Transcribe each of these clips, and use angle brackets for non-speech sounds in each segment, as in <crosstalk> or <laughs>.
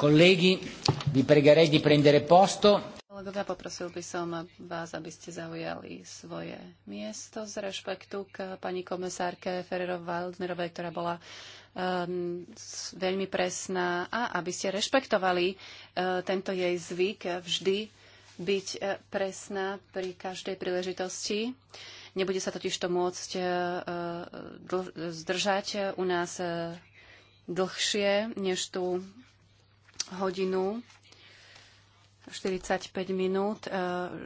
Colleghi, vi pregherei di prendere posto. Kolegovia, poprosil by som vás, aby ste zaujali svoje miesto z rešpektu k pani komisárke Ferrero-Waldnerovej, ktorá bola um, veľmi presná a aby ste rešpektovali uh, tento jej zvyk vždy byť uh, presná pri každej príležitosti. Nebude sa totiž to môcť uh, dl- zdržať u nás uh, dlhšie, než tu hodinu 45 minút. E,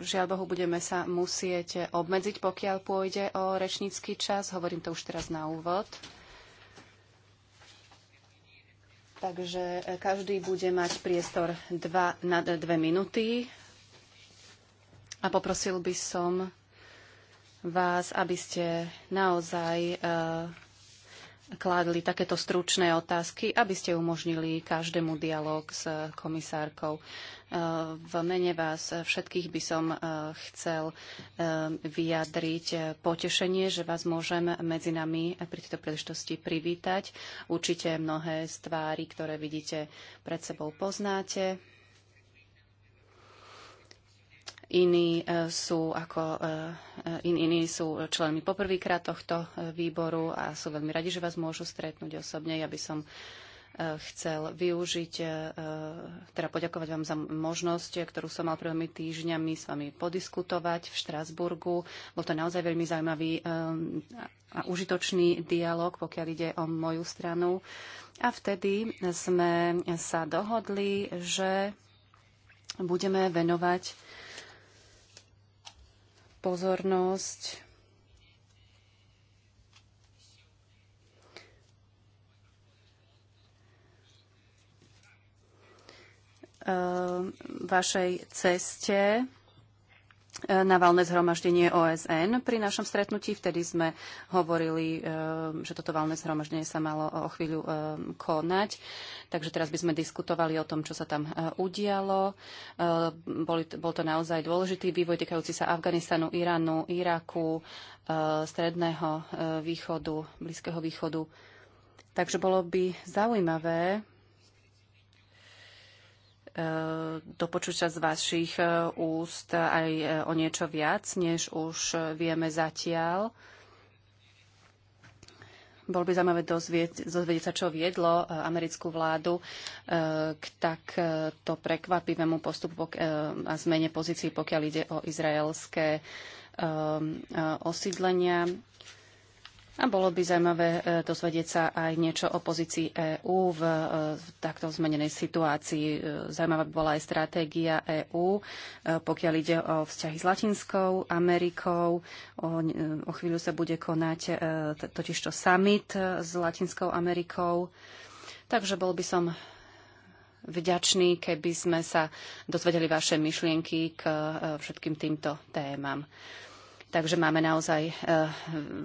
žiaľ Bohu, budeme sa musieť obmedziť, pokiaľ pôjde o rečnícky čas. Hovorím to už teraz na úvod. Takže e, každý bude mať priestor 2 na 2 minúty. A poprosil by som vás, aby ste naozaj e, kládli takéto stručné otázky, aby ste umožnili každému dialog s komisárkou. E, v mene vás všetkých by som e, chcel e, vyjadriť potešenie, že vás môžem medzi nami pri tejto príležitosti privítať. Určite mnohé z tvári, ktoré vidíte pred sebou, poznáte iní eh, sú, ako, eh, in, iní sú členmi poprvýkrát tohto eh, výboru a sú veľmi radi, že vás môžu stretnúť osobne. Ja by som chcel využiť, teda poďakovať vám za možnosť, ktorú som mal prvými týždňami s vami podiskutovať v Štrasburgu. Bol to naozaj veľmi zaujímavý a užitočný dialog, pokiaľ ide o moju stranu. A vtedy sme sa dohodli, že budeme venovať pozornosť ehm, vašej ceste E, na valné zhromaždenie OSN. Pri našom stretnutí vtedy sme hovorili, e, že toto valné zhromaždenie sa malo o chvíľu e, konať, takže teraz by sme diskutovali o tom, čo sa tam udialo. Bol to naozaj dôležitý vývoj týkajúci sa Afganistanu, Iránu, Iraku, Stredného východu, Blízkeho východu. Takže bolo by zaujímavé E, dopočuť sa z vašich e, úst aj e, o niečo viac, než už vieme zatiaľ. Bol by zaujímavé dozvedieť sa, čo viedlo americkú vládu k takto prekvapivému postupu a zmene pozícií, pokiaľ ide o izraelské osídlenia. A bolo by zaujímavé e, dozvedieť sa aj niečo o pozícii EÚ v, e, v takto zmenenej situácii. E, zaujímavá by bola aj stratégia EÚ, pokiaľ ide o vzťahy s Latinskou Amerikou. O, o chvíľu sa bude konať totižto summit s Latinskou Amerikou. Takže bol by som vďačný, keby sme sa dozvedeli vaše myšlienky k všetkým týmto témam takže máme naozaj e,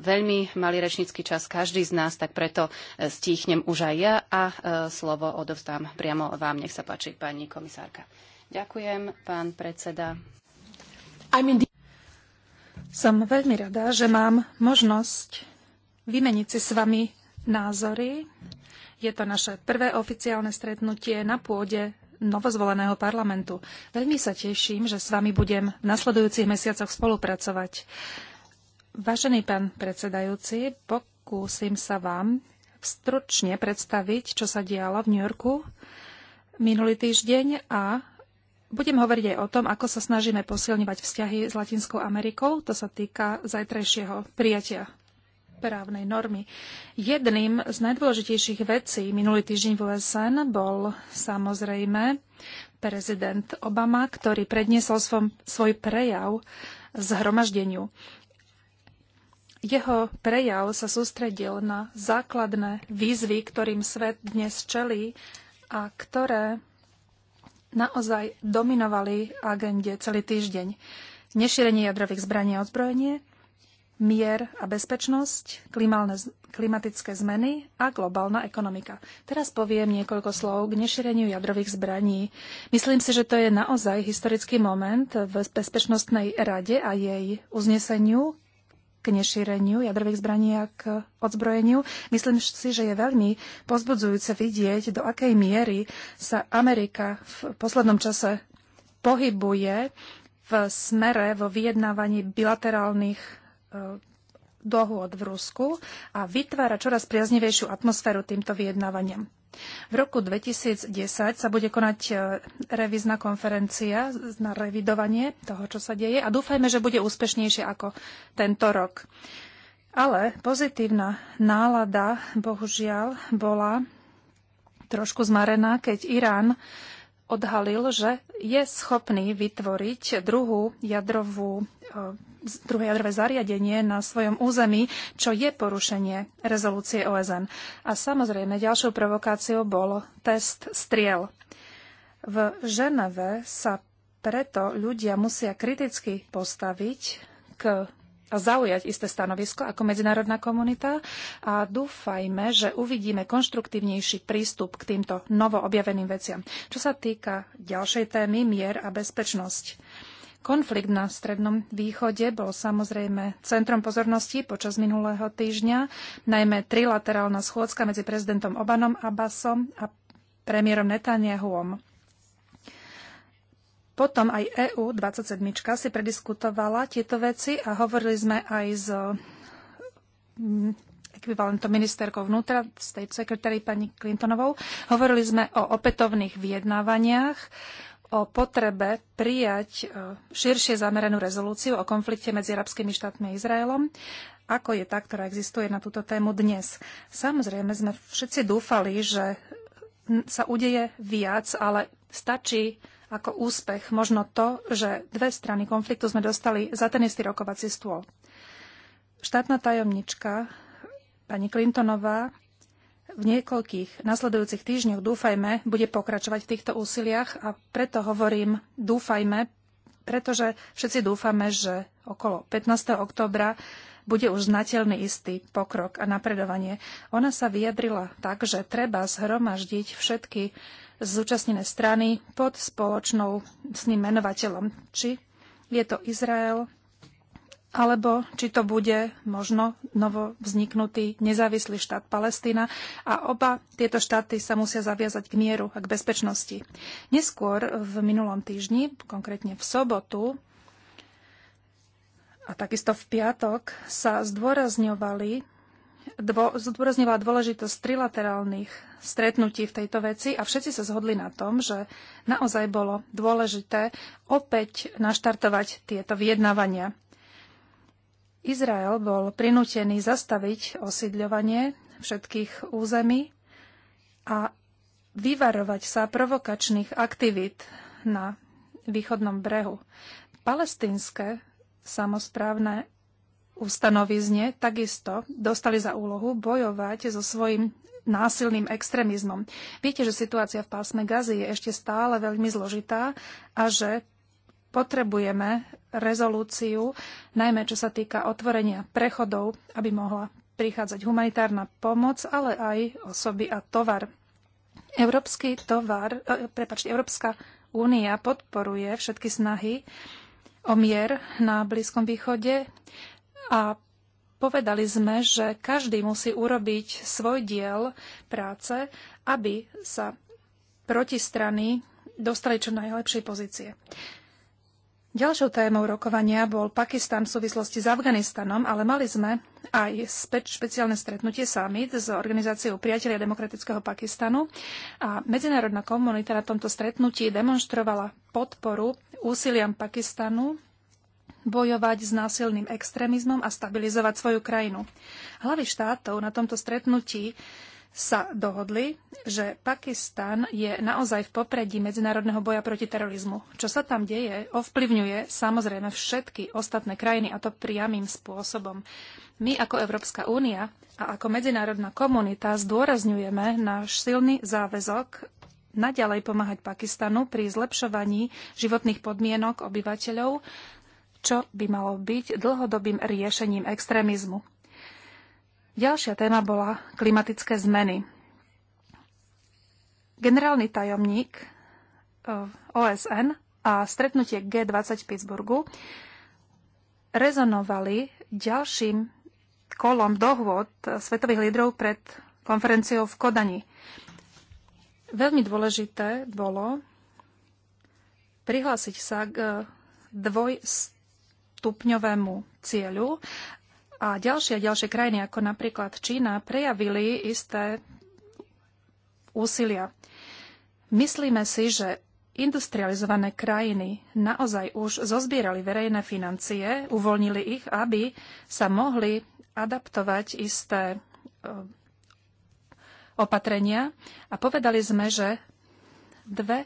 veľmi malý rečnícky čas každý z nás, tak preto e, stíchnem už aj ja a e, slovo odovzdám priamo vám. Nech sa páči, pani komisárka. Ďakujem, pán predseda. Som veľmi rada, že mám možnosť vymeniť si s vami názory. Je to naše prvé oficiálne stretnutie na pôde novozvoleného parlamentu. Veľmi sa teším, že s vami budem v nasledujúcich mesiacoch spolupracovať. Vážený pán predsedajúci, pokúsim sa vám stručne predstaviť, čo sa dialo v New Yorku minulý týždeň a budem hovoriť aj o tom, ako sa snažíme posilňovať vzťahy s Latinskou Amerikou. To sa týka zajtrajšieho prijatia právnej normy. Jedným z najdôležitejších vecí minulý týždeň v OSN bol samozrejme prezident Obama, ktorý predniesol svom, svoj prejav zhromaždeniu. Jeho prejav sa sústredil na základné výzvy, ktorým svet dnes čelí a ktoré naozaj dominovali agende celý týždeň. Nešírenie jadrových zbraní a odzbrojenie, mier a bezpečnosť, klimatické zmeny a globálna ekonomika. Teraz poviem niekoľko slov k nešíreniu jadrových zbraní. Myslím si, že to je naozaj historický moment v Bezpečnostnej rade a jej uzneseniu k nešíreniu jadrových zbraní a k odzbrojeniu. Myslím si, že je veľmi pozbudzujúce vidieť, do akej miery sa Amerika v poslednom čase pohybuje v smere vo vyjednávaní bilaterálnych E, dohôd v Rusku a vytvára čoraz priaznivejšiu atmosféru týmto vyjednávaniam. V roku 2010 sa bude konať e, revizná konferencia na revidovanie toho, čo sa deje a dúfajme, že bude úspešnejšie ako tento rok. Ale pozitívna nálada, bohužiaľ, bola trošku zmarená, keď Irán odhalil, že je schopný vytvoriť druhú jadrovú, e, druhé jadrové zariadenie na svojom území, čo je porušenie rezolúcie OSN. A samozrejme, ďalšou provokáciou bol test striel. V Ženeve sa preto ľudia musia kriticky postaviť k zaujať isté stanovisko ako medzinárodná komunita a dúfajme, že uvidíme konštruktívnejší prístup k týmto novoobjaveným veciam. Čo sa týka ďalšej témy mier a bezpečnosť. Konflikt na Strednom východe bol samozrejme centrom pozornosti počas minulého týždňa, najmä trilaterálna schôdzka medzi prezidentom Obanom Abbasom a premiérom Netanyahuom. Potom aj EU 27 si prediskutovala tieto veci a hovorili sme aj s mm, ekvivalentom ministerkou vnútra, state secretary pani Clintonovou. Hovorili sme o opätovných vyjednávaniach, o potrebe prijať e, širšie zameranú rezolúciu o konflikte medzi arabskými štátmi a Izraelom, ako je tá, ktorá existuje na túto tému dnes. Samozrejme sme všetci dúfali, že sa udeje viac, ale stačí ako úspech možno to, že dve strany konfliktu sme dostali za ten istý rokovací stôl. Štátna tajomnička pani Clintonová v niekoľkých nasledujúcich týždňoch, dúfajme, bude pokračovať v týchto úsiliach a preto hovorím dúfajme, pretože všetci dúfame, že okolo 15. oktobra bude už znateľný istý pokrok a napredovanie. Ona sa vyjadrila tak, že treba zhromaždiť všetky zúčastnené strany pod spoločnou s ním menovateľom. Či je to Izrael, alebo či to bude možno novo vzniknutý nezávislý štát Palestína a oba tieto štáty sa musia zaviazať k mieru a k bezpečnosti. Neskôr v minulom týždni, konkrétne v sobotu a takisto v piatok, sa zdôrazňovali dvo, zdôrazňovala dôležitosť trilaterálnych stretnutí v tejto veci a všetci sa zhodli na tom, že naozaj bolo dôležité opäť naštartovať tieto vyjednávania. Izrael bol prinútený zastaviť osídľovanie všetkých území a vyvarovať sa provokačných aktivít na východnom brehu. Palestínske samozprávne ustanovizne takisto dostali za úlohu bojovať so svojím násilným extrémizmom. Viete, že situácia v pásme Gazy je ešte stále veľmi zložitá a že potrebujeme rezolúciu, najmä čo sa týka otvorenia prechodov, aby mohla prichádzať humanitárna pomoc, ale aj osoby a tovar. Európsky tovar, e, prepačte, Európska únia podporuje všetky snahy o mier na Blízkom východe a povedali sme, že každý musí urobiť svoj diel práce, aby sa protistrany dostali čo najlepšej pozície. Ďalšou témou rokovania bol Pakistan v súvislosti s Afganistanom, ale mali sme aj špeciálne stretnutie summit s organizáciou Priatelia demokratického Pakistanu a medzinárodná komunita na tomto stretnutí demonstrovala podporu úsiliam Pakistanu bojovať s násilným extrémizmom a stabilizovať svoju krajinu. Hlavy štátov na tomto stretnutí sa dohodli, že Pakistan je naozaj v popredí medzinárodného boja proti terorizmu. Čo sa tam deje, ovplyvňuje samozrejme všetky ostatné krajiny a to priamým spôsobom. My ako Európska únia a ako medzinárodná komunita zdôrazňujeme náš silný záväzok naďalej pomáhať Pakistanu pri zlepšovaní životných podmienok obyvateľov čo by malo byť dlhodobým riešením extrémizmu. Ďalšia téma bola klimatické zmeny. Generálny tajomník eh, OSN a stretnutie G20 v Pittsburghu rezonovali ďalším kolom dohôd svetových lídrov pred konferenciou v Kodani. Veľmi dôležité bolo prihlásiť sa k eh, dvojstrannému stupňovému cieľu. A ďalšie a ďalšie krajiny, ako napríklad Čína, prejavili isté úsilia. Myslíme si, že industrializované krajiny naozaj už zozbierali verejné financie, uvoľnili ich, aby sa mohli adaptovať isté e, opatrenia a povedali sme, že dve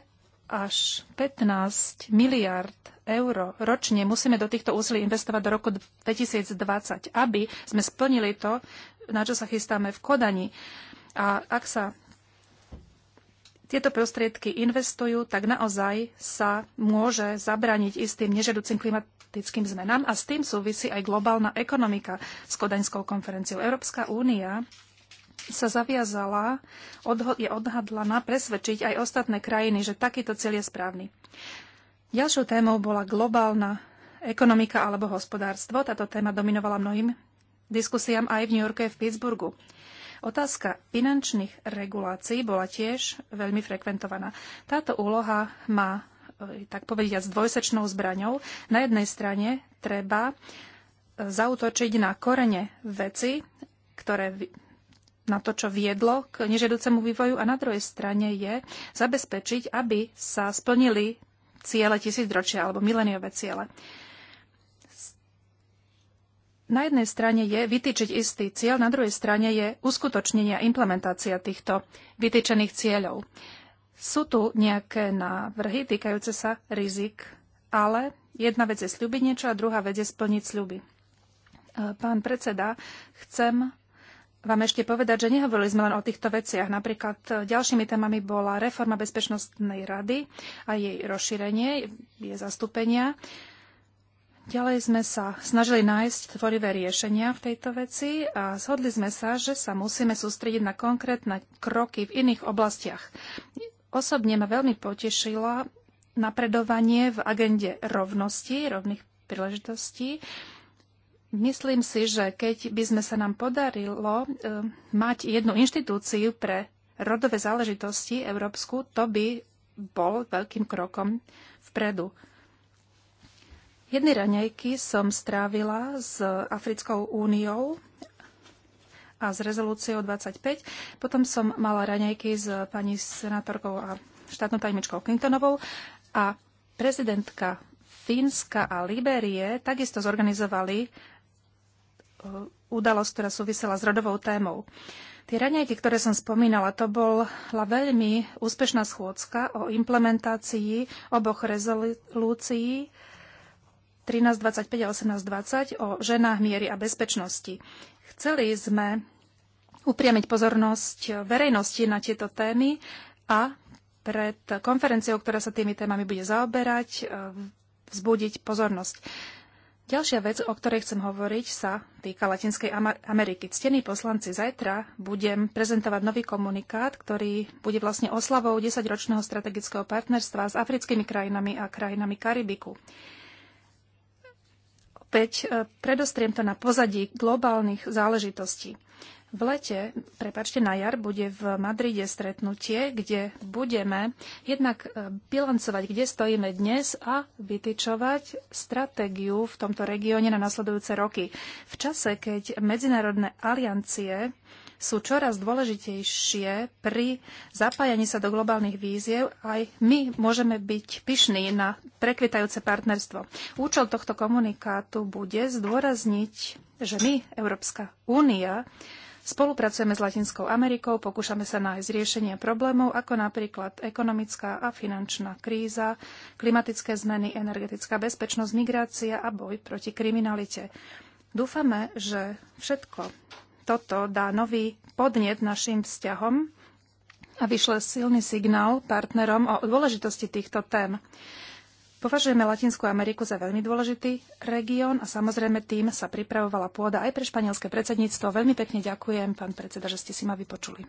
až 15 miliard eur ročne musíme do týchto úsilí investovať do roku 2020, aby sme splnili to, na čo sa chystáme v Kodani. A ak sa tieto prostriedky investujú, tak naozaj sa môže zabraniť istým nežadúcim klimatickým zmenám a s tým súvisí aj globálna ekonomika s Kodaňskou konferenciou. Európska únia sa zaviazala, odho- je odhadlaná presvedčiť aj ostatné krajiny, že takýto cieľ je správny. Ďalšou témou bola globálna ekonomika alebo hospodárstvo. Táto téma dominovala mnohým diskusiám aj v New Yorku a v Pittsburghu. Otázka finančných regulácií bola tiež veľmi frekventovaná. Táto úloha má, e, tak povediať, s dvojsečnou zbraňou. Na jednej strane treba e, zautočiť na korene veci, ktoré na to, čo viedlo k nežiaducemu vývoju a na druhej strane je zabezpečiť, aby sa splnili ciele tisícročia alebo mileniové ciele. Na jednej strane je vytýčiť istý cieľ, na druhej strane je uskutočnenie a implementácia týchto vytýčených cieľov. Sú tu nejaké návrhy týkajúce sa rizik, ale jedna vec je sľubiť niečo a druhá vec je splniť sľuby. Pán predseda, chcem vám ešte povedať, že nehovorili sme len o týchto veciach. Napríklad e, ďalšími témami bola reforma Bezpečnostnej rady a jej rozšírenie, jej zastúpenia. Ďalej sme sa snažili nájsť tvorivé riešenia v tejto veci a zhodli sme sa, že sa musíme sústrediť na konkrétne kroky v iných oblastiach. Osobne ma veľmi potešila napredovanie v agende rovnosti, rovných príležitostí. Myslím si, že keď by sme sa nám podarilo e, mať jednu inštitúciu pre rodové záležitosti európsku, to by bol veľkým krokom vpredu. Jedny raňajky som strávila s Africkou úniou a s rezolúciou 25. Potom som mala raňajky s pani senátorkou a štátnou tajmičkou Clintonovou a prezidentka Fínska a Liberie takisto zorganizovali Eh, udalosť, ktorá súvisela s rodovou témou. Tie raňajky, ktoré som spomínala, to bola veľmi úspešná schôdzka o implementácii oboch rezolúcií 1325 a 1820 o ženách miery a bezpečnosti. Chceli sme upriamiť pozornosť verejnosti na tieto témy a pred konferenciou, ktorá sa tými témami bude zaoberať, eh, vzbudiť pozornosť. Ďalšia vec, o ktorej chcem hovoriť, sa týka Latinskej Ameriky. Ctení poslanci, zajtra budem prezentovať nový komunikát, ktorý bude vlastne oslavou 10-ročného strategického partnerstva s africkými krajinami a krajinami Karibiku. Opäť eh, predostriem to na pozadí globálnych záležitostí. V lete, prepačte, na jar bude v Madride stretnutie, kde budeme jednak e, bilancovať, kde stojíme dnes a vytyčovať stratégiu v tomto regióne na nasledujúce roky. V čase, keď medzinárodné aliancie sú čoraz dôležitejšie pri zapájaní sa do globálnych víziev, aj my môžeme byť pyšní na prekvitajúce partnerstvo. Účel tohto komunikátu bude zdôrazniť, že my, Európska únia, Spolupracujeme s Latinskou Amerikou, pokúšame sa nájsť riešenie problémov, ako napríklad ekonomická a finančná kríza, klimatické zmeny, energetická bezpečnosť, migrácia a boj proti kriminalite. Dúfame, že všetko toto dá nový podnet našim vzťahom a vyšle silný signál partnerom o dôležitosti týchto tém. Považujeme Latinskú Ameriku za veľmi dôležitý región a samozrejme tým sa pripravovala pôda aj pre španielské predsedníctvo. Veľmi pekne ďakujem, pán predseda, že ste si ma vypočuli.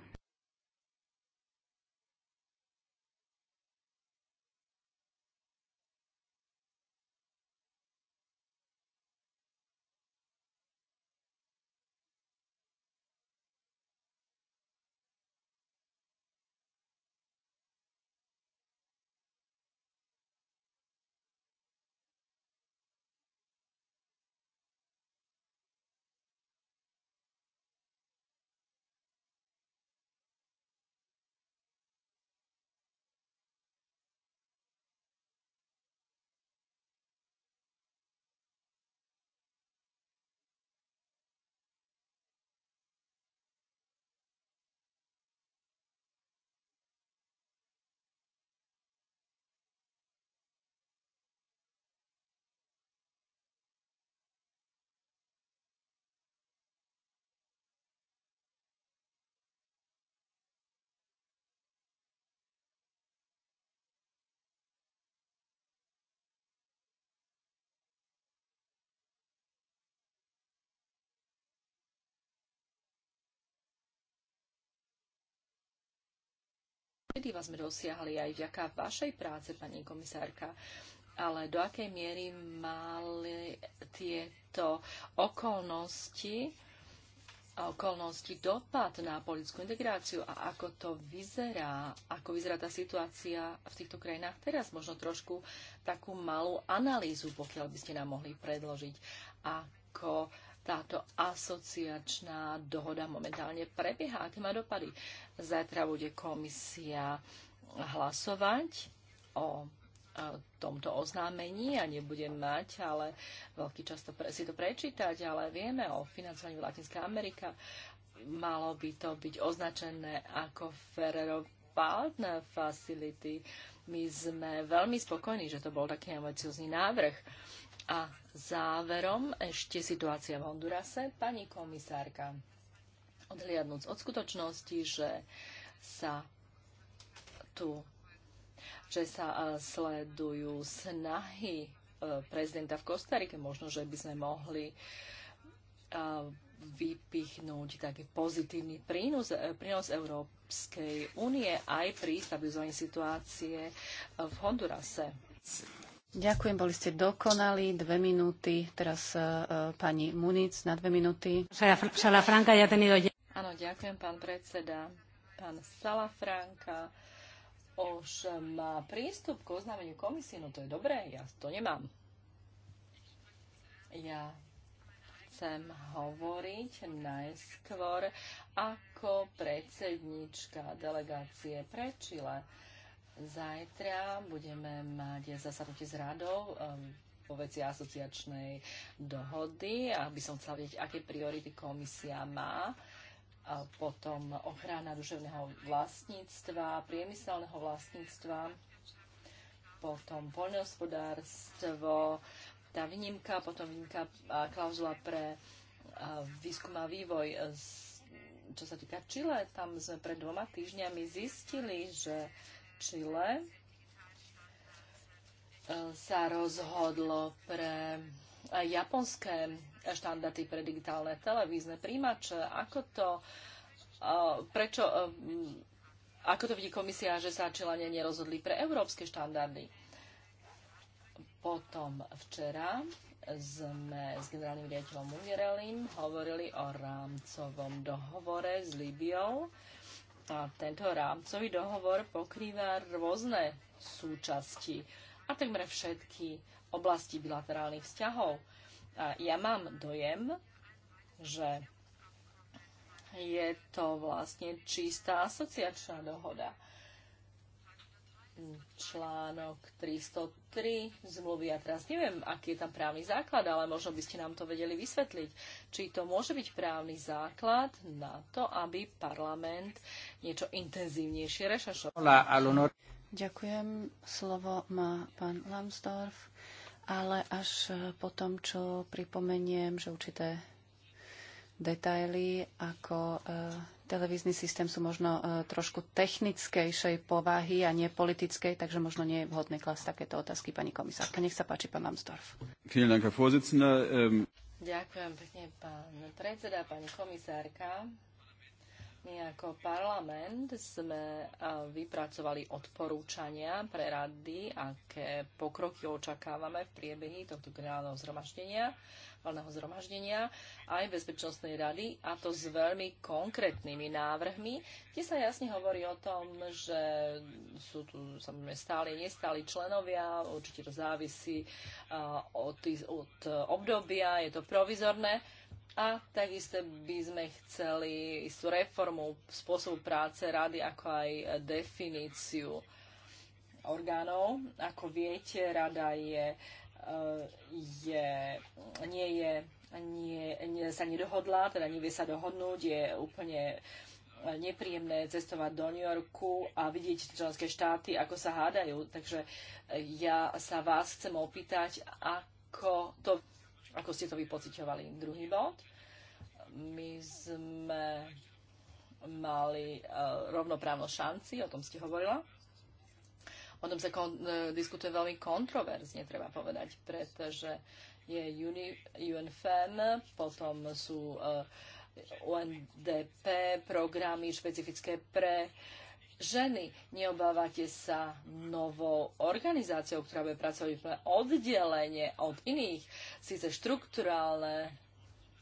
pozitíva sme dosiahli aj vďaka vašej práce, pani komisárka. Ale do akej miery mali tieto okolnosti a okolnosti dopad na politickú integráciu a ako to vyzerá, ako vyzerá tá situácia v týchto krajinách teraz. Možno trošku takú malú analýzu, pokiaľ by ste nám mohli predložiť, ako táto asociačná dohoda momentálne prebieha, aké má dopady. Zajtra bude komisia hlasovať o e, tomto oznámení a nebudem mať, ale veľký čas to pre, si to prečítať, ale vieme o financovaní Latinská Amerika. Malo by to byť označené ako Ferrero Partner Facility. My sme veľmi spokojní, že to bol taký ambiciozný návrh a záverom ešte situácia v Hondurase. Pani komisárka, odhliadnúc od skutočnosti, že sa tu že sa e, sledujú snahy e, prezidenta v Kostarike. Možno, že by sme mohli e, vypichnúť taký pozitívny prínos, prínos Európskej únie aj pri stabilizovaní situácie v Hondurase. Ďakujem, boli ste dokonali. Dve minúty. Teraz uh, pani Munic na dve minúty. Salafranca ja tenido... Áno, ďakujem, pán predseda. Pán Salafranca už má prístup k oznámeniu komisie. No to je dobré, ja to nemám. Ja chcem hovoriť najskôr ako predsednička delegácie pre Čile Zajtra budeme mať zasadnutie s radou um, po veci asociačnej dohody, aby som chcela vedieť, aké priority komisia má. A potom ochrana duševného vlastníctva, priemyselného vlastníctva, potom poľnohospodárstvo, tá výnimka, potom výnimka a klauzula pre a výskum a vývoj. Čo sa týka Čile, tam sme pred dvoma týždňami zistili, že Čile e, sa rozhodlo pre japonské štandardy pre digitálne televízne príjimače. Ako to, e, prečo, e, ako to vidí komisia, že sa Čilania nerozhodli pre európske štandardy? Potom včera sme s generálnym riaditeľom Mungerelim hovorili o rámcovom dohovore s Libiou a tento rámcový dohovor pokrýva rôzne súčasti a takmer všetky oblasti bilaterálnych vzťahov. A ja mám dojem, že je to vlastne čistá asociačná dohoda článok 303 zmluvy. Ja teraz neviem, aký je tam právny základ, ale možno by ste nám to vedeli vysvetliť. Či to môže byť právny základ na to, aby parlament niečo intenzívnejšie rešašoval. Ďakujem. Slovo má pán Lambsdorff, ale až eh, po tom, čo pripomeniem, že určité detaily, ako eh, televízny systém sú možno e, trošku technickejšej povahy a nie politickej, takže možno nie je vhodné klas takéto otázky, pani komisárka. Nech sa páči, pán Lambsdorff. Ähm, Ďakujem pekne, pán predseda, pani komisárka. My ako parlament sme e, vypracovali odporúčania pre rady, aké pokroky očakávame v priebehu tohto generálneho zhromaždenia valného zhromaždenia aj Bezpečnostnej rady, a to s veľmi konkrétnymi návrhmi, kde sa jasne hovorí o tom, že sú tu samozrejme stáli, nestáli členovia, určite to závisí uh, od, od obdobia, je to provizorné. A takisto by sme chceli istú reformu spôsobu práce rady, ako aj definíciu orgánov. Ako viete, rada je uh, je, nie je, nie, nie, sa nedohodla, teda nevie sa dohodnúť, je úplne e, nepríjemné cestovať do New Yorku a vidieť členské štáty, ako sa hádajú. Takže e, ja sa vás chcem opýtať, ako, to, ako ste to vypociťovali. Druhý bod. My sme mali e, rovnoprávno šanci, o tom ste hovorila. O tom sa kon, e, diskutuje veľmi kontroverzne, treba povedať, pretože je UNI, UNFEN, potom sú e, UNDP, programy špecifické pre ženy. Neobávate sa novou organizáciou, ktorá bude pracovať pre oddelenie od iných, síce štruktúrálne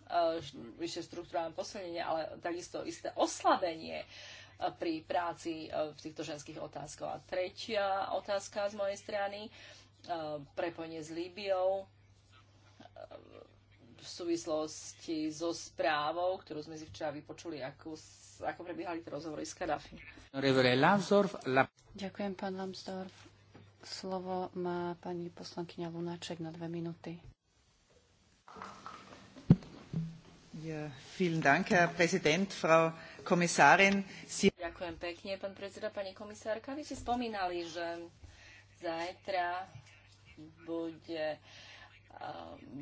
e, vyššie štruktúrálne posilnenie, ale takisto isté oslabenie pri práci e, v týchto ženských otázkoch. A tretia otázka z mojej strany, e, prepojenie s Líbiou e, v súvislosti so správou, ktorú sme si včera vypočuli, ako, ako prebiehali tie rozhovory s Kadafi. Ďakujem, pán Lambsdorff. Slovo má pani poslankyňa Lunáček na dve minúty. Ja, vielen Dank, Herr Präsident, Frau Komisárin. Si... Ďakujem pekne, pán predseda, pani komisárka. Vy ste spomínali, že zajtra bude eh,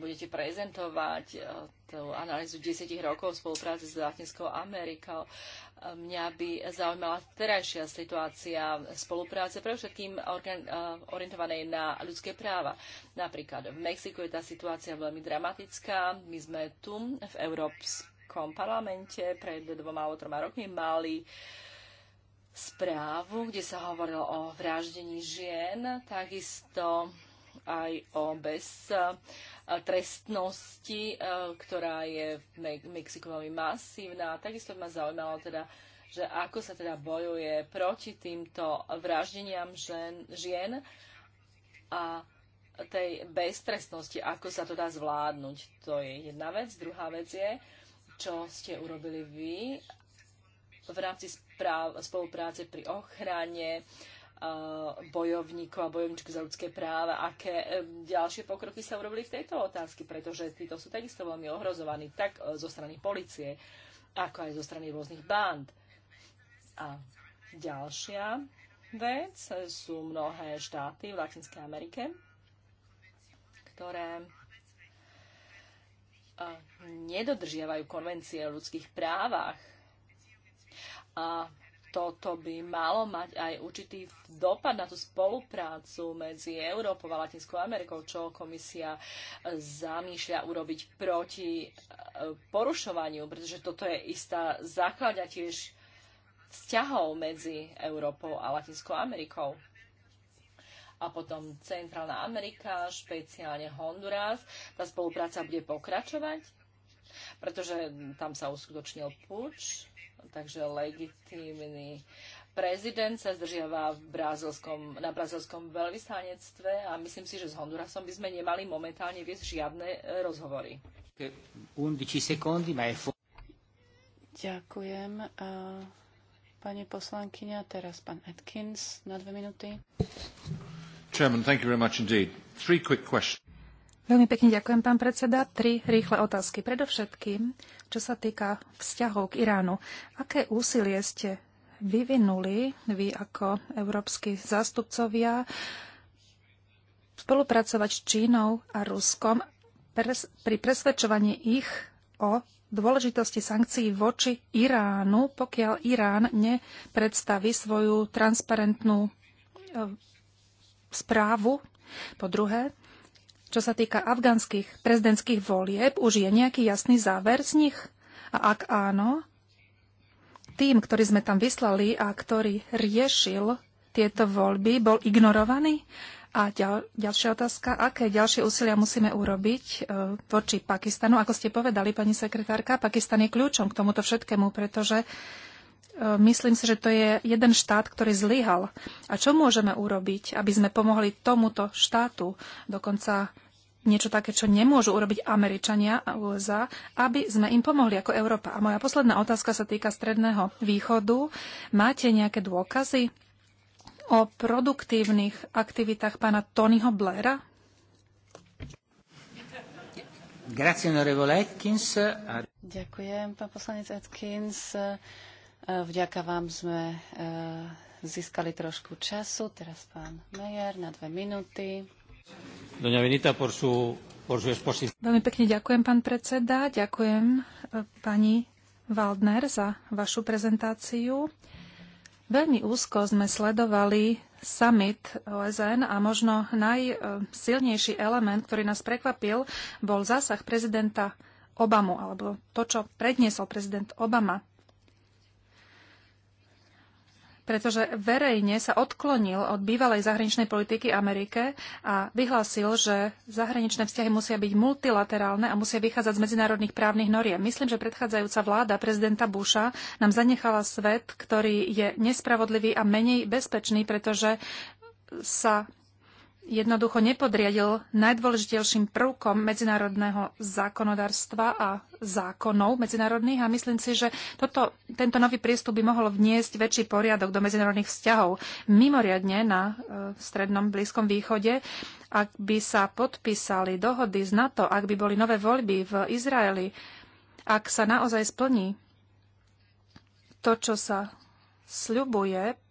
budete prezentovať eh, tú analýzu 10 rokov spolupráce s Latinskou Amerikou. Eh, mňa by zaujímala terajšia situácia spolupráce pre všetkým orientovanej na ľudské práva. Napríklad v Mexiku je tá situácia veľmi dramatická. My sme tu v Európsku Európskom parlamente pred dvoma alebo troma rokmi mali správu, kde sa hovorilo o vraždení žien, takisto aj o bez trestnosti, e, ktorá je v Mexiku veľmi masívna. Takisto ma zaujímalo teda, že ako sa teda bojuje proti týmto vraždeniam žen, žien a tej beztrestnosti, ako sa to dá zvládnuť. To je jedna vec. Druhá vec je, čo ste urobili vy v rámci spolupráce pri ochrane uh, bojovníkov a bojovníčky za ľudské práva, aké eh, ďalšie pokroky sa urobili v tejto otázke, pretože títo sú takisto veľmi ohrozovaní tak eh, zo strany policie, ako aj zo strany rôznych band. A ďalšia vec eh, sú mnohé štáty v Latinskej Amerike, ktoré nedodržiavajú konvencie o ľudských právach. A toto by malo mať aj určitý dopad na tú spoluprácu medzi Európou a Latinskou Amerikou, čo komisia zamýšľa urobiť proti eh, porušovaniu, pretože toto je istá základňa tiež vzťahov medzi Európou a Latinskou Amerikou a potom Centrálna Amerika, špeciálne Honduras. Tá spolupráca bude pokračovať, pretože tam sa uskutočnil puč, takže legitímny prezident sa zdržiava v brazilskom, na brazilskom veľvyslanectve a myslím si, že s Hondurasom by sme nemali momentálne viesť žiadne e, rozhovory. Ďakujem. E, pani poslankyňa, teraz pán Atkins na dve minúty. Veľmi pekne ďakujem, pán predseda. Tri rýchle otázky. Predovšetkým, čo sa týka vzťahov k Iránu. Aké úsilie ste vyvinuli vy ako európsky zástupcovia spolupracovať s Čínou a Ruskom pres pri presvedčovaní ich o dôležitosti sankcií voči Iránu, pokiaľ Irán nepredstaví svoju transparentnú správu. Po druhé, čo sa týka afgánskych prezidentských volieb, už je nejaký jasný záver z nich? A ak áno, tým, ktorý sme tam vyslali a ktorý riešil tieto voľby, bol ignorovaný? A ďal, ďalšia otázka, aké ďalšie úsilia musíme urobiť e, voči Pakistanu? Ako ste povedali, pani sekretárka, Pakistan je kľúčom k tomuto všetkému, pretože E, myslím si, že to je jeden štát, ktorý zlyhal. A čo môžeme urobiť, aby sme pomohli tomuto štátu, dokonca niečo také, čo nemôžu urobiť Američania a USA, aby sme im pomohli ako Európa. A moja posledná otázka sa týka Stredného východu. Máte nejaké dôkazy o produktívnych aktivitách pána Tonyho Blaira? Ďakujem, pán poslanec Atkins. E, vďaka vám sme e, získali trošku času. Teraz pán Mejer na dve minúty. Doňa Vinita, por su, Veľmi pekne ďakujem, pán predseda. Ďakujem e, pani Waldner za vašu prezentáciu. Veľmi úzko sme sledovali summit OSN a možno najsilnejší element, ktorý nás prekvapil, bol zásah prezidenta Obamu, alebo to, čo predniesol prezident Obama pretože verejne sa odklonil od bývalej zahraničnej politiky Amerike a vyhlásil, že zahraničné vzťahy musia byť multilaterálne a musia vychádzať z medzinárodných právnych noriem. Myslím, že predchádzajúca vláda prezidenta Busha nám zanechala svet, ktorý je nespravodlivý a menej bezpečný, pretože sa jednoducho nepodriadil najdôležitejším prvkom medzinárodného zákonodárstva a zákonov medzinárodných a myslím si, že toto, tento nový prístup by mohol vniesť väčší poriadok do medzinárodných vzťahov. Mimoriadne na e, strednom Blízkom východe, ak by sa podpísali dohody z NATO, ak by boli nové voľby v Izraeli, ak sa naozaj splní to, čo sa sľubuje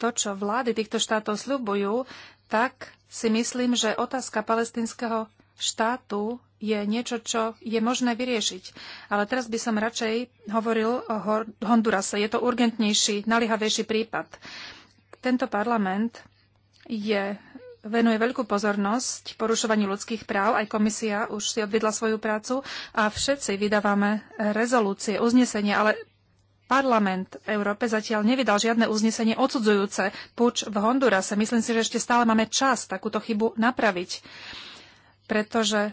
to, čo vlády týchto štátov sľubujú, tak si myslím, že otázka palestinského štátu je niečo, čo je možné vyriešiť. Ale teraz by som radšej hovoril o Hondurase. Je to urgentnejší, nalihavejší prípad. Tento parlament je, venuje veľkú pozornosť porušovaniu ľudských práv. Aj komisia už si odvedla svoju prácu a všetci vydávame rezolúcie, uznesenie, ale Parlament Európe zatiaľ nevydal žiadne uznesenie odsudzujúce puč v Hondurase. Myslím si, že ešte stále máme čas takúto chybu napraviť, pretože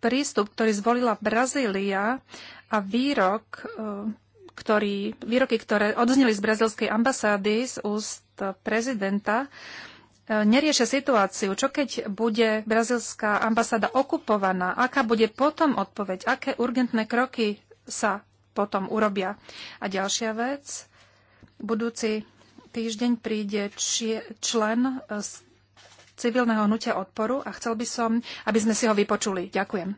prístup, ktorý zvolila Brazília a výrok, e, ktorý, výroky, ktoré odzneli z brazilskej ambasády z úst prezidenta, neriešia situáciu. Čo keď bude brazilská ambasáda okupovaná? Aká bude potom odpoveď? Aké urgentné kroky sa potom urobia? A ďalšia vec. Budúci týždeň príde člen e, z civilného hnutia odporu a chcel by som, aby sme si ho vypočuli. Ďakujem.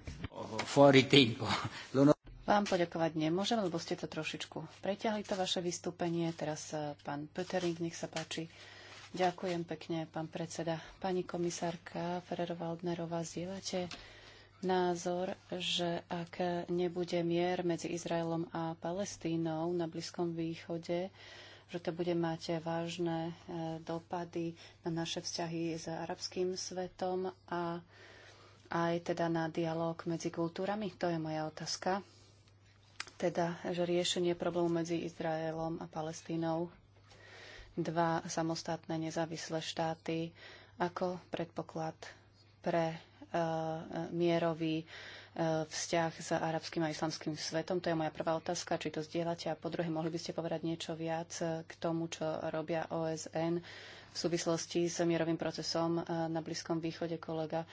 Vám poďakovať nemôžem, lebo ste to trošičku preťahli, to vaše vystúpenie. Teraz e, pán Petering, nech sa páči. Ďakujem pekne, pán predseda. Pani komisárka Ferrero-Waldnerová, zdieľate názor, že ak nebude mier medzi Izraelom a Palestínou na Blízkom východe, že to bude mať vážne e, dopady na naše vzťahy s arabským svetom a aj teda na dialog medzi kultúrami? To je moja otázka. Teda, že riešenie problému medzi Izraelom a Palestínou dva samostatné nezávislé štáty ako predpoklad pre e, mierový e, vzťah s arabským a islamským svetom? To je moja prvá otázka, či to zdieľate. A po druhé, mohli by ste povedať niečo viac e, k tomu, čo robia OSN v súvislosti s mierovým procesom na Blízkom východe. Kolega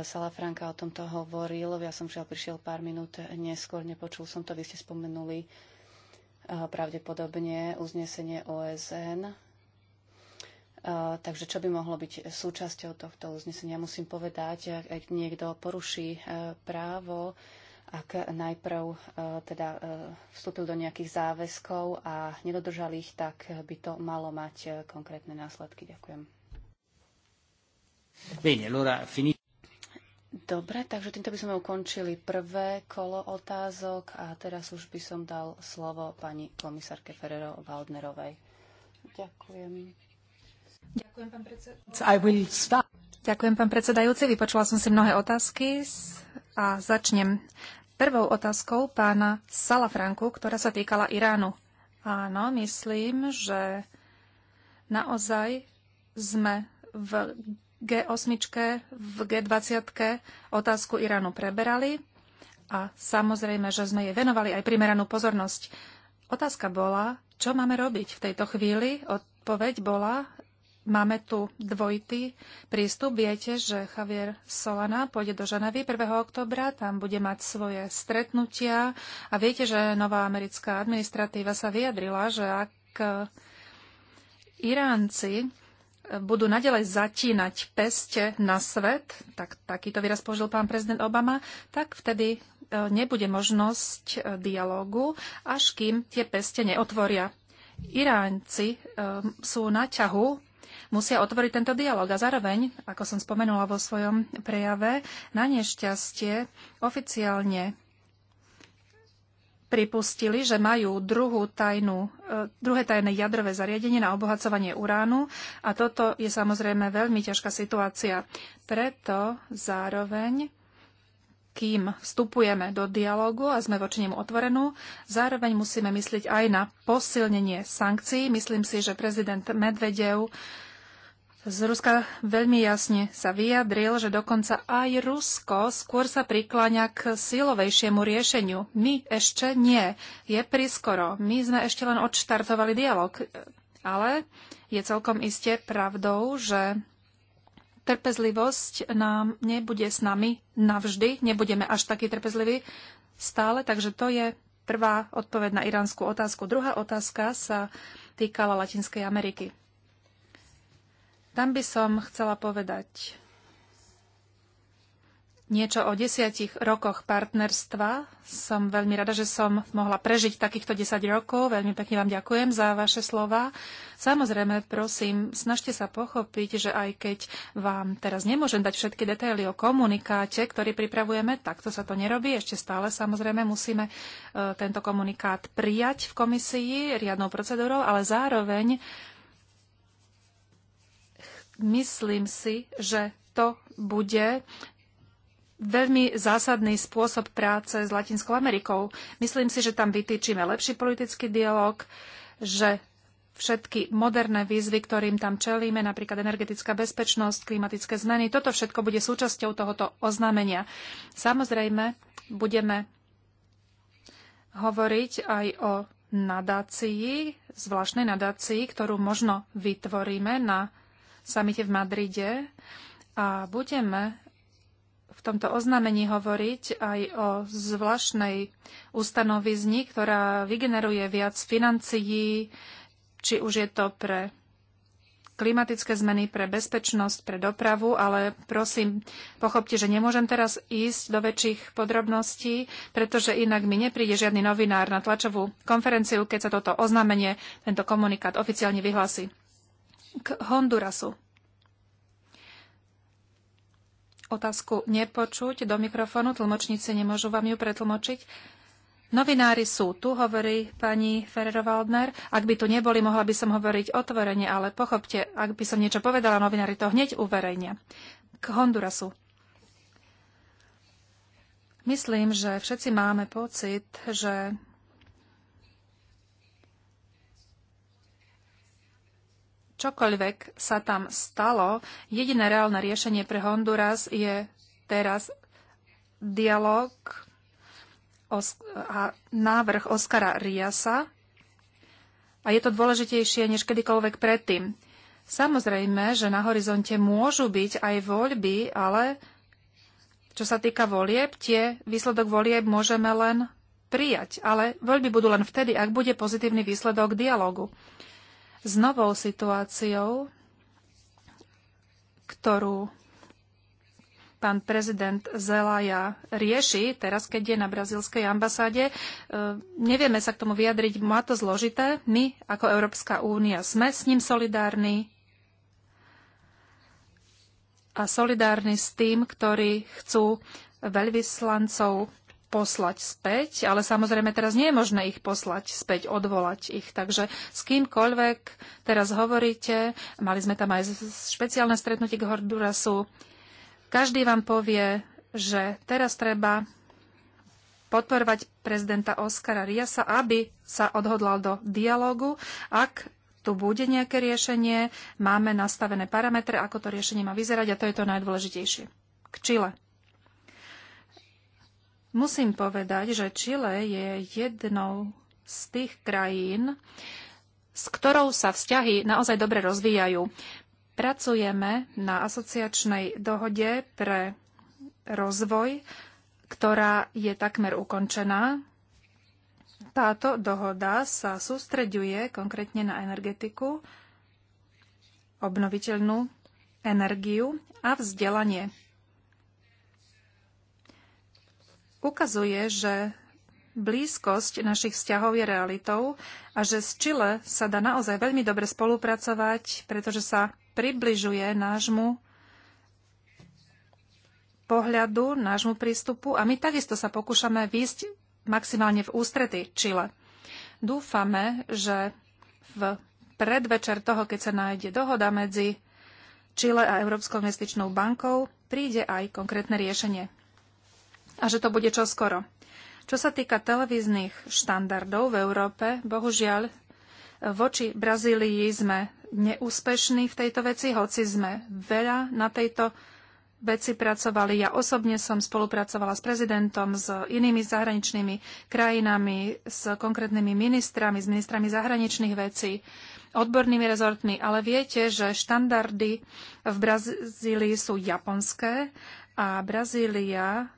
Salafranka o tomto hovoril. Ja som žiaľ prišiel pár minút neskôr, nepočul som to. Vy ste spomenuli pravdepodobne uznesenie OSN. Takže čo by mohlo byť súčasťou tohto uznesenia? Musím povedať, ak niekto poruší e, právo, ak najprv e, teda e, vstúpil do nejakých záväzkov a nedodržal ich, tak by to malo mať konkrétne následky. Ďakujem. Bene, allora, finito. Dobre, takže týmto by sme ukončili prvé kolo otázok a teraz už by som dal slovo pani komisárke Ferrero Waldnerovej. Ďakujem. Ďakujem, pán predsedajúci. Ďakujem, pán predsedajúci. Vypočula som si mnohé otázky a začnem prvou otázkou pána Salafranku, ktorá sa týkala Iránu. Áno, myslím, že naozaj sme v G8, v G20 otázku Iránu preberali a samozrejme, že sme jej venovali aj primeranú pozornosť. Otázka bola, čo máme robiť v tejto chvíli? Odpoveď bola, máme tu dvojitý prístup. Viete, že Javier Solana pôjde do Ženevy 1. oktobra, tam bude mať svoje stretnutia a viete, že nová americká administratíva sa vyjadrila, že ak Iránci budú nadalej zatínať peste na svet, tak, takýto výraz použil pán prezident Obama, tak vtedy e, nebude možnosť e, dialógu, až kým tie peste neotvoria. Iránci e, sú na ťahu, musia otvoriť tento dialog. A zároveň, ako som spomenula vo svojom prejave, na nešťastie oficiálne pripustili, že majú druhú tajnú, e, druhé tajné jadrové zariadenie na obohacovanie uránu a toto je samozrejme veľmi ťažká situácia. Preto zároveň, kým vstupujeme do dialogu a sme voči nemu otvorenú, zároveň musíme myslieť aj na posilnenie sankcií. Myslím si, že prezident Medvedev z Ruska veľmi jasne sa vyjadril, že dokonca aj Rusko skôr sa prikláňa k silovejšiemu riešeniu. My ešte nie. Je priskoro. My sme ešte len odštartovali dialog. Ale je celkom iste pravdou, že trpezlivosť nám nebude s nami navždy. Nebudeme až takí trpezliví stále. Takže to je prvá odpoveď na iránsku otázku. Druhá otázka sa týkala Latinskej Ameriky. Tam by som chcela povedať niečo o desiatich rokoch partnerstva. Som veľmi rada, že som mohla prežiť takýchto 10 rokov. Veľmi pekne vám ďakujem za vaše slova. Samozrejme, prosím, snažte sa pochopiť, že aj keď vám teraz nemôžem dať všetky detaily o komunikáte, ktorý pripravujeme, takto sa to nerobí. Ešte stále samozrejme musíme e, tento komunikát prijať v komisii riadnou procedúrou, ale zároveň myslím si, že to bude veľmi zásadný spôsob práce s Latinskou Amerikou. Myslím si, že tam vytýčime lepší politický dialog, že všetky moderné výzvy, ktorým tam čelíme, napríklad energetická bezpečnosť, klimatické zmeny, toto všetko bude súčasťou tohoto oznámenia. Samozrejme, budeme hovoriť aj o nadácii, zvláštnej nadácii, ktorú možno vytvoríme na samite v Madride a budeme v tomto oznámení hovoriť aj o zvláštnej ustanovizni, ktorá vygeneruje viac financií, či už je to pre klimatické zmeny, pre bezpečnosť, pre dopravu, ale prosím, pochopte, že nemôžem teraz ísť do väčších podrobností, pretože inak mi nepríde žiadny novinár na tlačovú konferenciu, keď sa toto oznámenie, tento komunikát oficiálne vyhlási k Hondurasu. Otázku nepočuť do mikrofónu, tlmočníci nemôžu vám ju pretlmočiť. Novinári sú tu, hovorí pani Ferrero-Waldner. Ak by tu neboli, mohla by som hovoriť otvorene, ale pochopte, ak by som niečo povedala, novinári to hneď uverejnia. K Hondurasu. Myslím, že všetci máme pocit, že čokoľvek sa tam stalo, jediné reálne riešenie pre Honduras je teraz dialog a návrh Oskara Riasa a je to dôležitejšie než kedykoľvek predtým. Samozrejme, že na horizonte môžu byť aj voľby, ale čo sa týka volieb, tie výsledok volieb môžeme len prijať, ale voľby budú len vtedy, ak bude pozitívny výsledok dialogu s novou situáciou, ktorú pán prezident Zelaja rieši, teraz keď je na brazílskej ambasáde. E, nevieme sa k tomu vyjadriť, má to zložité. My ako Európska únia sme s ním solidárni a solidárni s tým, ktorí chcú veľvyslancov poslať späť, ale samozrejme teraz nie je možné ich poslať späť, odvolať ich. Takže s kýmkoľvek teraz hovoríte, mali sme tam aj špeciálne stretnutie k Hordurasu, každý vám povie, že teraz treba podporovať prezidenta Oskara Riasa, aby sa odhodlal do dialogu. Ak tu bude nejaké riešenie, máme nastavené parametre, ako to riešenie má vyzerať a to je to najdôležitejšie. K Čile. Musím povedať, že Čile je jednou z tých krajín, s ktorou sa vzťahy naozaj dobre rozvíjajú. Pracujeme na asociačnej dohode pre rozvoj, ktorá je takmer ukončená. Táto dohoda sa sústreďuje konkrétne na energetiku, obnoviteľnú energiu a vzdelanie. ukazuje, že blízkosť našich vzťahov je realitou a že s Čile sa dá naozaj veľmi dobre spolupracovať, pretože sa približuje nášmu pohľadu, nášmu prístupu a my takisto sa pokúšame výjsť maximálne v ústrety Čile. Dúfame, že v predvečer toho, keď sa nájde dohoda medzi Čile a Európskou investičnou bankou, príde aj konkrétne riešenie a že to bude čoskoro. Čo sa týka televíznych štandardov v Európe, bohužiaľ voči Brazílii sme neúspešní v tejto veci, hoci sme veľa na tejto veci pracovali. Ja osobne som spolupracovala s prezidentom, s inými zahraničnými krajinami, s konkrétnymi ministrami, s ministrami zahraničných vecí, odbornými rezortmi, ale viete, že štandardy v Brazílii sú japonské a Brazília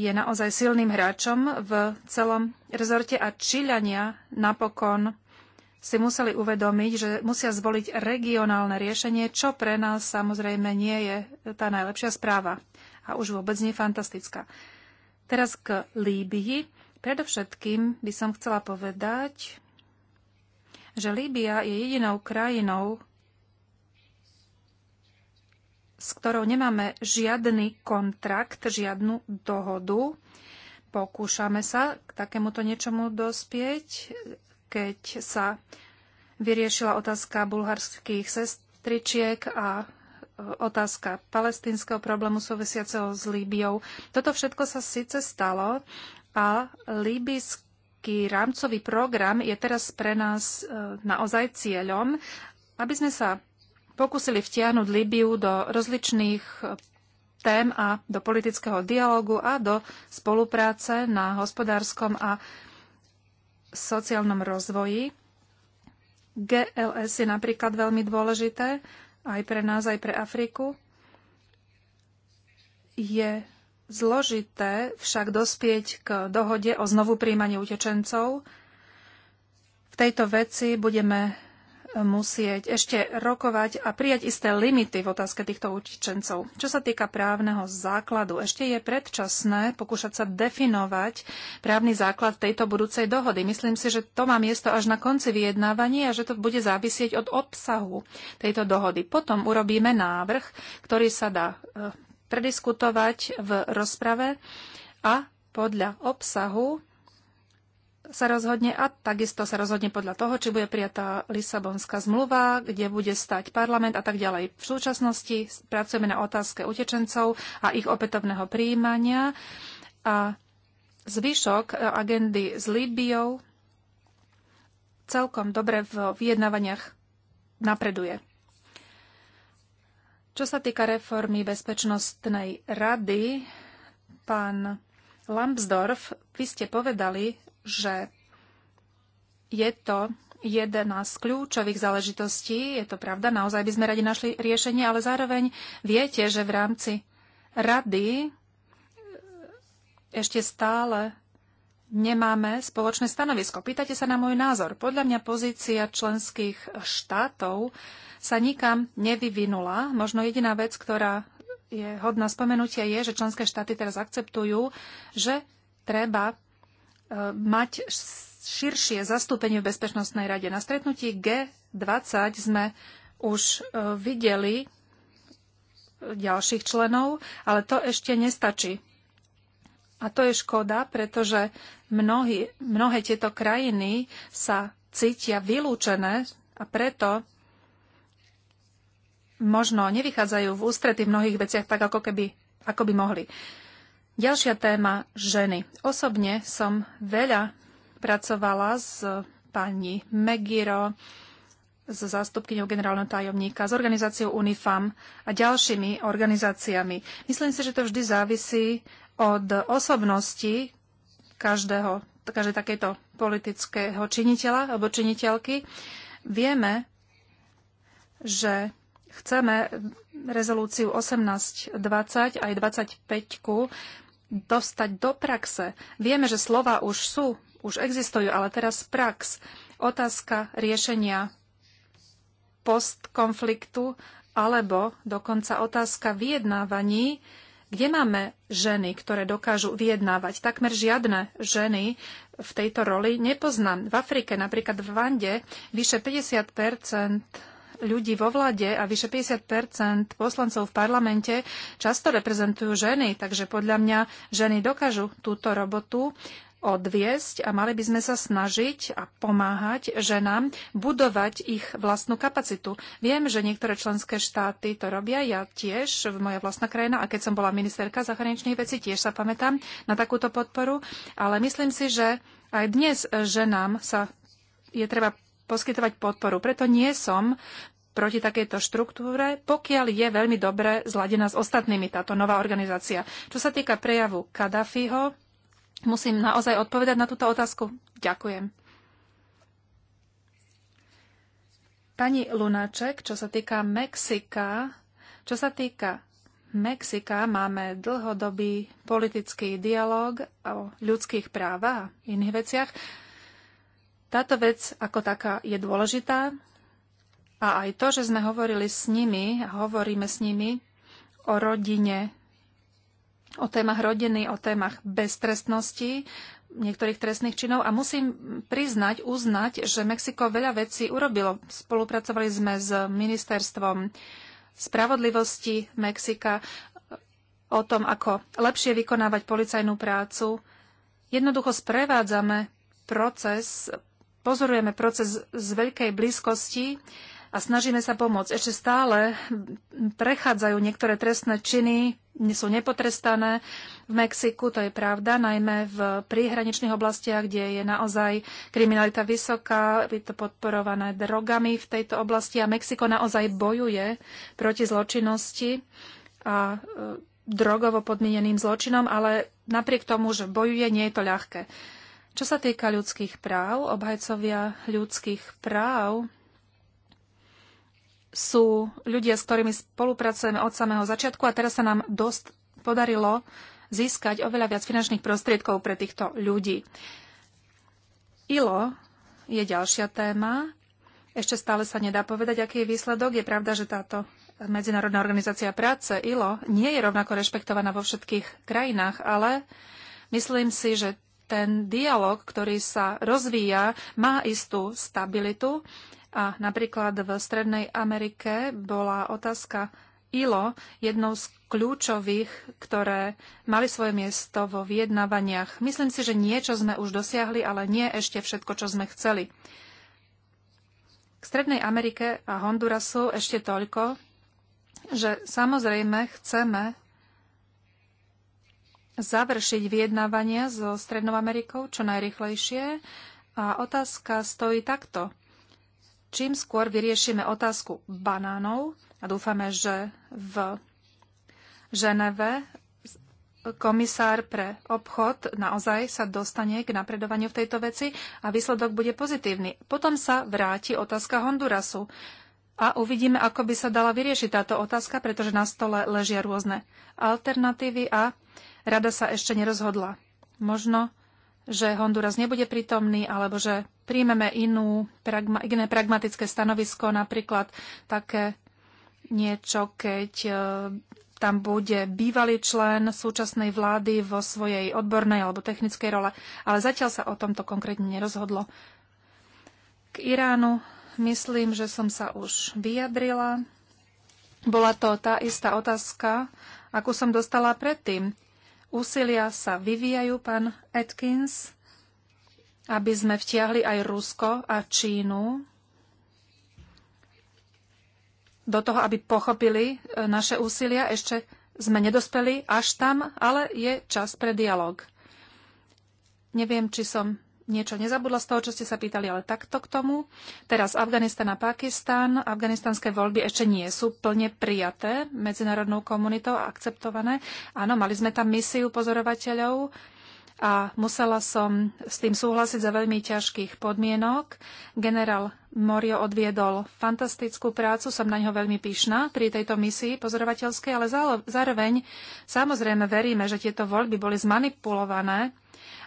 je naozaj silným hráčom v celom rezorte a Číľania napokon si museli uvedomiť, že musia zvoliť regionálne riešenie, čo pre nás samozrejme nie je tá najlepšia správa a už vôbec nie fantastická. Teraz k Líbii. Predovšetkým by som chcela povedať, že Líbia je jedinou krajinou s ktorou nemáme žiadny kontrakt, žiadnu dohodu. Pokúšame sa k takémuto niečomu dospieť, keď sa vyriešila otázka bulharských sestričiek a e, otázka palestinského problému súvisiaceho s Líbiou. Toto všetko sa síce stalo a líbyský rámcový program je teraz pre nás e, naozaj cieľom, aby sme sa pokusili vtiahnuť Líbiu do rozličných tém a do politického dialogu a do spolupráce na hospodárskom a sociálnom rozvoji. GLS je napríklad veľmi dôležité aj pre nás, aj pre Afriku. Je zložité však dospieť k dohode o znovu príjmaní utečencov. V tejto veci budeme musieť ešte rokovať a prijať isté limity v otázke týchto utečencov. Čo sa týka právneho základu, ešte je predčasné pokúšať sa definovať právny základ tejto budúcej dohody. Myslím si, že to má miesto až na konci vyjednávania a že to bude závisieť od obsahu tejto dohody. Potom urobíme návrh, ktorý sa dá eh, prediskutovať v rozprave a podľa obsahu sa rozhodne a takisto sa rozhodne podľa toho, či bude prijatá Lisabonská zmluva, kde bude stať parlament a tak ďalej. V súčasnosti pracujeme na otázke utečencov a ich opätovného príjmania a zvyšok e, agendy s Líbiou celkom dobre v vyjednávaniach napreduje. Čo sa týka reformy Bezpečnostnej rady, pán Lambsdorff, vy ste povedali, že je to jedna z kľúčových záležitostí, je to pravda, naozaj by sme radi našli riešenie, ale zároveň viete, že v rámci rady e, ešte stále nemáme spoločné stanovisko. Pýtate sa na môj názor. Podľa mňa pozícia členských štátov sa nikam nevyvinula. Možno jediná vec, ktorá je hodná spomenutia, je, že členské štáty teraz akceptujú, že treba mať širšie zastúpenie v Bezpečnostnej rade. Na stretnutí G20 sme už e, videli ďalších členov, ale to ešte nestačí. A to je škoda, pretože mnohí, mnohé tieto krajiny sa cítia vylúčené a preto možno nevychádzajú v ústrety v mnohých veciach tak, ako, keby, ako by mohli. Ďalšia téma ženy. Osobne som veľa pracovala s pani Megiro, s zástupkyňou generálneho tajomníka, s organizáciou UNIFAM a ďalšími organizáciami. Myslím si, že to vždy závisí od osobnosti každého, každej takéto politického činiteľa alebo činiteľky. Vieme, že chceme rezolúciu 1820 aj 25 dostať do praxe. Vieme, že slova už sú, už existujú, ale teraz prax. Otázka riešenia postkonfliktu alebo dokonca otázka vyjednávaní, kde máme ženy, ktoré dokážu vyjednávať. Takmer žiadne ženy v tejto roli nepoznám. V Afrike, napríklad v Vande, vyše 50 ľudí vo vlade a vyše 50 poslancov v parlamente často reprezentujú ženy, takže podľa mňa ženy dokážu túto robotu odviesť a mali by sme sa snažiť a pomáhať ženám budovať ich vlastnú kapacitu. Viem, že niektoré členské štáty to robia, ja tiež, v moja vlastná krajina, a keď som bola ministerka zahraničných vecí, tiež sa pamätám na takúto podporu, ale myslím si, že aj dnes ženám sa je treba poskytovať podporu. Preto nie som proti takejto štruktúre, pokiaľ je veľmi dobre zladená s ostatnými táto nová organizácia. Čo sa týka prejavu Kadafiho, musím naozaj odpovedať na túto otázku. Ďakujem. Pani Lunaček, čo sa týka Mexika, čo sa týka Mexika, máme dlhodobý politický dialog o ľudských právach a iných veciach. Táto vec ako taká je dôležitá. A aj to, že sme hovorili s nimi, hovoríme s nimi o rodine, o témach rodiny, o témach beztrestnosti, niektorých trestných činov a musím priznať, uznať, že Mexiko veľa vecí urobilo. Spolupracovali sme s ministerstvom spravodlivosti Mexika o tom, ako lepšie vykonávať policajnú prácu. Jednoducho sprevádzame proces, pozorujeme proces z veľkej blízkosti a snažíme sa pomôcť. Ešte stále prechádzajú niektoré trestné činy, sú nepotrestané v Mexiku, to je pravda, najmä v príhraničných oblastiach, kde je naozaj kriminalita vysoká, je to podporované drogami v tejto oblasti a Mexiko naozaj bojuje proti zločinnosti a e, drogovo podmieneným zločinom, ale napriek tomu, že bojuje, nie je to ľahké. Čo sa týka ľudských práv, obhajcovia ľudských práv sú ľudia, s ktorými spolupracujeme od samého začiatku a teraz sa nám dosť podarilo získať oveľa viac finančných prostriedkov pre týchto ľudí. ILO je ďalšia téma. Ešte stále sa nedá povedať, aký je výsledok. Je pravda, že táto Medzinárodná organizácia práce ILO nie je rovnako rešpektovaná vo všetkých krajinách, ale myslím si, že ten dialog, ktorý sa rozvíja, má istú stabilitu a napríklad v Strednej Amerike bola otázka ILO jednou z kľúčových, ktoré mali svoje miesto vo vyjednávaniach. Myslím si, že niečo sme už dosiahli, ale nie ešte všetko, čo sme chceli. K Strednej Amerike a Hondurasu ešte toľko, že samozrejme chceme završiť vyjednávania so Strednou Amerikou čo najrychlejšie. A otázka stojí takto čím skôr vyriešime otázku banánov a dúfame, že v Ženeve komisár pre obchod naozaj sa dostane k napredovaniu v tejto veci a výsledok bude pozitívny. Potom sa vráti otázka Hondurasu a uvidíme, ako by sa dala vyriešiť táto otázka, pretože na stole ležia rôzne alternatívy a rada sa ešte nerozhodla. Možno že Honduras nebude prítomný alebo že príjmeme inú, pragma, iné pragmatické stanovisko, napríklad také niečo, keď e, tam bude bývalý člen súčasnej vlády vo svojej odbornej alebo technickej role, ale zatiaľ sa o tomto konkrétne nerozhodlo. K Iránu myslím, že som sa už vyjadrila. Bola to tá istá otázka, akú som dostala predtým. Úsilia sa vyvíjajú, pán Atkins, aby sme vtiahli aj Rusko a Čínu do toho, aby pochopili e, naše úsilia. Ešte sme nedospeli až tam, ale je čas pre dialog. Neviem, či som niečo nezabudla z toho, čo ste sa pýtali, ale takto k tomu. Teraz Afganistan a Pakistan. Afganistanské voľby ešte nie sú plne prijaté medzinárodnou komunitou a akceptované. Áno, mali sme tam misiu pozorovateľov a musela som s tým súhlasiť za veľmi ťažkých podmienok. Generál Morio odviedol fantastickú prácu, som na ňo veľmi pyšná pri tejto misii pozorovateľskej, ale zároveň samozrejme veríme, že tieto voľby boli zmanipulované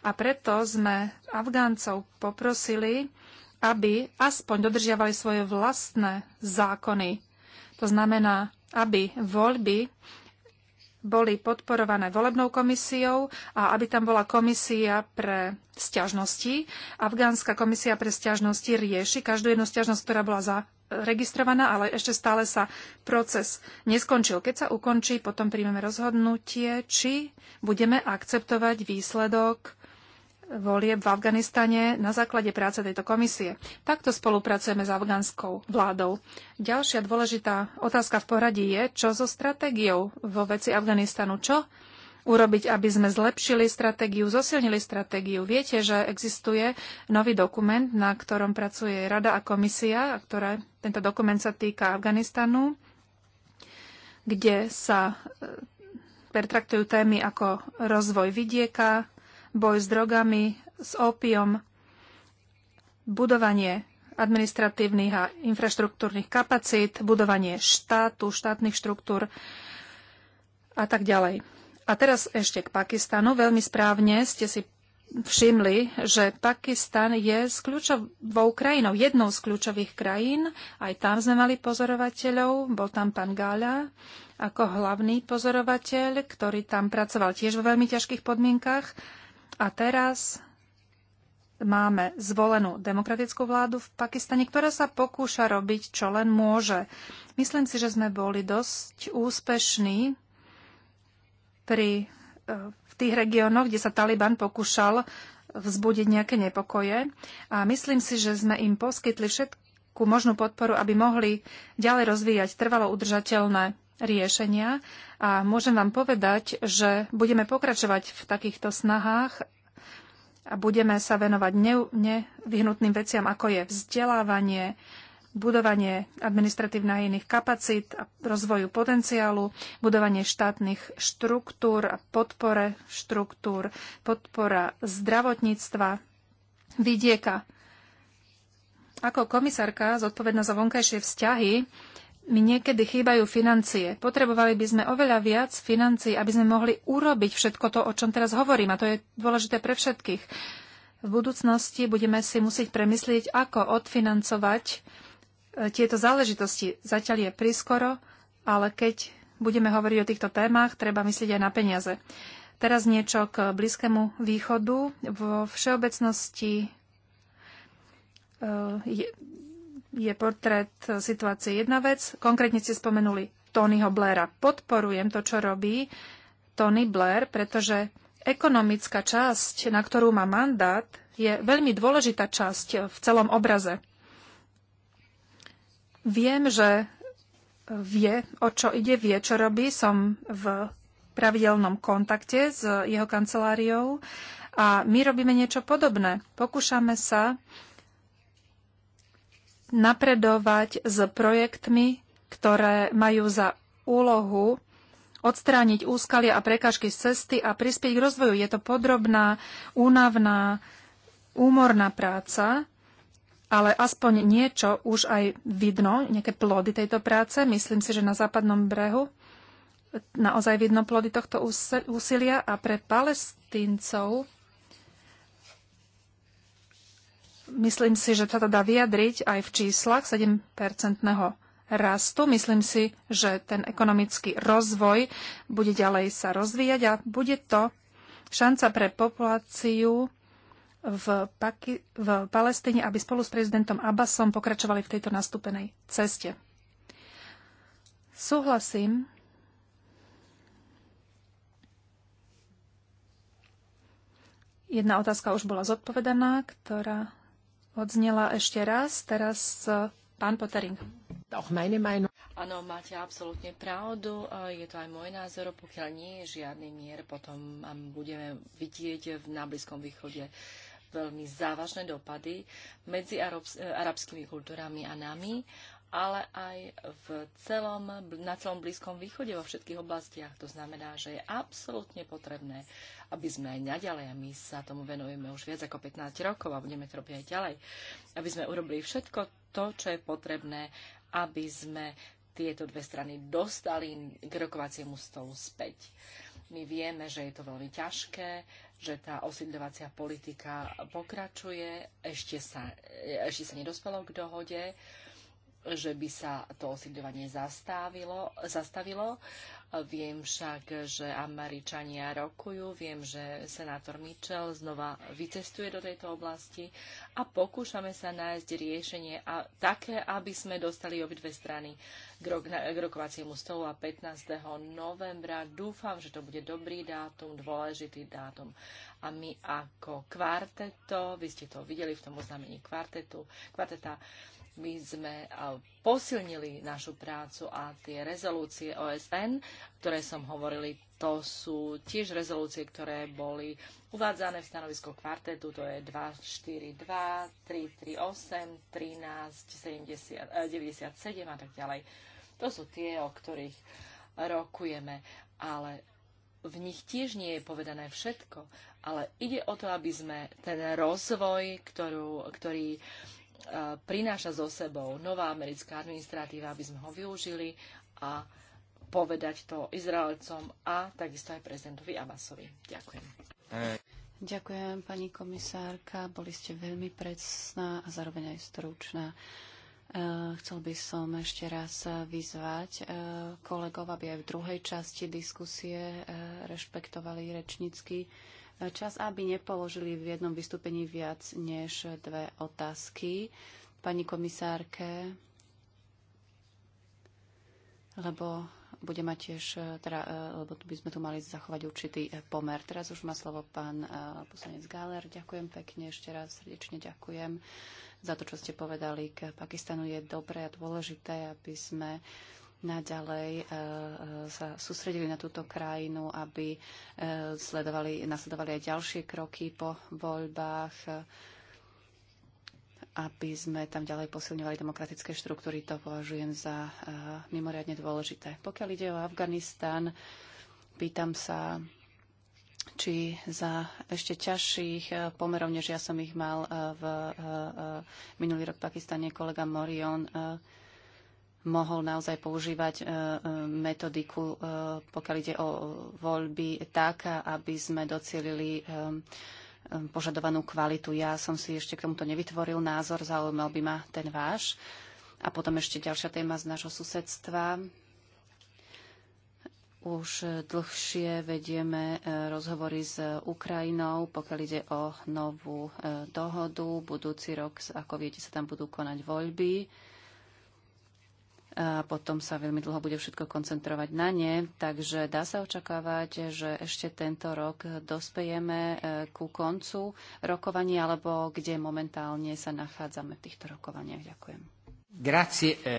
a preto sme Afgáncov poprosili, aby aspoň dodržiavali svoje vlastné zákony. To znamená, aby voľby boli podporované volebnou komisiou a aby tam bola komisia pre sťažnosti. Afgánska komisia pre sťažnosti rieši každú jednu sťažnosť, ktorá bola zaregistrovaná, e, ale ešte stále sa proces neskončil. Keď sa ukončí, potom príjmeme rozhodnutie, či budeme akceptovať výsledok volieb v Afganistane na základe práce tejto komisie. Takto spolupracujeme s afgánskou vládou. Ďalšia dôležitá otázka v poradí je, čo so stratégiou vo veci Afganistanu. Čo urobiť, aby sme zlepšili stratégiu, zosilnili stratégiu. Viete, že existuje nový dokument, na ktorom pracuje Rada a komisia, a ktoré, tento dokument sa týka Afganistanu, kde sa eh, pertraktujú témy ako rozvoj vidieka, boj s drogami, s opiom, budovanie administratívnych a infraštruktúrnych kapacít, budovanie štátu, štátnych štruktúr a tak ďalej. A teraz ešte k Pakistanu. Veľmi správne ste si všimli, že Pakistan je s kľúčovou krajinou, jednou z kľúčových krajín. Aj tam sme mali pozorovateľov, bol tam pán Gáľa ako hlavný pozorovateľ, ktorý tam pracoval tiež vo veľmi ťažkých podmienkach a teraz máme zvolenú demokratickú vládu v Pakistane, ktorá sa pokúša robiť, čo len môže. Myslím si, že sme boli dosť úspešní pri, e, v tých regiónoch, kde sa Taliban pokúšal vzbudiť nejaké nepokoje. A myslím si, že sme im poskytli všetku možnú podporu, aby mohli ďalej rozvíjať trvalo udržateľné riešenia a môžem vám povedať, že budeme pokračovať v takýchto snahách a budeme sa venovať nevyhnutným veciam, ako je vzdelávanie, budovanie administratívnych a iných kapacít a rozvoju potenciálu, budovanie štátnych štruktúr a podpore štruktúr, podpora zdravotníctva, vidieka. Ako komisárka zodpovedná za vonkajšie vzťahy mi niekedy chýbajú financie. Potrebovali by sme oveľa viac financií, aby sme mohli urobiť všetko to, o čom teraz hovorím. A to je dôležité pre všetkých. V budúcnosti budeme si musieť premyslieť, ako odfinancovať e, tieto záležitosti. Zatiaľ je priskoro, ale keď budeme hovoriť o týchto témach, treba myslieť aj na peniaze. Teraz niečo k Blízkému východu. Vo všeobecnosti e, je portrét situácie jedna vec. Konkrétne ste spomenuli Tonyho Blaira. Podporujem to, čo robí Tony Blair, pretože ekonomická časť, na ktorú má mandát, je veľmi dôležitá časť v celom obraze. Viem, že vie, o čo ide, vie, čo robí. Som v pravidelnom kontakte s jeho kanceláriou a my robíme niečo podobné. Pokúšame sa napredovať s projektmi, ktoré majú za úlohu odstrániť úskalia a prekážky z cesty a prispieť k rozvoju. Je to podrobná, únavná, úmorná práca, ale aspoň niečo už aj vidno, nejaké plody tejto práce. Myslím si, že na západnom brehu naozaj vidno plody tohto úsilia a pre palestíncov Myslím si, že sa to dá vyjadriť aj v číslach 7-percentného rastu. Myslím si, že ten ekonomický rozvoj bude ďalej sa rozvíjať a bude to šanca pre populáciu v, Paki- v Palestíne, aby spolu s prezidentom Abbasom pokračovali v tejto nastúpenej ceste. Súhlasím Jedna otázka už bola zodpovedaná, ktorá odznela ešte raz. Teraz eh, pán Potering. Áno, máte absolútne pravdu. Eh, je to aj môj názor. Pokiaľ nie je žiadny mier, potom budeme vidieť v, na Blízkom východe veľmi závažné dopady medzi e, arabskými kultúrami a nami, ale aj v celom, na celom Blízkom východe vo všetkých oblastiach. To znamená, že je absolútne potrebné, aby sme aj naďalej, a my sa tomu venujeme už viac ako 15 rokov a budeme to robiť aj ďalej, aby sme urobili všetko to, čo je potrebné, aby sme tieto dve strany dostali k rokovaciemu stolu späť. My vieme, že je to veľmi ťažké, že tá osindovacia politika pokračuje, ešte sa, ešte sa nedospelo k dohode, že by sa to osídľovanie zastavilo, zastavilo Viem však, že Američania rokujú, viem, že senátor Mitchell znova vycestuje do tejto oblasti a pokúšame sa nájsť riešenie a také, aby sme dostali obidve strany k, rok, k rokovaciemu stolu a 15. novembra. Dúfam, že to bude dobrý dátum, dôležitý dátum. A my ako kvarteto, vy ste to videli v tom oznámení kvartetu, kvarteta, my sme posilnili našu prácu a tie rezolúcie OSN, ktoré som hovorili, to sú tiež rezolúcie, ktoré boli uvádzané v stanovisko kvartetu, to je 242, 338, 13, 70, 97 a tak ďalej. To sú tie, o ktorých rokujeme, ale v nich tiež nie je povedané všetko, ale ide o to, aby sme ten rozvoj, ktorú, ktorý E, prináša so sebou nová americká administratíva, aby sme ho využili a povedať to Izraelcom a takisto aj prezidentovi Abbasovi. Ďakujem. Ďakujem, pani komisárka. Boli ste veľmi presná a zároveň aj stručná. E, chcel by som ešte raz vyzvať e, kolegov, aby aj v druhej časti diskusie rešpektovali rečnícky čas, aby nepoložili v jednom vystúpení viac než dve otázky pani komisárke, lebo bude mať tiež, teda, e, lebo by sme tu mali zachovať určitý e, pomer. Teraz už má slovo pán e, poslanec Gáler. Ďakujem pekne, ešte raz srdečne ďakujem za to, čo ste povedali. K Pakistanu je dobré a dôležité, aby sme naďalej e, e, sa sústredili na túto krajinu, aby e, sledovali, nasledovali aj ďalšie kroky po voľbách, aby sme tam ďalej posilňovali demokratické štruktúry. To považujem za mimoriadne dôležité. Pokiaľ ide o Afganistan, pýtam sa, či za ešte ťažších pomerov, než ja som ich mal v minulý rok v Pakistane, kolega Morion, mohol naozaj používať e, e, metodiku, e, pokiaľ ide o voľby, tak, aby sme docielili požadovanú kvalitu. Ja som si ešte k tomuto nevytvoril názor, zaujímal by ma ten váš. A potom ešte ďalšia téma z nášho susedstva. Už dlhšie vedieme rozhovory s Ukrajinou, pokiaľ ide o novú dohodu. Budúci rok, ako viete, sa tam budú konať voľby a potom sa veľmi dlho bude všetko koncentrovať na ne. Takže dá sa očakávať, že ešte tento rok dospejeme e, ku koncu rokovania, alebo kde momentálne sa nachádzame v týchto rokovaniach. Ďakujem. Grazie. E.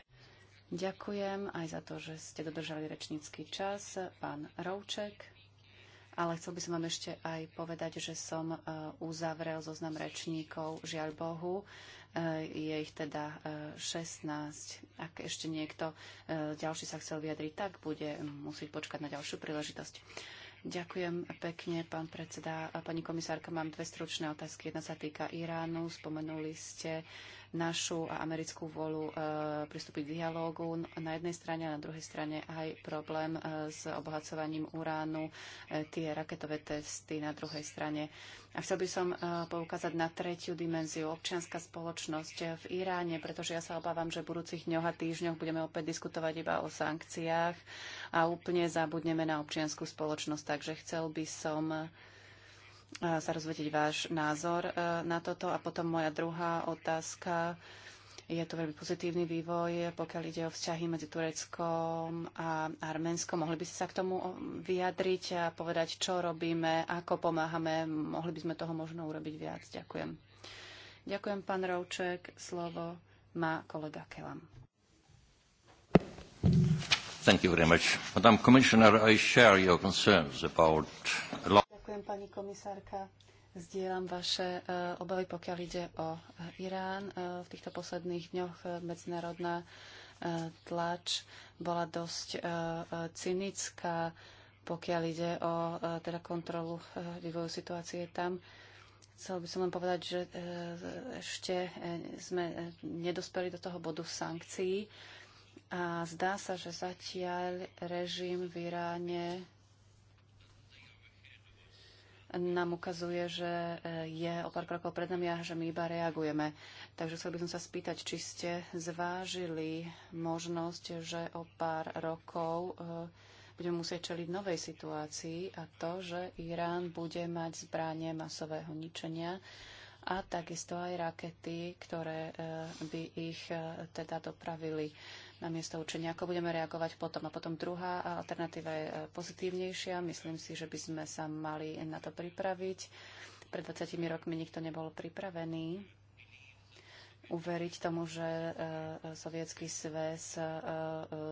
Ďakujem aj za to, že ste dodržali rečnícky čas. Pán Rouček ale chcel by som vám ešte aj povedať, že som e, uzavrel zoznam rečníkov, žiaľ Bohu. E, je ich teda 16. E, Ak ešte niekto ďalší sa chcel vyjadriť, tak bude musieť počkať na ďalšiu príležitosť. Ďakujem pekne, pán predseda. Pani komisárka, mám dve stručné otázky. Jedna sa týka Iránu. Spomenuli ste našu a americkú volu e, pristúpiť k dialógu na jednej strane a na druhej strane aj problém e, s obohacovaním uránu, e, tie raketové testy na druhej strane. A chcel by som poukázať na tretiu dimenziu, občianská spoločnosť v Iráne, pretože ja sa obávam, že v budúcich dňoch a týždňoch budeme opäť diskutovať iba o sankciách a úplne zabudneme na občianskú spoločnosť. Takže chcel by som sa rozvedieť váš názor e, na toto. A potom moja druhá otázka. Je to veľmi pozitívny vývoj, pokiaľ ide o vzťahy medzi Tureckom a Arménskom. Mohli by ste sa k tomu vyjadriť a povedať, čo robíme, ako pomáhame. Mohli by sme toho možno urobiť viac. Ďakujem. Ďakujem, pán Rovček. Slovo má kolega Kelam. Thank you very much. Madam Commissioner, I share your concerns about Ďakujem, pani komisárka. Zdieľam vaše e, obavy, pokiaľ ide o e, Irán. E, v týchto posledných dňoch medzinárodná tlač bola dosť cynická, pokiaľ ide o teda kontrolu vývoju situácie tam. Chcel by som len povedať, že ešte sme nedospeli do toho bodu sankcií a zdá sa, že zatiaľ režim v Iráne nám ukazuje, že e, je o pár krokov pred nami a že my iba reagujeme. Takže chcel by som sa spýtať, či ste zvážili možnosť, že o pár rokov e, budeme musieť čeliť novej situácii a to, že Irán bude mať zbranie masového ničenia a takisto aj rakety, ktoré e, by ich teda dopravili na miesto učenia, ako budeme reagovať potom. A potom druhá alternatíva je e, pozitívnejšia. Myslím si, že by sme sa mali na to pripraviť. Pred 20 rokmi nikto nebol pripravený uveriť tomu, že e, e, sovietský sväz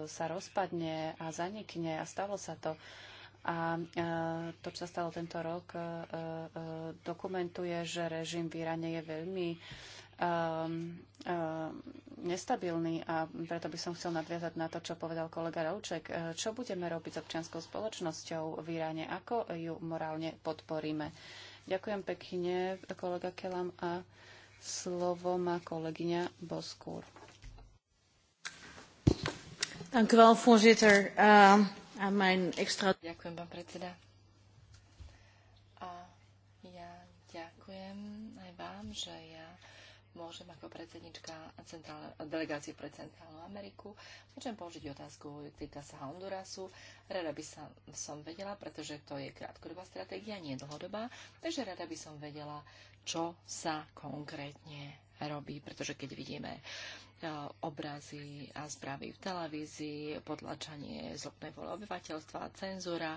sa rozpadne a zanikne a stalo sa to. A to, čo sa stalo tento rok, dokumentuje, že režim v Iráne je veľmi um, um, nestabilný a preto by som chcel nadviazať na to, čo povedal kolega Rauček. Ehm, čo budeme robiť s občianskou spoločnosťou v Iráne? Ako ju morálne podporíme? Ďakujem pekne, kolega Kelam, a slovo má kolegyňa Boskúr. Ďakujem, pán predseda. A ja ďakujem aj vám, že ja môžem ako predsednička centrálne, delegácie pre Centrálnu Ameriku, môžem použiť otázku, týka sa Hondurasu. Rada by som, som vedela, pretože to je krátkodobá stratégia, nie dlhodobá, takže rada by som vedela, čo sa konkrétne robí, pretože keď vidíme e, obrazy a správy v televízii, potlačanie zlobnej vole obyvateľstva, cenzúra,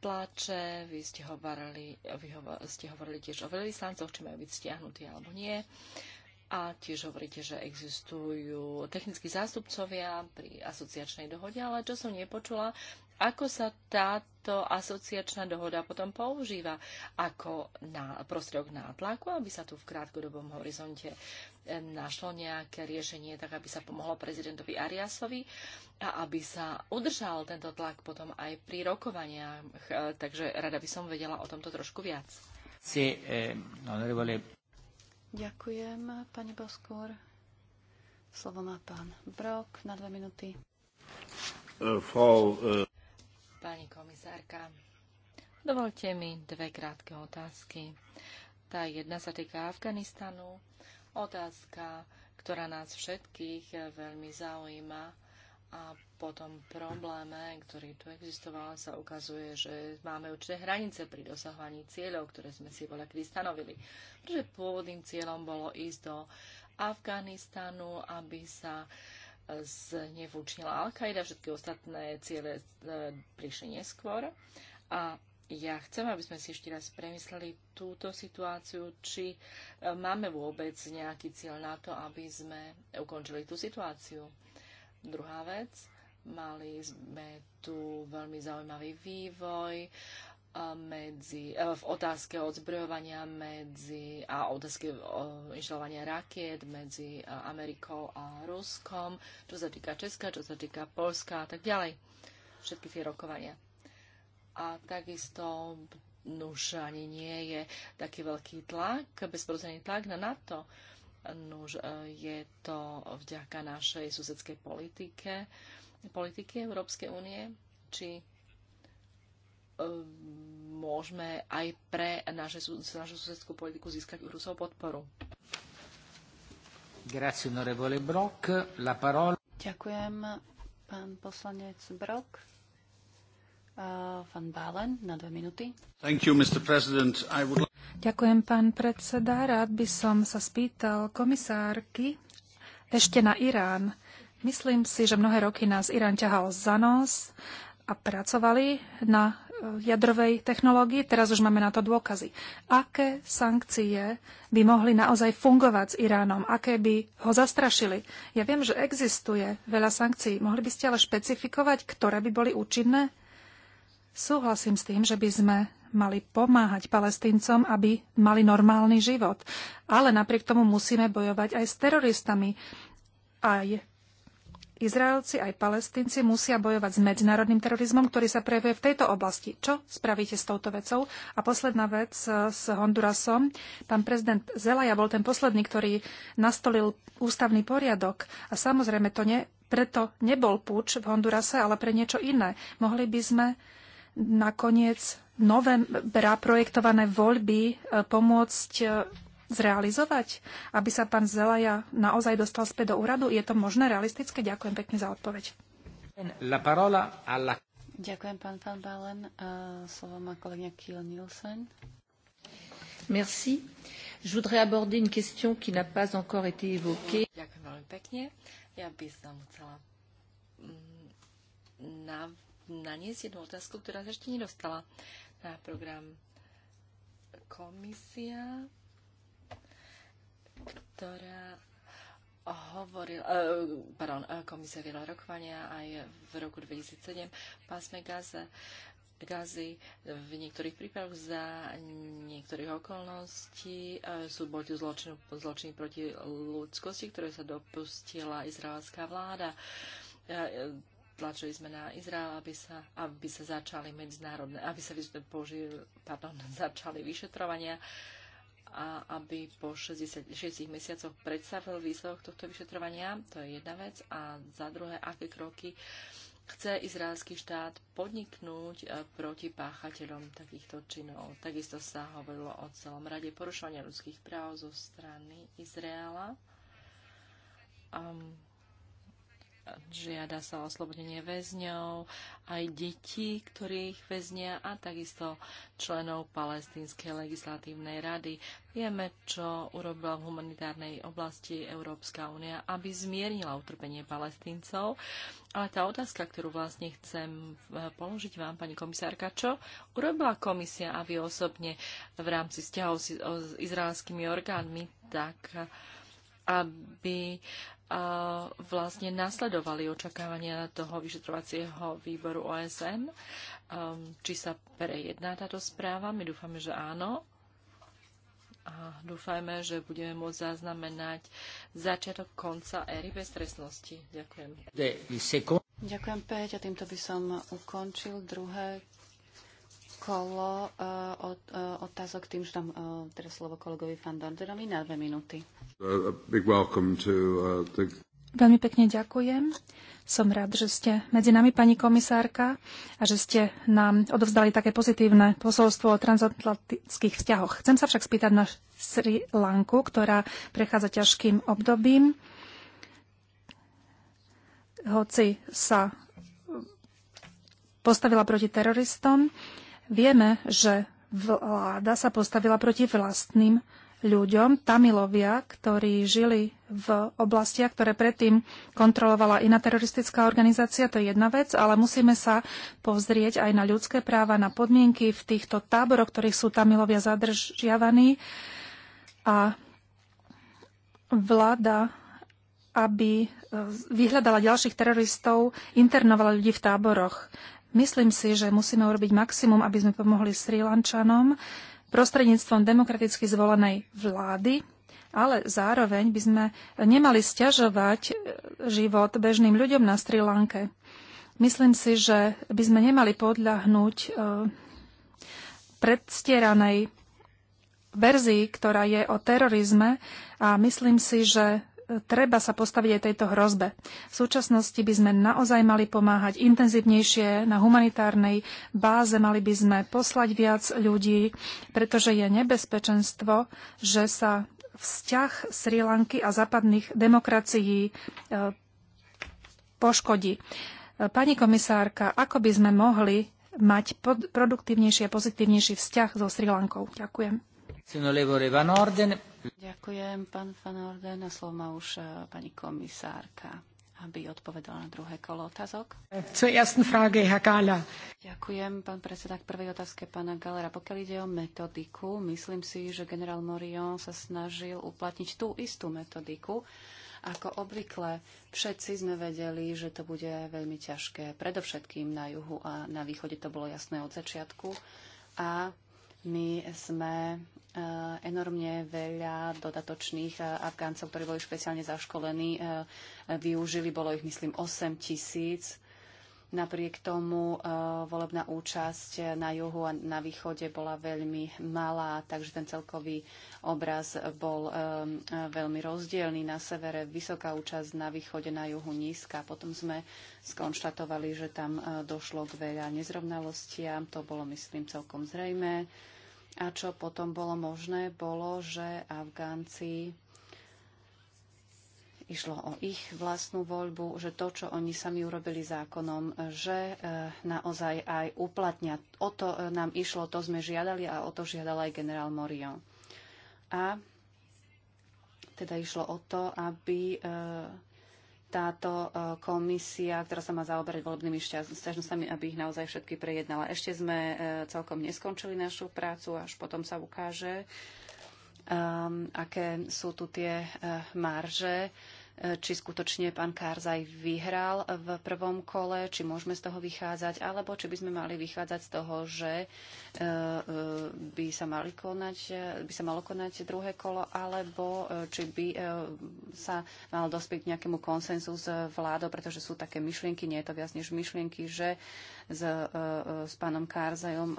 tlače, vy ste hovorili, vy hovor, ste hovorili tiež o veľvyslancoch, či majú byť stiahnutí alebo nie. A tiež hovoríte, že existujú technickí zástupcovia pri asociačnej dohode, ale čo som nepočula, ako sa táto asociačná dohoda potom používa ako na prostriedok nátlaku, aby sa tu v krátkodobom horizonte eh, našlo nejaké riešenie, tak aby sa pomohlo prezidentovi Ariasovi a aby sa udržal tento tlak potom aj pri rokovaniach. Eh, takže rada by som vedela o tomto trošku viac. Si, eh, Ďakujem, pani Boskôr. Slovo má pán Brok na dve minúty. Uh, eh, fall, uh... Pani komisárka, dovolte mi dve krátke otázky. Tá jedna sa týka Afganistanu. Otázka, ktorá nás všetkých veľmi zaujíma a po tom probléme, ktorý tu existoval, sa ukazuje, že máme určité hranice pri dosahovaní cieľov, ktoré sme si voľa kedy stanovili. Pretože pôvodným cieľom bolo ísť do Afganistanu, aby sa uh, znevúčnila Al-Qaida, všetky ostatné ciele e, prišli neskôr. A ja chcem, aby sme si ešte raz premysleli túto situáciu, či e, máme vôbec nejaký cieľ na to, aby sme ukončili tú situáciu. Druhá vec, mali sme tu veľmi zaujímavý vývoj, medzi, e, v otázke odzbrojovania medzi a otázke e, inštalovania rakiet medzi e, Amerikou a Ruskom, čo sa týka Česka, čo sa týka Polska a tak ďalej. Všetky tie rokovania. A takisto nuž no ani nie je taký veľký tlak, bezprostredný tlak na NATO. Nuž no je to vďaka našej susedskej politike, politike Európskej únie, či Ehm, môžeme aj pre naše, našu susedskú politiku získať Rusov podporu. Grazie, onorevole Brock. La parola... Ďakujem, pán poslanec Brock. Uh, Van Balen, na dve minúty. Thank you, Mr. President. I would... Ďakujem, pán predseda. Rád by som sa spýtal komisárky ešte na Irán. Myslím si, že mnohé roky nás Irán ťahal za nos a pracovali na jadrovej technológie, teraz už máme na to dôkazy. Aké sankcie by mohli naozaj fungovať s Iránom? Aké by ho zastrašili? Ja viem, že existuje veľa sankcií. Mohli by ste ale špecifikovať, ktoré by boli účinné? Súhlasím s tým, že by sme mali pomáhať palestíncom, aby mali normálny život. Ale napriek tomu musíme bojovať aj s teroristami, aj Izraelci aj Palestínci musia bojovať s medzinárodným terorizmom, ktorý sa prejavuje v tejto oblasti. Čo spravíte s touto vecou? A posledná vec e, s Hondurasom. Pán prezident Zelaja bol ten posledný, ktorý nastolil ústavný poriadok. A samozrejme to ne, preto nebol púč v Hondurase, ale pre niečo iné. Mohli by sme nakoniec novembra projektované voľby e, pomôcť e, zrealizovať, aby sa pán Zelaja naozaj dostal späť do úradu? Je to možné realistické? Ďakujem pekne za odpoveď. La parola alla... Ďakujem, pán Van Balen. A Slovo má kolegyňa Kiel Nielsen. Merci. Je voudrais aborder une question qui n'a pas encore été évoquée. Ďakujem veľmi pekne. Ja by som chcela mm, na, naniesť jednu otázku, ktorá sa ešte nedostala na program. Komisia ktorá hovoril, e, pardon, e, komisia viedla rokovania aj v roku 2007 pásme Gaza, Gazy v niektorých prípadoch za niektorých okolností e, sú boli zločiny, zločiny proti ľudskosti, ktoré sa dopustila izraelská vláda. Tlačili sme na Izrael, aby sa, aby sa začali medzinárodné, aby sa použili, pardon, <laughs> začali vyšetrovania a aby po 66 mesiacoch predstavil výsledok tohto vyšetrovania. To je jedna vec. A za druhé, aké kroky chce izraelský štát podniknúť e, proti páchateľom takýchto činov. Takisto sa hovorilo o celom rade porušovania ľudských práv zo strany Izraela. Um, Žiada sa oslobodenie väzňov, aj detí, ktorých väznia a takisto členov Palestínskej legislatívnej rady. Vieme, čo urobila v humanitárnej oblasti Európska únia, aby zmiernila utrpenie palestíncov. Ale tá otázka, ktorú vlastne chcem e, položiť vám, pani komisárka, čo urobila komisia a vy osobne v rámci vzťahov s izraelskými orgánmi, tak aby vlastne nasledovali očakávania toho vyšetrovacieho výboru OSN. Um, či sa prejedná táto správa? My dúfame, že áno. A dúfajme, že budeme môcť zaznamenať začiatok konca éry bez trestnosti. Ďakujem. Ďakujem, Peť. A týmto by som ukončil druhé kolo e, od, e, otázok tým, že uh, teraz slovo kolegovi Fandorderovi na dve minúty. Uh, Veľmi pekne ďakujem. Som rád, že ste medzi nami, pani komisárka, a že ste nám odovzdali také pozitívne posolstvo o transatlantických vzťahoch. Chcem sa však spýtať na Sri Lanku, ktorá prechádza ťažkým obdobím. Hoci sa postavila proti teroristom, Vieme, že vláda sa postavila proti vlastným ľuďom, Tamilovia, ktorí žili v oblastiach, ktoré predtým kontrolovala iná teroristická organizácia, to je jedna vec, ale musíme sa pozrieť aj na ľudské práva, na podmienky v týchto táboroch, ktorých sú Tamilovia zadržiavaní. A vláda, aby e, vyhľadala ďalších teroristov, internovala ľudí v táboroch. Myslím si, že musíme urobiť maximum, aby sme pomohli Sri Lančanom prostredníctvom demokraticky zvolenej vlády, ale zároveň by sme nemali stiažovať e, život bežným ľuďom na Sri Lanke. Myslím si, že by sme nemali podľahnúť e, predstieranej verzii, ktorá je o terorizme a myslím si, že treba sa postaviť aj tejto hrozbe. V súčasnosti by sme naozaj mali pomáhať intenzívnejšie na humanitárnej báze, mali by sme poslať viac ľudí, pretože je nebezpečenstvo, že sa vzťah Sri Lanky a západných demokracií e, poškodí. Pani komisárka, ako by sme mohli mať produktívnejší a pozitívnejší vzťah so Sri Lankou? Ďakujem. Ďakujem, pán Van Orden. A slovo má už e, pani komisárka aby odpovedala na druhé kolo otázok. Ďakujem, pán predseda, k prvej otázke pána Galera. Pokiaľ ide o metodiku, myslím si, že generál Morion sa snažil uplatniť tú istú metodiku. Ako obvykle, všetci sme vedeli, že to bude veľmi ťažké. Predovšetkým na juhu a na východe to bolo jasné od začiatku. A my sme e, enormne veľa dodatočných e, Afgáncov, ktorí boli špeciálne zaškolení, e, využili. Bolo ich, myslím, 8 tisíc Napriek tomu e, volebná účasť na juhu a na východe bola veľmi malá, takže ten celkový obraz bol e, veľmi rozdielný. Na severe vysoká účasť, na východe, na juhu nízka. Potom sme skonštatovali, že tam e, došlo k veľa nezrovnalostiam. To bolo, myslím, celkom zrejmé. A čo potom bolo možné, bolo, že Afgánci išlo o ich vlastnú voľbu, že to, čo oni sami urobili zákonom, že e, naozaj aj uplatňa. O to e, nám išlo, to sme žiadali a o to žiadal aj generál Morion. A teda išlo o to, aby e, táto komisia, ktorá sa má zaoberať volebnými stiažnostami, aby ich naozaj všetky prejednala. Ešte sme celkom neskončili našu prácu, až potom sa ukáže, um, aké sú tu tie marže či skutočne pán Karzaj vyhral v prvom kole, či môžeme z toho vychádzať, alebo či by sme mali vychádzať z toho, že e, e, by sa, mali konať, e, by sa malo konať druhé kolo, alebo či by sa mal dospieť k nejakému konsensu s vládou, pretože sú také myšlienky, nie je to viac než myšlienky, že s, e, e, s pánom Karzajom e,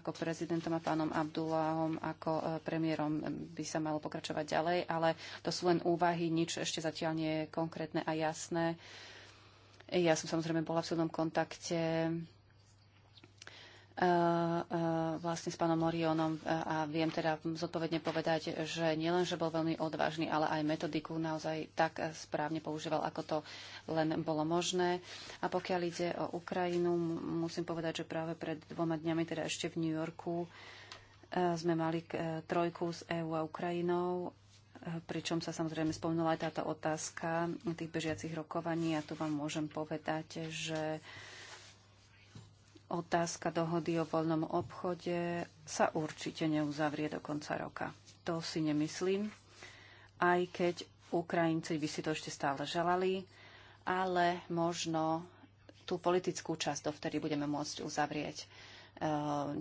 ako prezidentom a pánom Abdullahom ako premiérom by sa malo pokračovať ďalej, ale to sú len úvahy, nič ešte zatiaľ nie je konkrétne a jasné. Ja som samozrejme bola v silnom kontakte E, e, vlastne s pánom Morionom e, a viem teda zodpovedne povedať, že nielen, že bol veľmi odvážny, ale aj metodiku naozaj tak správne používal, ako to len bolo možné. A pokiaľ ide o Ukrajinu, musím povedať, že práve pred dvoma dňami, teda ešte v New Yorku, sme mali trojku s EÚ a Ukrajinou, pričom sa samozrejme spomínala aj táto otázka tých bežiacich rokovaní a tu vám môžem povedať, že otázka dohody o voľnom obchode sa určite neuzavrie do konca roka. To si nemyslím, aj keď Ukrajinci by si to ešte stále želali, ale možno tú politickú časť dovtedy budeme môcť uzavrieť. E,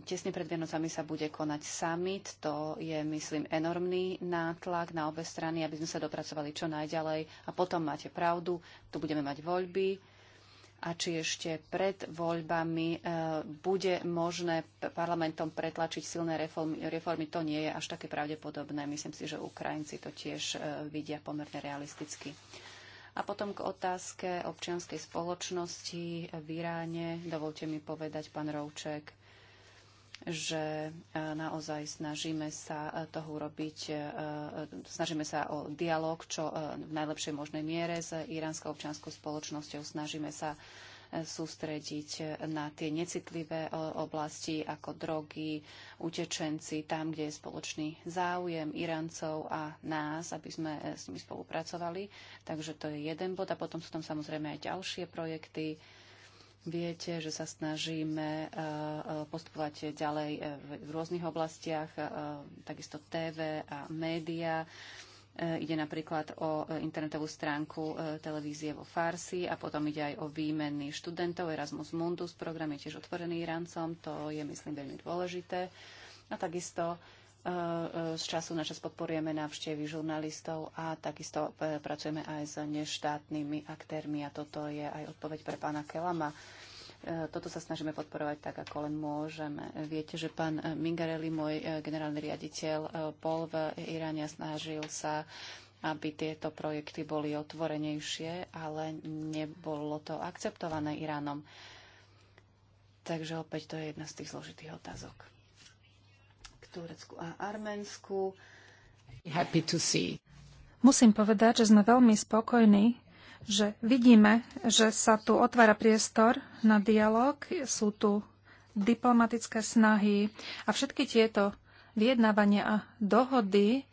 tesne pred Vianocami sa bude konať summit. To je, myslím, enormný nátlak na obe strany, aby sme sa dopracovali čo najďalej. A potom máte pravdu, tu budeme mať voľby a či ešte pred voľbami e, bude možné parlamentom pretlačiť silné reformy, reformy, to nie je až také pravdepodobné. Myslím si, že Ukrajinci to tiež e, vidia pomerne realisticky. A potom k otázke občianskej spoločnosti v Iráne. Dovolte mi povedať, pán Rovček, že e, naozaj snažíme sa e, toho urobiť, e, snažíme sa o dialog, čo v najlepšej možnej miere s iránskou občianskou spoločnosťou snažíme sa sústrediť na tie necitlivé oblasti ako drogy, utečenci, tam, kde je spoločný záujem Iráncov a nás, aby sme s nimi spolupracovali. Takže to je jeden bod a potom sú tam samozrejme aj ďalšie projekty, Viete, že sa snažíme eh, eh, postupovať ďalej eh, v rôznych oblastiach, takisto TV a média. Ide napríklad o internetovú stránku televízie vo Farsi a potom ide aj o výmeny študentov Erasmus Mundus. Program je tiež otvorený Iráncom, to je myslím veľmi dôležité. A takisto Eh, z času na čas podporujeme návštevy žurnalistov a takisto eh, pracujeme aj s neštátnymi aktérmi a toto je aj odpoveď pre pána Kelama. Eh, toto sa snažíme podporovať tak, ako len môžeme. Viete, že pán Mingarelli, môj generálny riaditeľ, bol v Iráne a snažil sa aby tieto projekty boli otvorenejšie, ale nebolo to akceptované Iránom. Takže opäť to je jedna z tých zložitých otázok. Turecku a Arménsku. Happy to see. Musím povedať, že sme veľmi spokojní, že vidíme, že sa tu otvára priestor na dialog, sú tu diplomatické snahy a všetky tieto vyjednávania a dohody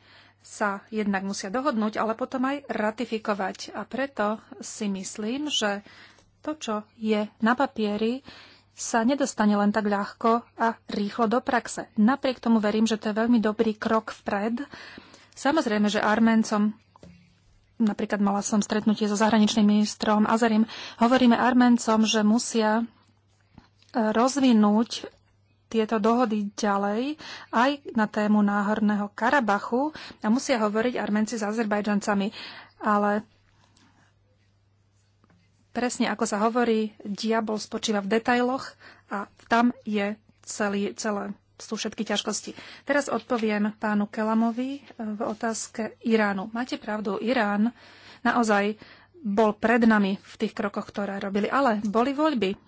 sa jednak musia dohodnúť, ale potom aj ratifikovať. A preto si myslím, že to, čo je na papieri, sa nedostane len tak ľahko a rýchlo do praxe. Napriek tomu verím, že to je veľmi dobrý krok vpred. Samozrejme, že Arméncom napríklad mala som stretnutie so zahraničným ministrom Azerim, hovoríme Arméncom, že musia e, rozvinúť tieto dohody ďalej aj na tému Náhorného Karabachu a musia hovoriť Arménci s Azerbajdžancami. Ale presne ako sa hovorí, diabol spočíva v detailoch a tam je celý, celé, sú všetky ťažkosti. Teraz odpoviem pánu Kelamovi e, v otázke Iránu. Máte pravdu, Irán naozaj bol pred nami v tých krokoch, ktoré robili, ale boli voľby.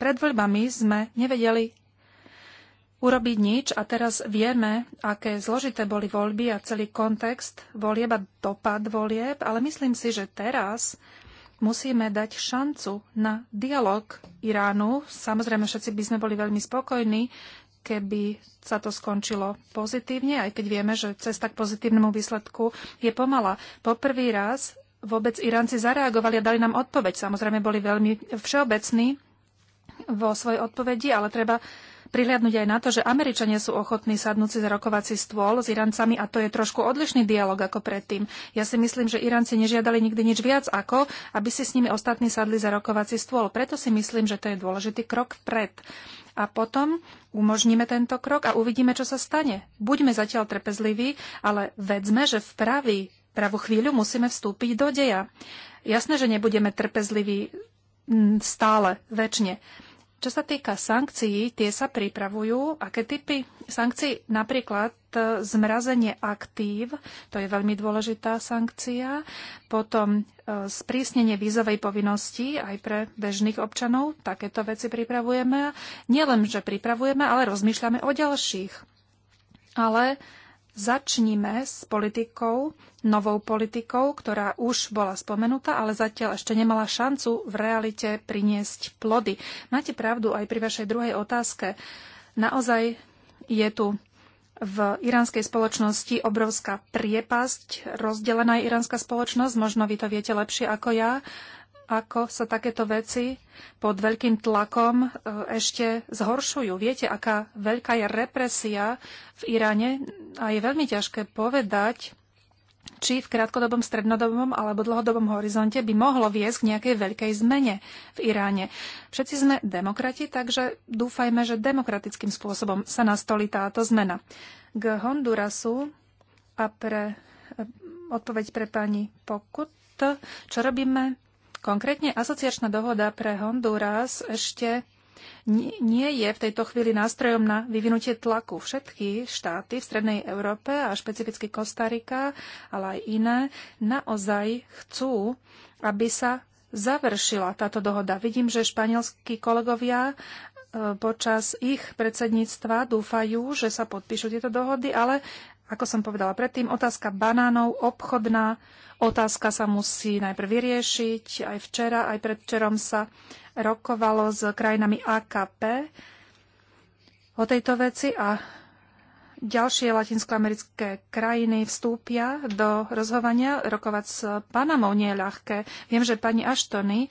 Pred voľbami sme nevedeli urobiť nič a teraz vieme, aké zložité boli voľby a celý kontext volieb a dopad volieb, ale myslím si, že teraz musíme dať šancu na dialog Iránu. Samozrejme, všetci by sme boli veľmi spokojní, keby sa to skončilo pozitívne, aj keď vieme, že cesta k pozitívnemu výsledku je pomala. Po prvý raz vôbec Iránci zareagovali a dali nám odpoveď. Samozrejme, boli veľmi všeobecní vo svojej odpovedi, ale treba prihliadnúť aj na to, že Američania sú ochotní sadnúť si za rokovací stôl s Irancami a to je trošku odlišný dialog ako predtým. Ja si myslím, že Iranci nežiadali nikdy nič viac ako, aby si s nimi ostatní sadli za rokovací stôl. Preto si myslím, že to je dôležitý krok vpred. A potom umožníme tento krok a uvidíme, čo sa stane. Buďme zatiaľ trpezliví, ale vedzme, že v pravý, pravú chvíľu musíme vstúpiť do deja. Jasné, že nebudeme trpezliví stále, väčšine. Čo sa týka sankcií, tie sa pripravujú. Aké typy sankcií? Napríklad e, zmrazenie aktív, to je veľmi dôležitá sankcia. Potom e, sprísnenie vízovej povinnosti aj pre bežných občanov. Takéto veci pripravujeme. Nielen, že pripravujeme, ale rozmýšľame o ďalších. Ale Začnime s politikou, novou politikou, ktorá už bola spomenutá, ale zatiaľ ešte nemala šancu v realite priniesť plody. Máte pravdu aj pri vašej druhej otázke. Naozaj je tu v iránskej spoločnosti obrovská priepasť, rozdelená je iránska spoločnosť, možno vy to viete lepšie ako ja, ako sa takéto veci pod veľkým tlakom e, ešte zhoršujú. Viete, aká veľká je represia v Iráne a je veľmi ťažké povedať, či v krátkodobom, strednodobom alebo dlhodobom horizonte by mohlo viesť k nejakej veľkej zmene v Iráne. Všetci sme demokrati, takže dúfajme, že demokratickým spôsobom sa nastolí táto zmena. K Hondurasu a pre e, odpoveď pre pani Pokut, čo robíme Konkrétne asociačná dohoda pre Honduras ešte nie je v tejto chvíli nástrojom na vyvinutie tlaku. Všetky štáty v Strednej Európe a špecificky Kostarika, ale aj iné, naozaj chcú, aby sa završila táto dohoda. Vidím, že španielskí kolegovia e, počas ich predsedníctva dúfajú, že sa podpíšu tieto dohody, ale ako som povedala predtým, otázka banánov, obchodná otázka sa musí najprv vyriešiť. Aj včera, aj predvčerom sa rokovalo s krajinami AKP o tejto veci a ďalšie latinskoamerické krajiny vstúpia do rozhovania. Rokovať s Panamou nie je ľahké. Viem, že pani Aštony e,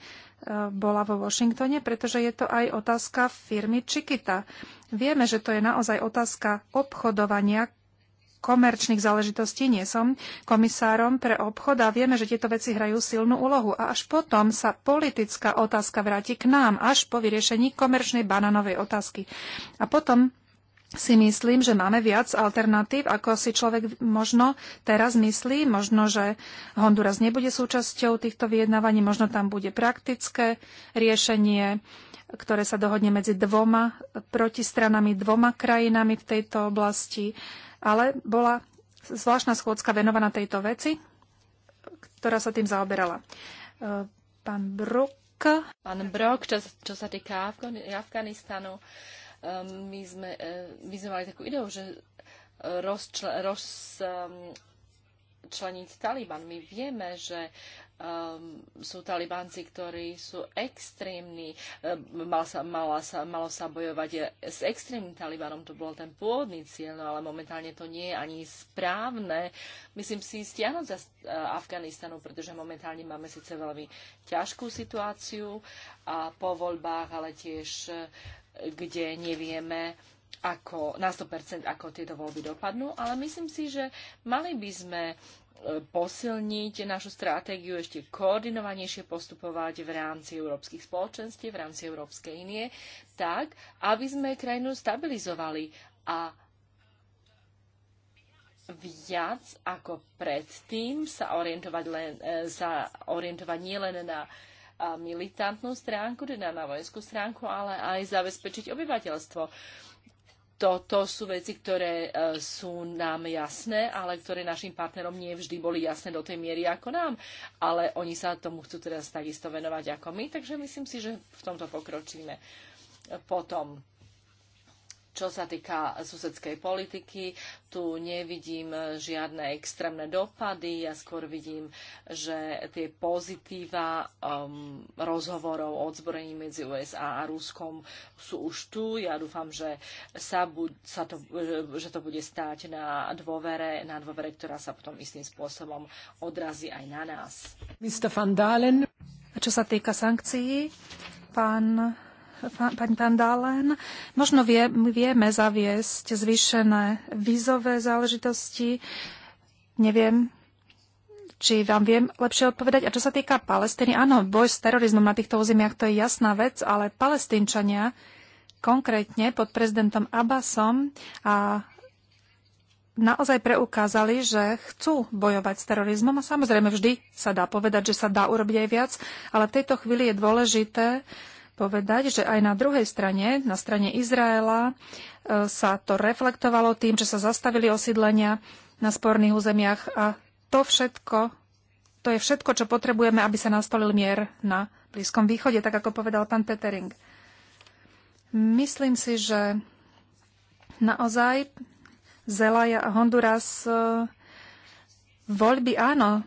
bola vo Washingtone, pretože je to aj otázka firmy Chiquita. Vieme, že to je naozaj otázka obchodovania, komerčných záležitostí, nie som komisárom pre obchod a vieme, že tieto veci hrajú silnú úlohu. A až potom sa politická otázka vráti k nám, až po vyriešení komerčnej bananovej otázky. A potom si myslím, že máme viac alternatív, ako si človek možno teraz myslí. Možno, že Honduras nebude súčasťou týchto vyjednávaní, možno tam bude praktické riešenie ktoré sa dohodne medzi dvoma protistranami, dvoma krajinami v tejto oblasti ale bola zvláštna schôdzka venovaná tejto veci, ktorá sa tým zaoberala. E, pán Brok. Pán Brok, čo, čo sa týka Afganistanu, e, my sme, e, my sme mali takú ideu, že rozčleniť Taliban. My vieme, že um, sú talibanci, ktorí sú extrémni. Ehm, Mal sa, mala sa, malo sa bojovať eh, s extrémnym talibanom, to bol ten pôvodný cieľ, no ale momentálne to nie je ani správne. Myslím si, stiahnuť za eh, Afganistanu, pretože momentálne máme síce veľmi ťažkú situáciu a po voľbách, ale tiež eh, kde nevieme, ako, na 100%, ako tieto voľby dopadnú, ale myslím si, že mali by sme posilniť našu stratégiu, ešte koordinovanejšie postupovať v rámci európskych spoločenstiev, v rámci Európskej inie, tak, aby sme krajinu stabilizovali a viac ako predtým sa orientovať, len, e, sa orientovať nie len na militantnú stránku, teda na vojenskú stránku, ale aj zabezpečiť obyvateľstvo toto sú veci, ktoré e, sú nám jasné, ale ktoré našim partnerom nie vždy boli jasné do tej miery ako nám. Ale oni sa tomu chcú teraz takisto venovať ako my, takže myslím si, že v tomto pokročíme. Potom čo sa týka susedskej politiky, tu nevidím žiadne extrémne dopady, ja skôr vidím, že tie pozitíva um, rozhovorov o odzbrojení medzi USA a Ruskom sú už tu. Ja dúfam, že sa, bu- sa to, že to bude stáť na dôvere, na dôvere, ktorá sa potom istým spôsobom odrazí aj na nás. Mr. Van Dalen. A čo sa týka sankcií, pán pani Pandalen, Možno vie, vieme zaviesť zvýšené vízové záležitosti. Neviem, či vám viem lepšie odpovedať. A čo sa týka Palestíny, áno, boj s terorizmom na týchto územiach to je jasná vec, ale palestínčania konkrétne pod prezidentom Abbasom a naozaj preukázali, že chcú bojovať s terorizmom a samozrejme vždy sa dá povedať, že sa dá urobiť aj viac, ale v tejto chvíli je dôležité povedať, že aj na druhej strane, na strane Izraela, e, sa to reflektovalo tým, že sa zastavili osídlenia na sporných územiach a to všetko, to je všetko, čo potrebujeme, aby sa nastolil mier na Blízkom východe, tak ako povedal pán Petering. Myslím si, že naozaj Zelaja a Honduras e, voľby áno,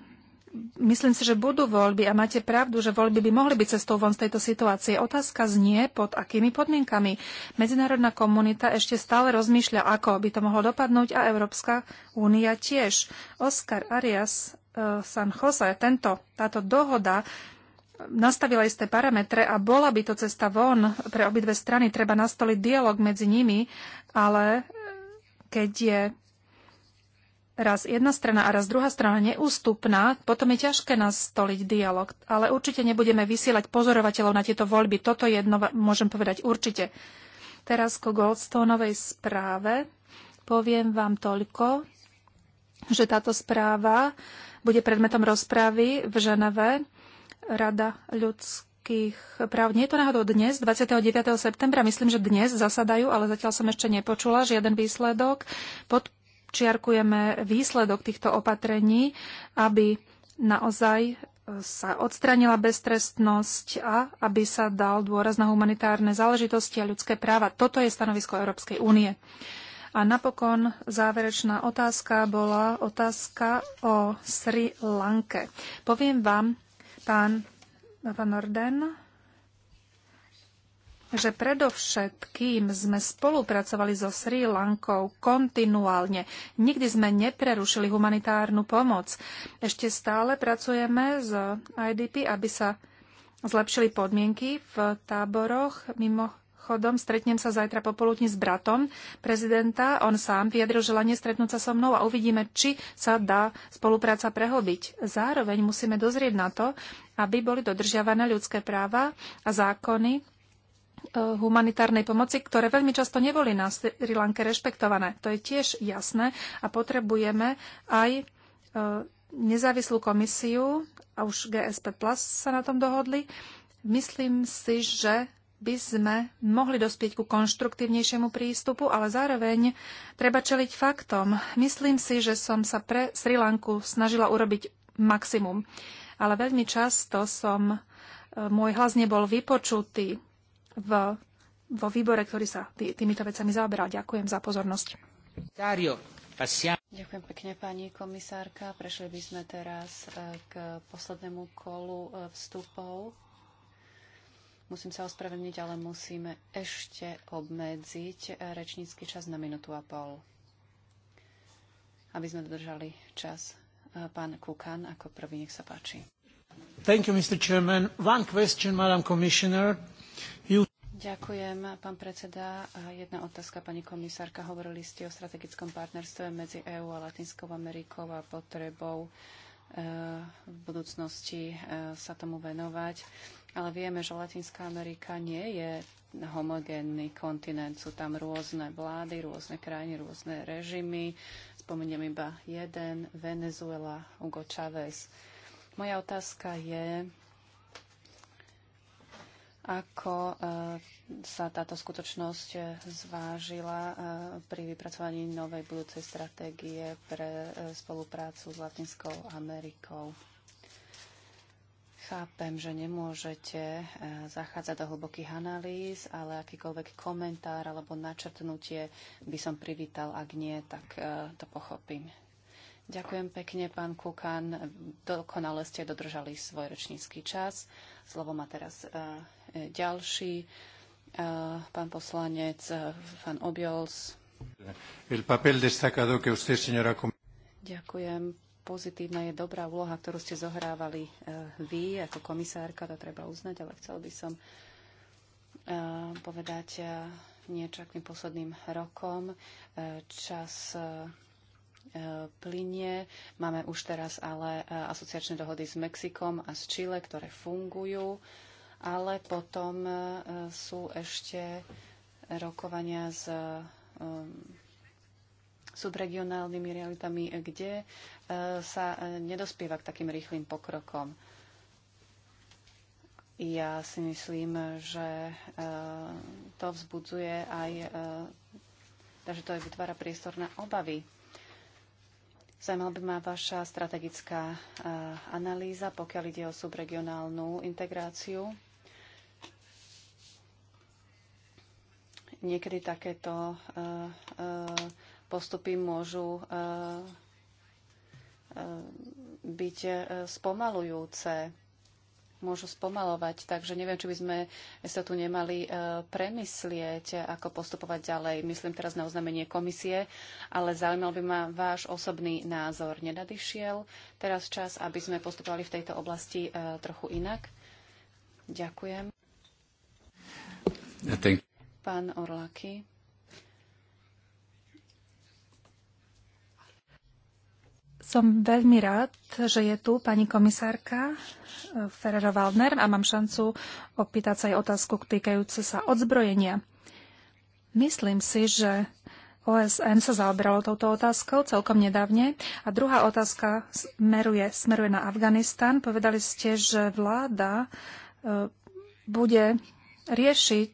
Myslím si, že budú voľby a máte pravdu, že voľby by mohli byť cestou von z tejto situácie. Otázka znie, pod akými podmienkami. Medzinárodná komunita ešte stále rozmýšľa, ako by to mohlo dopadnúť a Európska únia tiež. Oscar Arias uh, San Jose, tento, táto dohoda eh, nastavila isté parametre a bola by to cesta von pre obidve strany. Treba nastoliť dialog medzi nimi, ale eh, keď je raz jedna strana a raz druhá strana neústupná, potom je ťažké nastoliť dialog. Ale určite nebudeme vysielať pozorovateľov na tieto voľby. Toto jedno môžem povedať určite. Teraz ko Goldstoneovej správe poviem vám toľko, že táto správa bude predmetom rozpravy v Ženeve Rada ľudských práv. Nie je to náhodou dnes, 29. septembra, myslím, že dnes zasadajú, ale zatiaľ som ešte nepočula žiaden výsledok. Pod čiarkujeme výsledok týchto opatrení, aby naozaj e, sa odstranila beztrestnosť a aby sa dal dôraz na humanitárne záležitosti a ľudské práva. Toto je stanovisko Európskej únie. A napokon záverečná otázka bola otázka o Sri Lanke. Poviem vám, pán, pán Orden, že predovšetkým sme spolupracovali so Sri Lankou kontinuálne. Nikdy sme neprerušili humanitárnu pomoc. Ešte stále pracujeme s IDP, aby sa zlepšili podmienky v táboroch. Mimochodom, stretnem sa zajtra popoludní s bratom prezidenta. On sám vyjadril želanie stretnúť sa so mnou a uvidíme, či sa dá spolupráca prehobiť. Zároveň musíme dozrieť na to, aby boli dodržiavané ľudské práva a zákony E, humanitárnej pomoci, ktoré veľmi často neboli na Sri Lanke rešpektované. To je tiež jasné a potrebujeme aj e, nezávislú komisiu, a už GSP Plus sa na tom dohodli. Myslím si, že by sme mohli dospieť ku konštruktívnejšiemu prístupu, ale zároveň treba čeliť faktom. Myslím si, že som sa pre Sri Lanku snažila urobiť maximum, ale veľmi často som e, môj hlas nebol vypočutý v, vo výbore, ktorý sa tý, týmito vecami zaoberal. Ďakujem za pozornosť. Dario, Ďakujem pekne, pani komisárka. Prešli by sme teraz e, k poslednému kolu e, vstupov. Musím sa ospravedlniť, ale musíme ešte obmedziť e, rečnícky čas na minútu a pol, aby sme dodržali čas. Pán Kukan, ako prvý, nech sa páči. Thank you, Mr. Chairman. One question, Madam Commissioner. You... Ďakujem, pán predseda. jedna otázka, pani komisárka. Hovorili ste o strategickom partnerstve medzi EÚ a Latinskou Amerikou a potrebou e, v budúcnosti e, sa tomu venovať. Ale vieme, že Latinská Amerika nie je homogénny kontinent. Sú tam rôzne vlády, rôzne krajiny, rôzne režimy. Spomeniem iba jeden, Venezuela, Hugo Chávez. Moja otázka je, ako eh, sa táto skutočnosť eh, zvážila eh, pri vypracovaní novej budúcej stratégie pre spoluprácu s Latinskou Amerikou? Chápem, že nemôžete zachádzať do hlbokých analýz, ale akýkoľvek komentár alebo načrtnutie by som privítal. Ak nie, tak to pochopím. Ďakujem pekne, pán Kukan. Dokonale ste dodržali svoj rečnícky čas. Slovo má teraz e, e, ďalší e, pán poslanec, pán Obiols. Ďakujem. Pozitívna je dobrá úloha, ktorú ste zohrávali vy ako komisárka, to treba uznať, ale chcel by som povedať niečo k tým posledným rokom. Čas plinie. Máme už teraz ale e, asociačné dohody s Mexikom a s Čile, ktoré fungujú, ale potom e, sú ešte rokovania s e, subregionálnymi realitami, kde sa nedospieva k takým rýchlým pokrokom. Ja si myslím, že to vzbudzuje aj, takže to aj vytvára priestor na obavy Zajímala by ma vaša strategická analýza, pokiaľ ide o subregionálnu integráciu. Niekedy takéto postupy môžu byť spomalujúce môžu spomalovať. Takže neviem, či by sme sa tu nemali e, premyslieť, ako postupovať ďalej. Myslím teraz na oznámenie komisie, ale zaujímal by ma váš osobný názor. nedadyšiel, teraz čas, aby sme postupovali v tejto oblasti e, trochu inak? Ďakujem. Pán Orlaky. Som veľmi rád, že je tu pani komisárka eh, Ferrero-Waldner a mám šancu opýtať sa aj otázku týkajúcu sa odzbrojenia. Myslím si, že OSN sa zaoberalo touto otázkou celkom nedávne. A druhá otázka smeruje, smeruje na Afganistan. Povedali ste, že vláda eh, bude riešiť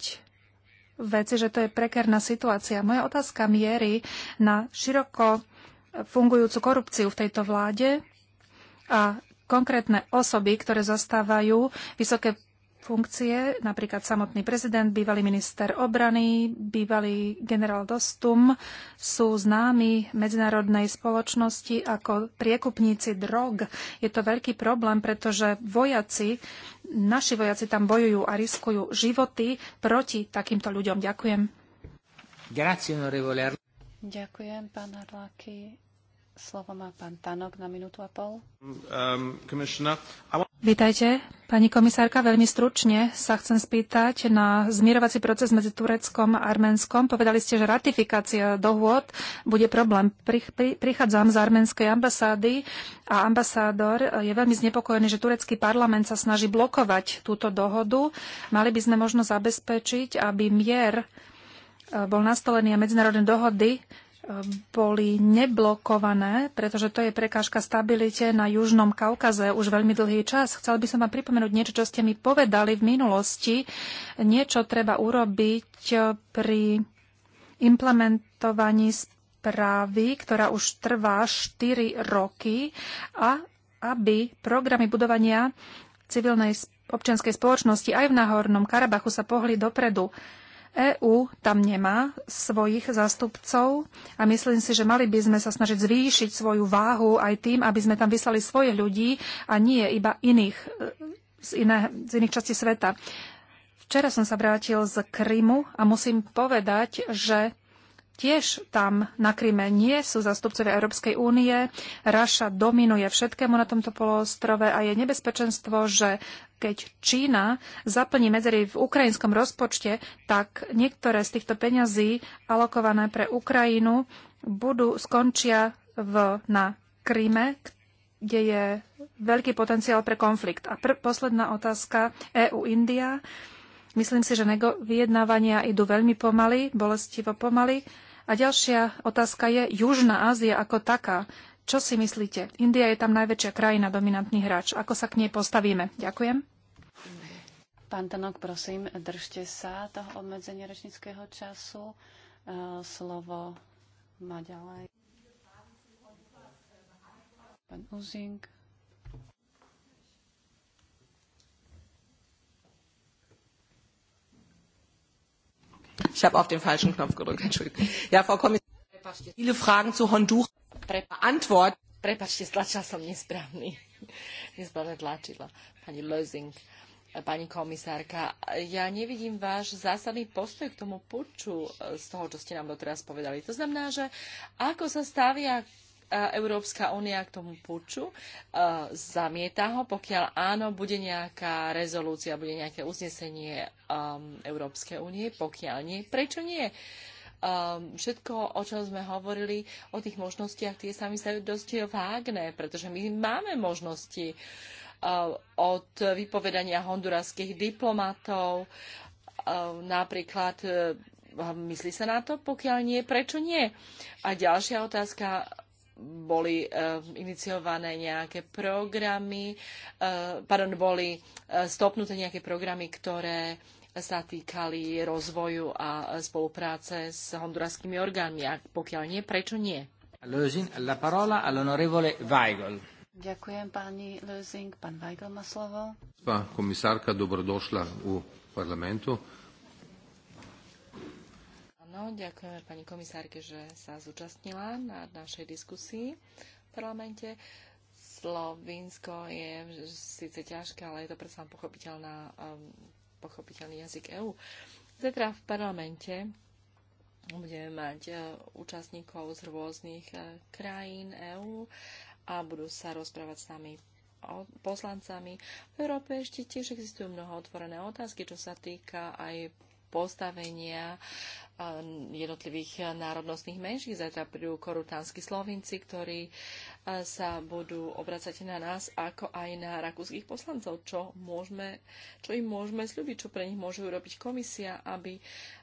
veci, že to je prekerná situácia. Moja otázka mierí na široko fungujúcu korupciu v tejto vláde a konkrétne osoby, ktoré zastávajú vysoké funkcie, napríklad samotný prezident, bývalý minister obrany, bývalý generál Dostum, sú známi medzinárodnej spoločnosti ako priekupníci drog. Je to veľký problém, pretože vojaci, naši vojaci tam bojujú a riskujú životy proti takýmto ľuďom. Ďakujem. Ďakujem, pán Arlaki. Slovo má pán Tanok na minútu a pol. Um, Vítajte, pani komisárka. Veľmi stručne sa chcem spýtať na zmierovací proces medzi Tureckom a Arménskom. Povedali ste, že ratifikácia dohôd bude problém. Pri, pri, prichádzam z arménskej ambasády a ambasádor je veľmi znepokojený, že turecký parlament sa snaží blokovať túto dohodu. Mali by sme možno zabezpečiť, aby mier eh, bol nastolený a medzinárodné dohody boli neblokované, pretože to je prekážka stabilite na Južnom Kaukaze už veľmi dlhý čas. Chcel by som vám pripomenúť niečo, čo ste mi povedali v minulosti. Niečo treba urobiť pri implementovaní správy, ktorá už trvá 4 roky a aby programy budovania civilnej občianskej spoločnosti aj v Nahornom Karabachu sa pohli dopredu. EÚ tam nemá svojich zástupcov a myslím si, že mali by sme sa snažiť zvýšiť svoju váhu aj tým, aby sme tam vyslali svojich ľudí a nie iba iných z, iné, z iných častí sveta. Včera som sa vrátil z Krymu a musím povedať, že Tiež tam na Kryme nie sú zastupcovia Európskej únie. Raša dominuje všetkému na tomto poloostrove a je nebezpečenstvo, že keď Čína zaplní medzery v ukrajinskom rozpočte, tak niektoré z týchto peňazí alokované pre Ukrajinu budú, skončia v, na Kryme, kde je veľký potenciál pre konflikt. A pr- posledná otázka EU-India. Myslím si, že nego- vyjednávania idú veľmi pomaly, bolestivo pomaly a ďalšia otázka je Južná Ázia ako taká. Čo si myslíte? India je tam najväčšia krajina, dominantný hráč. Ako sa k nej postavíme? Ďakujem. Pán Tanok, prosím, držte sa toho obmedzenia rečnického času. E, slovo má ďalej. Pán Uzing. Ich habe auf den falschen Knopf gedrückt, Entschuldigung. Ja, Frau Kommissarin, viele Fragen zu Honduras beantworten. Prepačte, stlačila som nesprávny. Nesprávne <laughs> tlačila. Pani Lozing, pani komisárka, ja nevidím váš zásadný postoj k tomu puču e, z toho, čo ste nám doteraz povedali. To znamená, že ako sa stavia Európska únia k tomu puču, zamieta ho, pokiaľ áno, bude nejaká rezolúcia, bude nejaké uznesenie um, Európskej únie, pokiaľ nie, prečo nie? Um, všetko, o čom sme hovorili, o tých možnostiach, tie sa mi dosť vágne, pretože my máme možnosti uh, od vypovedania honduraských diplomatov, uh, napríklad uh, myslí sa na to, pokiaľ nie, prečo nie? A ďalšia otázka, boli eh, iniciované nejaké programy, eh, pardon, boli eh, stopnuté nejaké programy, ktoré sa týkali rozvoju a spolupráce s honduraskými orgánmi. A pokiaľ nie, prečo nie? Ďakujem pani Lözing. Pán Weigl má slovo. Pán komisárka, dobrodošla u parlamentu. Áno, ďakujeme pani komisárke, že sa zúčastnila na našej diskusii v parlamente. Slovinsko je síce ťažké, ale je to predsa pochopiteľná, um, pochopiteľný jazyk EÚ. Zetra v parlamente budeme mať uh, účastníkov z rôznych uh, krajín EÚ a budú sa rozprávať s nami poslancami. V Európe ešte tiež existujú mnoho otvorené otázky, čo sa týka aj postavenia eh, jednotlivých národnostných menších. Zajtra prídu korutánsky Slovinci, ktorí eh, sa budú obracať na nás, ako aj na rakúskych poslancov, čo, môžeme, čo im môžeme slúbiť, čo pre nich môže urobiť komisia, aby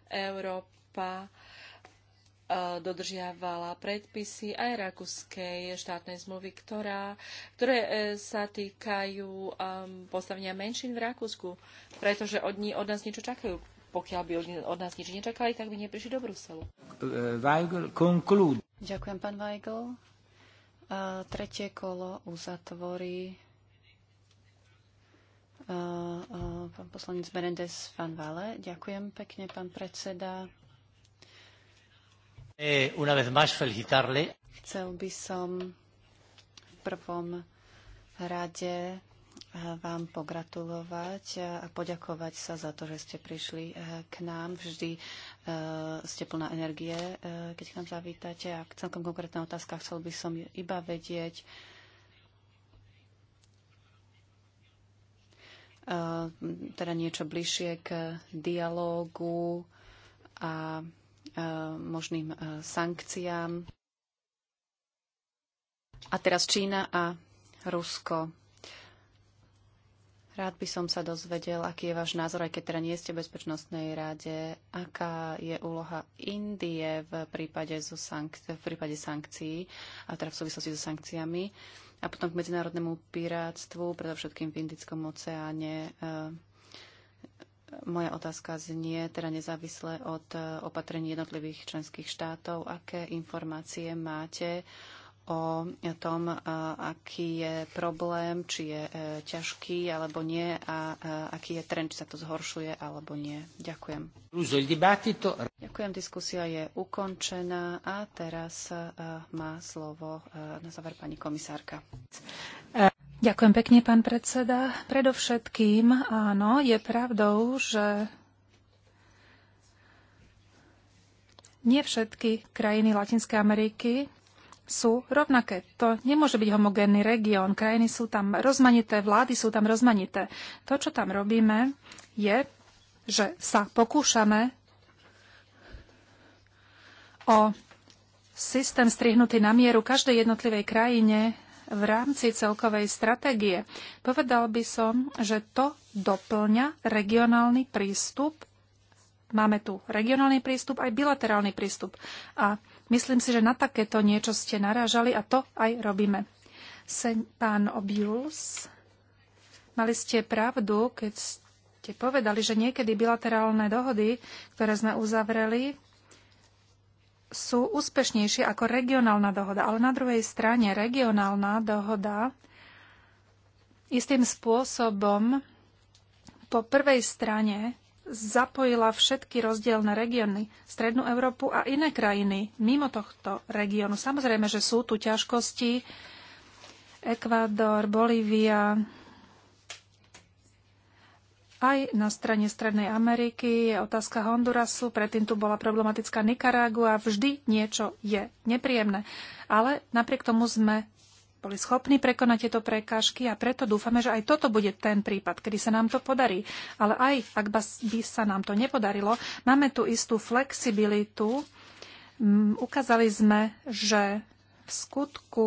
Európa eh, dodržiavala predpisy aj rakúskej štátnej zmluvy, ktorá, ktoré sa týkajú postavenia menšín v Rakúsku, pretože od, ní, od nás niečo čakajú pokiaľ by od nás nič nečakali, tak by neprišli do Bruselu. Weigl, konklúd. Ďakujem, pán Weigl. A tretie kolo uzatvorí a, a, pán poslanec Berendez van Vale. Ďakujem pekne, pán predseda. E, una vez más felicitarle. Chcel by som v prvom rade vám pogratulovať a poďakovať sa za to, že ste prišli eh, k nám. Vždy eh, ste plná energie, eh, keď k nám zavítate. A celkom konkrétna otázka, chcel by som iba vedieť, teda niečo bližšie k dialógu a možným sankciám. A teraz Čína a Rusko. Rád by som sa dozvedel, aký je váš názor, aj keď teda nie ste v Bezpečnostnej rade, aká je úloha Indie v prípade, zo sank- v prípade sankcií, a teda v súvislosti so sankciami, a potom k medzinárodnému piráctvu, predovšetkým v Indickom oceáne. E, moja otázka znie, teda nezávisle od e, opatrení jednotlivých členských štátov, aké informácie máte o tom, aký je problém, či je e, ťažký alebo nie a aký je trend, či sa to zhoršuje alebo nie. Ďakujem. Ďakujem, diskusia je ukončená a teraz e, má slovo e, na záver pani komisárka. Ďakujem pekne, pán predseda. Predovšetkým, áno, je pravdou, že nie všetky krajiny Latinskej Ameriky sú rovnaké. To nemôže byť homogénny región. Krajiny sú tam rozmanité, vlády sú tam rozmanité. To, čo tam robíme, je, že sa pokúšame o systém strihnutý na mieru každej jednotlivej krajine v rámci celkovej stratégie. Povedal by som, že to doplňa regionálny prístup. Máme tu regionálny prístup aj bilaterálny prístup. A Myslím si, že na takéto niečo ste narážali a to aj robíme. Sen, pán Objuls, mali ste pravdu, keď ste povedali, že niekedy bilaterálne dohody, ktoré sme uzavreli, sú úspešnejšie ako regionálna dohoda. Ale na druhej strane regionálna dohoda istým spôsobom po prvej strane zapojila všetky rozdielne regióny, Strednú Európu a iné krajiny mimo tohto regiónu. Samozrejme, že sú tu ťažkosti. Ekvádor, Bolívia, aj na strane Strednej Ameriky je otázka Hondurasu, predtým tu bola problematická Nikaragua, vždy niečo je nepríjemné. Ale napriek tomu sme boli schopní prekonať tieto prekážky a preto dúfame, že aj toto bude ten prípad, kedy sa nám to podarí. Ale aj ak by sa nám to nepodarilo, máme tu istú flexibilitu. Mm, ukázali sme, že v skutku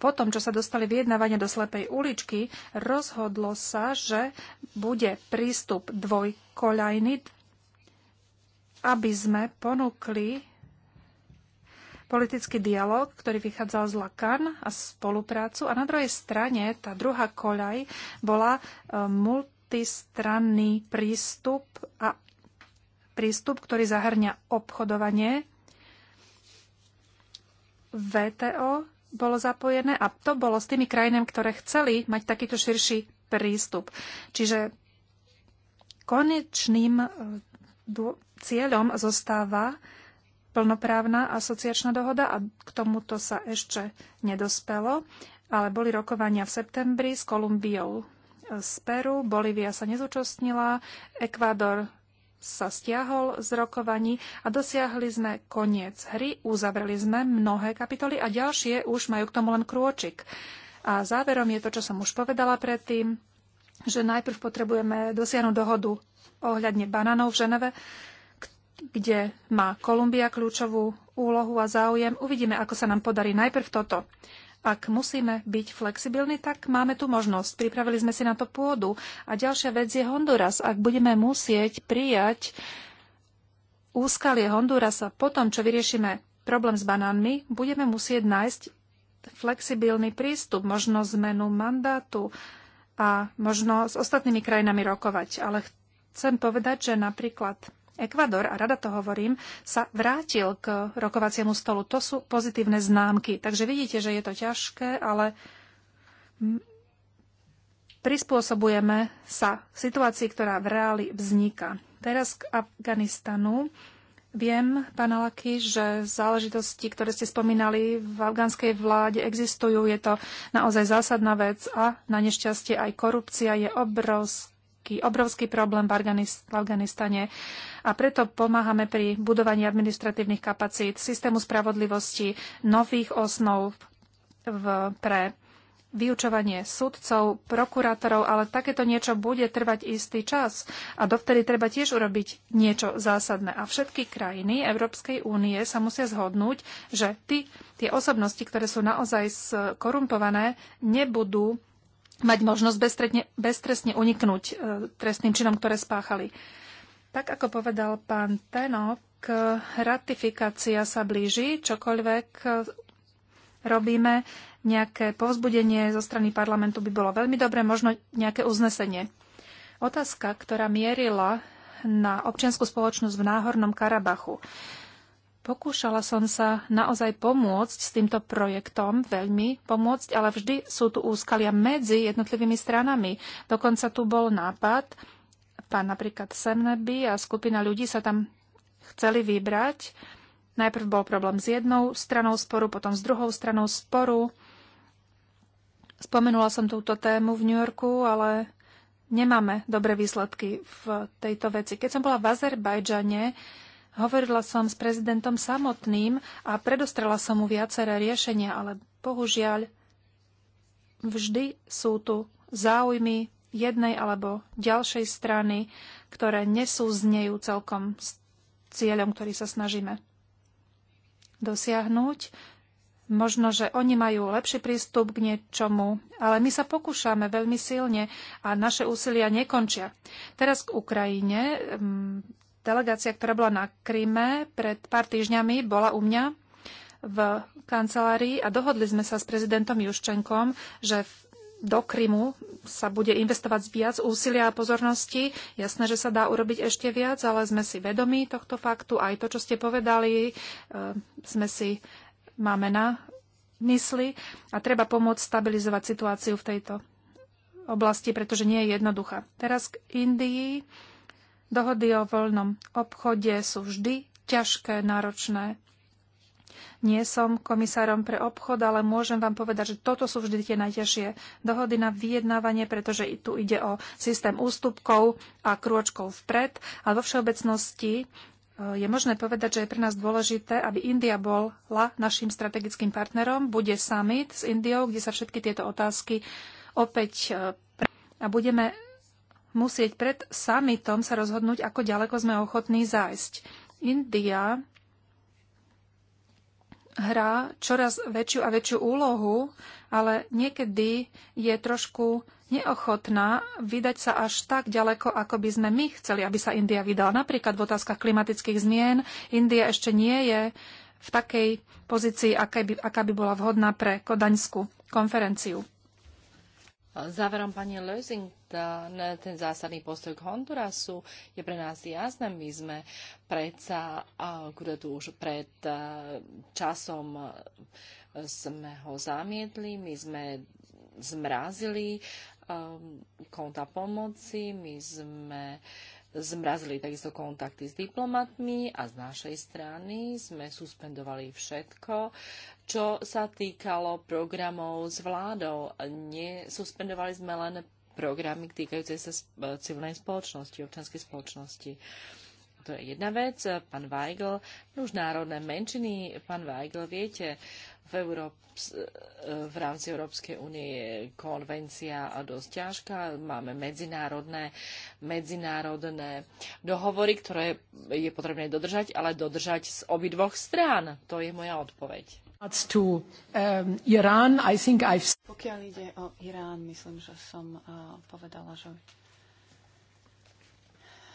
po tom, čo sa dostali vyjednávania do slepej uličky, rozhodlo sa, že bude prístup dvojkoľajný, aby sme ponúkli politický dialog, ktorý vychádzal z Lakan a spoluprácu. A na druhej strane tá druhá koľaj bola e, multistranný prístup a prístup, ktorý zahrňa obchodovanie. VTO bolo zapojené a to bolo s tými krajinami, ktoré chceli mať takýto širší prístup. Čiže konečným e, cieľom zostáva plnoprávna asociačná dohoda a k tomuto sa ešte nedospelo, ale boli rokovania v septembri s Kolumbiou e, z Peru, Bolívia sa nezúčastnila, Ekvádor sa stiahol z rokovaní a dosiahli sme koniec hry, uzavreli sme mnohé kapitoly a ďalšie už majú k tomu len krôčik. A záverom je to, čo som už povedala predtým, že najprv potrebujeme dosiahnuť dohodu ohľadne bananov v Ženeve kde má Kolumbia kľúčovú úlohu a záujem. Uvidíme, ako sa nám podarí najprv toto. Ak musíme byť flexibilní, tak máme tu možnosť. Pripravili sme si na to pôdu. A ďalšia vec je Honduras. Ak budeme musieť prijať úskalie Hondurasa po tom, čo vyriešime problém s banánmi, budeme musieť nájsť flexibilný prístup, možno zmenu mandátu a možno s ostatnými krajinami rokovať. Ale chcem povedať, že napríklad Ekvador, a rada to hovorím, sa vrátil k rokovaciemu stolu. To sú pozitívne známky. Takže vidíte, že je to ťažké, ale prispôsobujeme sa situácii, ktorá v reáli vzniká. Teraz k Afganistanu. Viem, pán Alaky, že záležitosti, ktoré ste spomínali v afgánskej vláde, existujú. Je to naozaj zásadná vec a na nešťastie aj korupcia je obrovská taký obrovský problém v Afganistane a preto pomáhame pri budovaní administratívnych kapacít, systému spravodlivosti, nových osnov v, pre vyučovanie sudcov, prokurátorov, ale takéto niečo bude trvať istý čas a dovtedy treba tiež urobiť niečo zásadné. A všetky krajiny Európskej únie sa musia zhodnúť, že ty, tie osobnosti, ktoré sú naozaj skorumpované, nebudú mať možnosť beztrestne uniknúť e, trestným činom, ktoré spáchali. Tak ako povedal pán Tenok, ratifikácia sa blíži, čokoľvek e, robíme, nejaké povzbudenie zo strany parlamentu by bolo veľmi dobré, možno nejaké uznesenie. Otázka, ktorá mierila na občianskú spoločnosť v Náhornom Karabachu. Pokúšala som sa naozaj pomôcť s týmto projektom, veľmi pomôcť, ale vždy sú tu úskalia medzi jednotlivými stranami. Dokonca tu bol nápad, pán napríklad Semneby a skupina ľudí sa tam chceli vybrať. Najprv bol problém s jednou stranou sporu, potom s druhou stranou sporu. Spomenula som túto tému v New Yorku, ale nemáme dobré výsledky v tejto veci. Keď som bola v Azerbajdžane, Hovorila som s prezidentom samotným a predostrela som mu viaceré riešenia, ale bohužiaľ vždy sú tu záujmy jednej alebo ďalšej strany, ktoré nesú nejú celkom s cieľom, ktorý sa snažíme dosiahnuť. Možno, že oni majú lepší prístup k niečomu, ale my sa pokúšame veľmi silne a naše úsilia nekončia. Teraz k Ukrajine. Mm, Delegácia, ktorá bola na Kryme pred pár týždňami, bola u mňa v kancelárii a dohodli sme sa s prezidentom Juščenkom, že do Krymu sa bude investovať viac úsilia a pozornosti. Jasné, že sa dá urobiť ešte viac, ale sme si vedomí tohto faktu. Aj to, čo ste povedali, e, sme si máme na mysli a treba pomôcť stabilizovať situáciu v tejto oblasti, pretože nie je jednoduchá. Teraz k Indii. Dohody o voľnom obchode sú vždy ťažké, náročné. Nie som komisárom pre obchod, ale môžem vám povedať, že toto sú vždy tie najťažšie dohody na vyjednávanie, pretože tu ide o systém ústupkov a krôčkov vpred. Ale vo všeobecnosti e, je možné povedať, že je pre nás dôležité, aby India bola našim strategickým partnerom. Bude summit s Indiou, kde sa všetky tieto otázky opäť e, a budeme musieť pred summitom sa rozhodnúť, ako ďaleko sme ochotní zájsť. India hrá čoraz väčšiu a väčšiu úlohu, ale niekedy je trošku neochotná vydať sa až tak ďaleko, ako by sme my chceli, aby sa India vydala. Napríklad v otázkach klimatických zmien India ešte nie je v takej pozícii, aká by, aká by bola vhodná pre Kodaňskú konferenciu. Záverom, pani Lösing, ten zásadný postoj k Hondurasu je pre nás jasné. My sme predsa, kde tu už pred e, časom e, sme ho zamietli, my sme zmrazili e, konta pomoci, my sme uh, zmrazili takisto kontakty s diplomatmi a z našej strany sme suspendovali všetko, čo sa týkalo programov s vládou. Nesuspendovali sme len programy týkajúce sa civilnej spoločnosti, občanskej spoločnosti. Uh, to je jedna vec. Pán Weigl, už národné menšiny, pán Weigl, viete, v, Európs- v rámci Európskej únie je konvencia dosť ťažká. Máme medzinárodné, medzinárodné dohovory, ktoré je potrebné dodržať, ale dodržať z obidvoch strán. To je moja odpoveď. To, um, I've... Pokiaľ ide o Irán, myslím, že som uh, povedala, že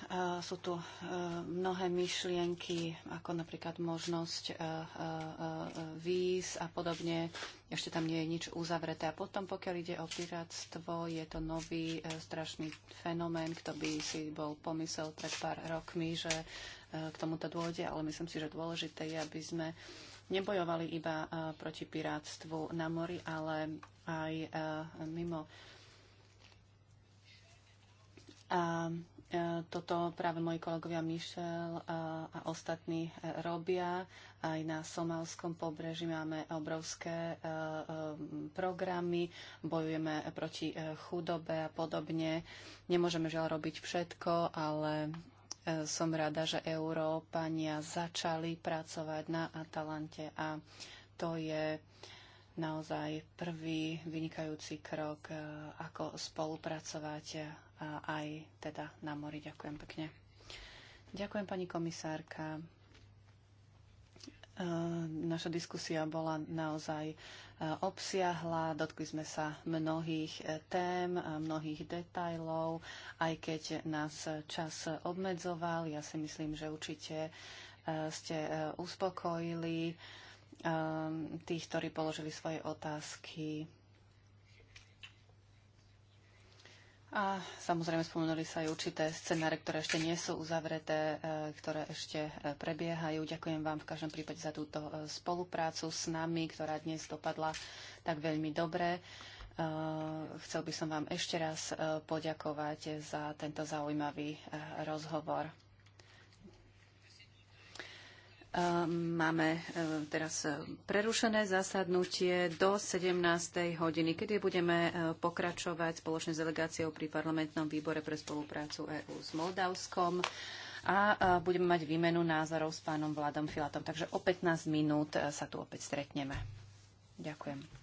Eh, sú tu eh, mnohé myšlienky, ako napríklad možnosť eh, víz a podobne. Ešte tam nie je nič uzavreté. A potom, pokiaľ ide o piráctvo, je to nový strašný fenomén, kto by si bol pomysel pred pár rokmi, že k tomuto dôjde, ale myslím si, že dôležité je, aby sme nebojovali iba proti piráctvu na mori, ale aj mimo. A E, toto práve moji kolegovia Michel e, a ostatní e, robia. Aj na somalskom pobreží máme obrovské programy, bojujeme proti chudobe a podobne. Nemôžeme žiaľ robiť všetko, ale som rada, že Európania začali pracovať na Atalante a to je naozaj prvý vynikajúci krok, ako spolupracovať aj teda na mori. Ďakujem pekne. Ďakujem pani komisárka. E, naša diskusia bola naozaj e, obsiahla, dotkli sme sa mnohých e, tém, mnohých detajlov, aj keď nás čas obmedzoval. Ja si myslím, že určite ste uspokojili tých, ktorí položili svoje otázky A samozrejme spomenuli sa aj určité scenáre, ktoré ešte nie sú uzavreté, e, ktoré ešte e, prebiehajú. Ďakujem vám v každom prípade za túto e, spoluprácu s nami, ktorá dnes dopadla tak veľmi dobre. Chcel by som vám ešte raz poďakovať za tento zaujímavý rozhovor. Máme e, teraz e, prerušené zasadnutie do 17. hodiny, kedy budeme e, pokračovať spoločne s delegáciou pri parlamentnom výbore pre spoluprácu EÚ s Moldavskom a budeme mať výmenu názorov s pánom Vladom Filatom. Takže o 15 minút sa tu opäť stretneme. Ďakujem.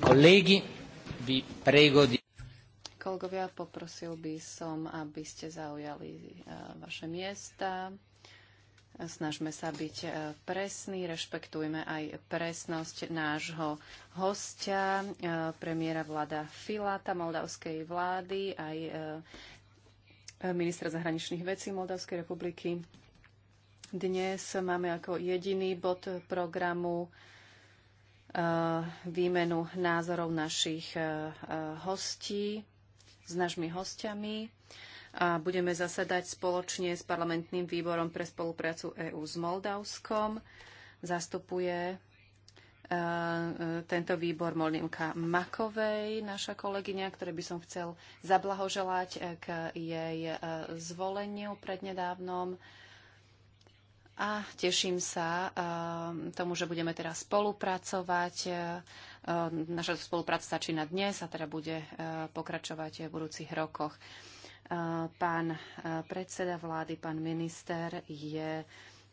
Colleghi, vi prego di... Kolegovia, poprosil by som, aby ste zaujali e, vaše miesta. Snažme sa byť e, presní, rešpektujme aj presnosť nášho hostia, e, premiéra vláda Filata, moldavskej vlády, aj ministra zahraničných vecí Moldavskej republiky. Dnes máme ako jediný bod programu eh, výmenu názorov našich eh, hostí s našimi hostiami a budeme zasadať spoločne s parlamentným výborom pre spoluprácu EÚ s Moldavskom. Zastupuje eh, tento výbor Molinka Makovej, naša kolegyňa, ktoré by som chcel zablahoželať k jej zvoleniu prednedávnom. nedávnom a teším sa eh, tomu, že budeme teraz spolupracovať. Eh, eh, naša spolupráca začína dnes a teda bude pokračovať v budúcich rokoch. Pán predseda vlády, pán minister, je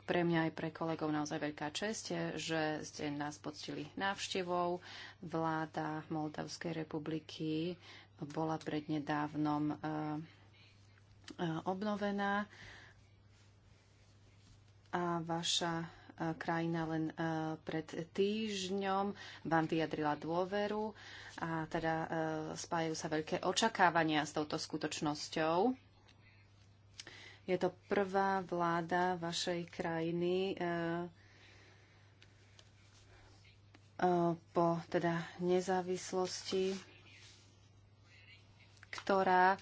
pre mňa aj pre kolegov naozaj veľká čest, že ste nás poctili návštevou. Vláda Moldavskej republiky bola prednedávnom obnovená a vaša e, krajina len e, pred týždňom vám vyjadrila dôveru a teda e, spájajú sa veľké očakávania s touto skutočnosťou. Je to prvá vláda vašej krajiny po teda nezávislosti, ktorá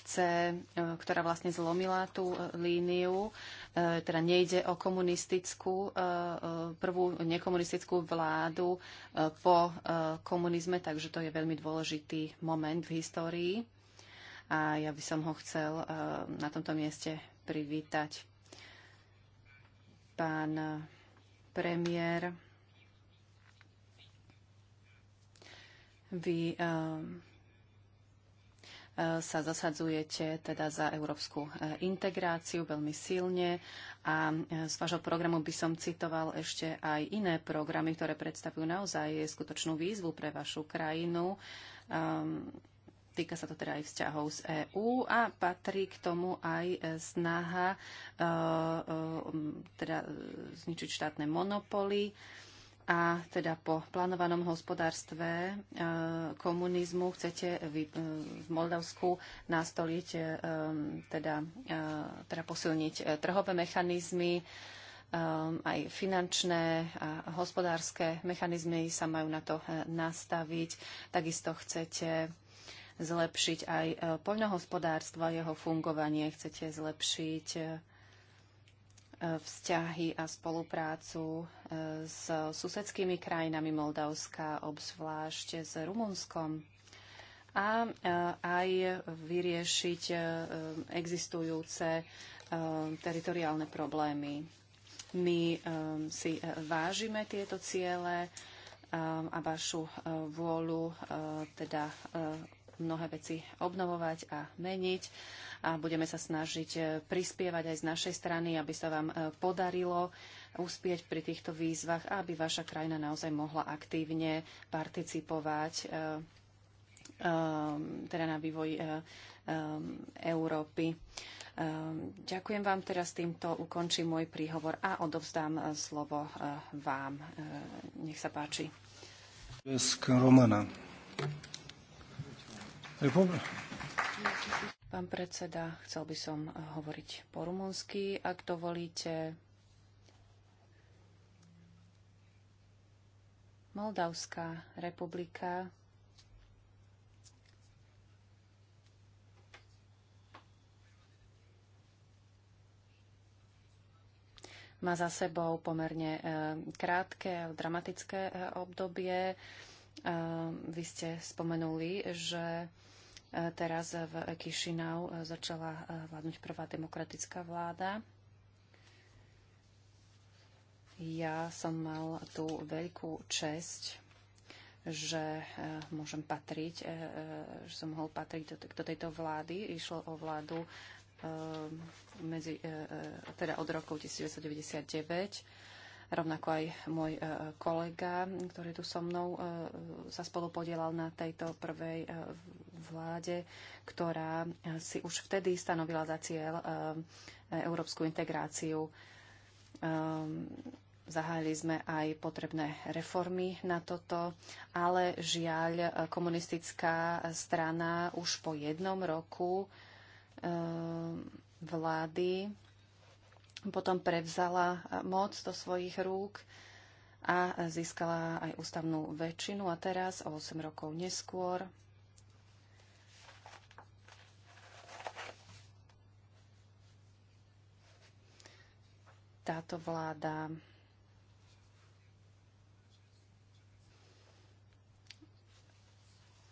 chce, ktorá vlastne zlomila tú líniu E, teda nejde o komunistickú, e, e, prvú nekomunistickú vládu po komunizme, takže to je veľmi dôležitý moment v histórii a ja by som ho chcel na tomto mieste privítať. Pán premiér, vy E, sa zasadzujete teda za európsku e, integráciu veľmi silne a e, z vášho programu by som citoval ešte aj iné programy, ktoré predstavujú naozaj skutočnú výzvu pre vašu krajinu. Um, týka sa to teda aj vzťahov z EÚ a patrí k tomu aj snaha uh, uh, teda zničiť štátne monopoly. Uh, a teda po plánovanom hospodárstve e, komunizmu chcete e, v Moldavsku nastoliť, e, teda, teda posilniť trhové mechanizmy, aj finančné a hospodárske mechanizmy sa majú na to nastaviť. Takisto chcete zlepšiť aj poľnohospodárstvo a jeho fungovanie, chcete zlepšiť vzťahy a spoluprácu e, s susedskými krajinami Moldavska, obzvlášť s Rumunskom a e, aj vyriešiť e, existujúce teritoriálne problémy. My si vážime tieto ciele a vašu vôľu teda mnohé veci obnovovať a meniť a budeme sa snažiť e, prispievať aj z našej strany, aby sa vám e, podarilo uspieť pri týchto výzvach a aby vaša krajina naozaj mohla aktívne participovať e, teda na vývoj Európy. Ďakujem vám teraz týmto, ukončím môj príhovor a odovzdám slovo vám. Nech sa páči. Romana. Pán predseda, chcel by som eh, hovoriť po rumunsky, ak dovolíte. Moldavská republika má za sebou pomerne eh, krátke, a dramatické eh, obdobie. Vy ste spomenuli, že Teraz v Kišinau e, začala e, vládnuť prvá demokratická vláda. Ja som mal tú veľkú česť, že e, môžem patriť, že som mohol patriť do tejto vlády. Išlo o vládu medzi, teda od roku 1999 rovnako aj môj e, kolega, ktorý tu so mnou e, sa spolu podielal na tejto prvej e, vláde, ktorá si už vtedy stanovila za cieľ európsku integráciu. Ehm, zahájili sme aj potrebné reformy na toto, ale žiaľ, komunistická strana už po jednom roku vlády potom prevzala moc do svojich rúk a získala aj ústavnú väčšinu a teraz o 8 rokov neskôr táto vláda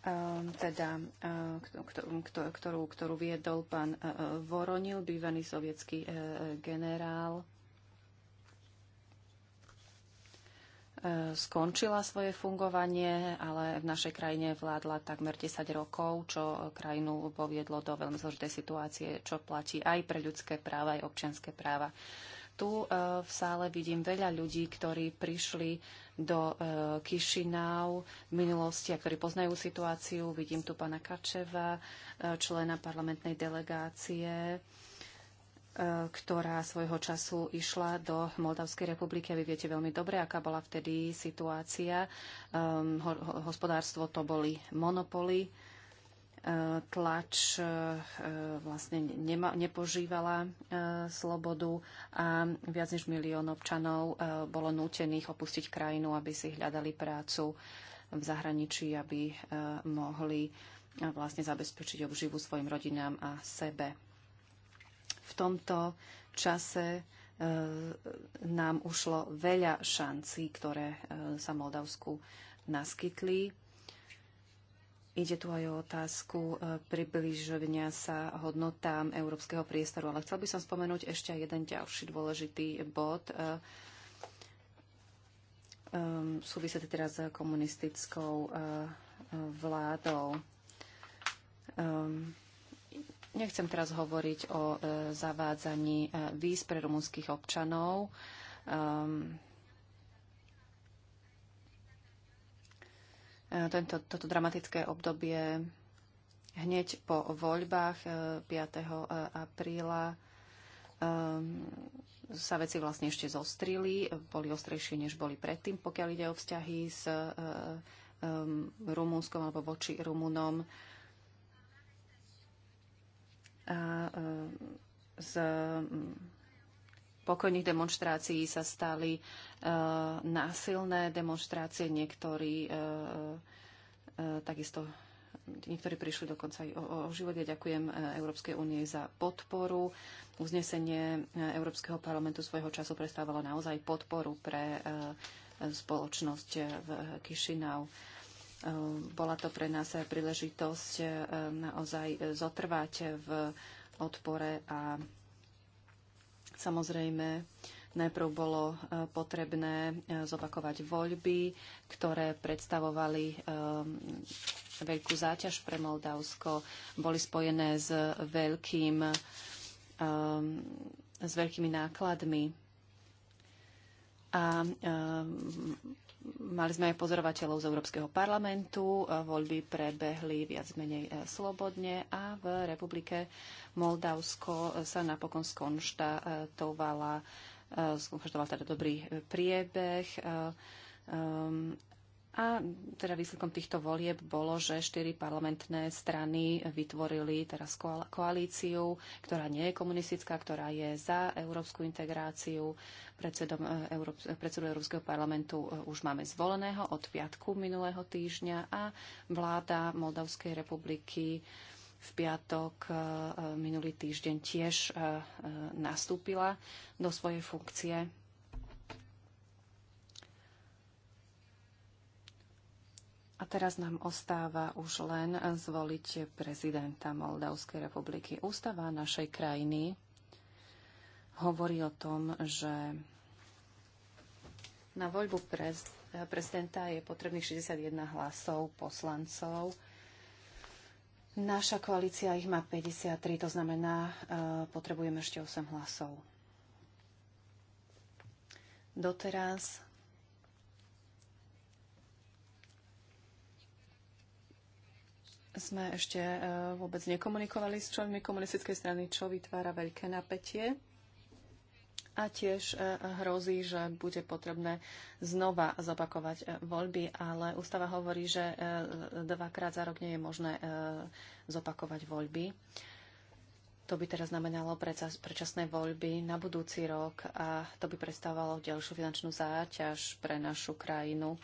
Ehm, teda, ehm, ktorú, ktorú viedol pán e, e, Voronil, bývaný sovietský e, generál, skončila svoje fungovanie, ale v našej krajine vládla takmer 10 rokov, čo krajinu poviedlo do veľmi zložitej situácie, čo platí aj pre ľudské práva, aj občianské práva. Tu v sále vidím veľa ľudí, ktorí prišli do e, Kišinau v minulosti a ktorí poznajú situáciu. Vidím tu pána Kačeva, e, člena parlamentnej delegácie e, ktorá svojho času išla do Moldavskej republiky. Vy viete veľmi dobre, aká bola vtedy situácia. E, ho, hospodárstvo to boli monopoly tlač e, vlastne nepožívala e, slobodu a viac než milión občanov e, bolo nútených opustiť krajinu, aby si hľadali prácu v zahraničí, aby mohli vlastne zabezpečiť obživu svojim rodinám a sebe. V tomto čase nám ušlo veľa šancí, ktoré sa Moldavsku naskytli Ide tu aj o otázku e, približovania sa hodnotám európskeho priestoru, ale chcel by som spomenúť ešte jeden ďalší dôležitý bod. E, e, súvisí súvisí teraz s komunistickou vládou. nechcem teraz hovoriť o zavádzaní víz pre rumunských občanov. Um, E, tento, toto dramatické obdobie hneď po voľbách 5. E, e, apríla sa veci vlastne ešte zostrili, boli ostrejšie, než boli predtým, pokiaľ ide o vzťahy s Rumúnskom alebo voči Rumunom. A z pokojných demonstrácií sa stali e, násilné demonstrácie, niektorí e, e, takisto Niektorí prišli dokonca aj o, o život. ďakujem e, Európskej únie za podporu. Uznesenie e, Európskeho parlamentu svojho času predstavovalo naozaj podporu pre e, spoločnosť v Kišinau. Bola to pre nás príležitosť naozaj zotrvať v odpore a Samozrejme, najprv bolo e, potrebné e, zopakovať voľby, ktoré predstavovali e, veľkú záťaž pre Moldavsko, boli spojené s, veľkým, s veľkými nákladmi. A Mali sme aj pozorovateľov z Európskeho parlamentu, e, voľby prebehli viac menej e, slobodne a v Republike Moldavsko e, sa napokon skonštatovala, skonštatoval teda dobrý priebeh. A teda výsledkom týchto volieb bolo, že štyri parlamentné strany vytvorili teraz koalíciu, ktorá nie je komunistická, ktorá je za európsku integráciu. Predsedom, e, Európs- e, predsedu Európskeho parlamentu e, už máme zvoleného od piatku minulého týždňa a vláda Moldavskej republiky v piatok minulý týždeň tiež nastúpila do svojej funkcie A teraz nám ostáva už len zvoliť prezidenta Moldavskej republiky. Ústava našej krajiny hovorí o tom, že na voľbu prez, prezidenta je potrebných 61 hlasov poslancov. Naša koalícia ich má 53, to znamená, e, potrebujeme ešte 8 hlasov. Doteraz sme ešte e, vôbec nekomunikovali s členmi komunistickej strany, čo vytvára veľké napätie. A tiež e, hrozí, že bude potrebné znova zopakovať e, voľby, ale ústava hovorí, že dvakrát za rok nie je možné zopakovať voľby. To by teraz znamenalo predčasné voľby na budúci rok a to by predstavovalo ďalšiu finančnú záťaž pre našu krajinu.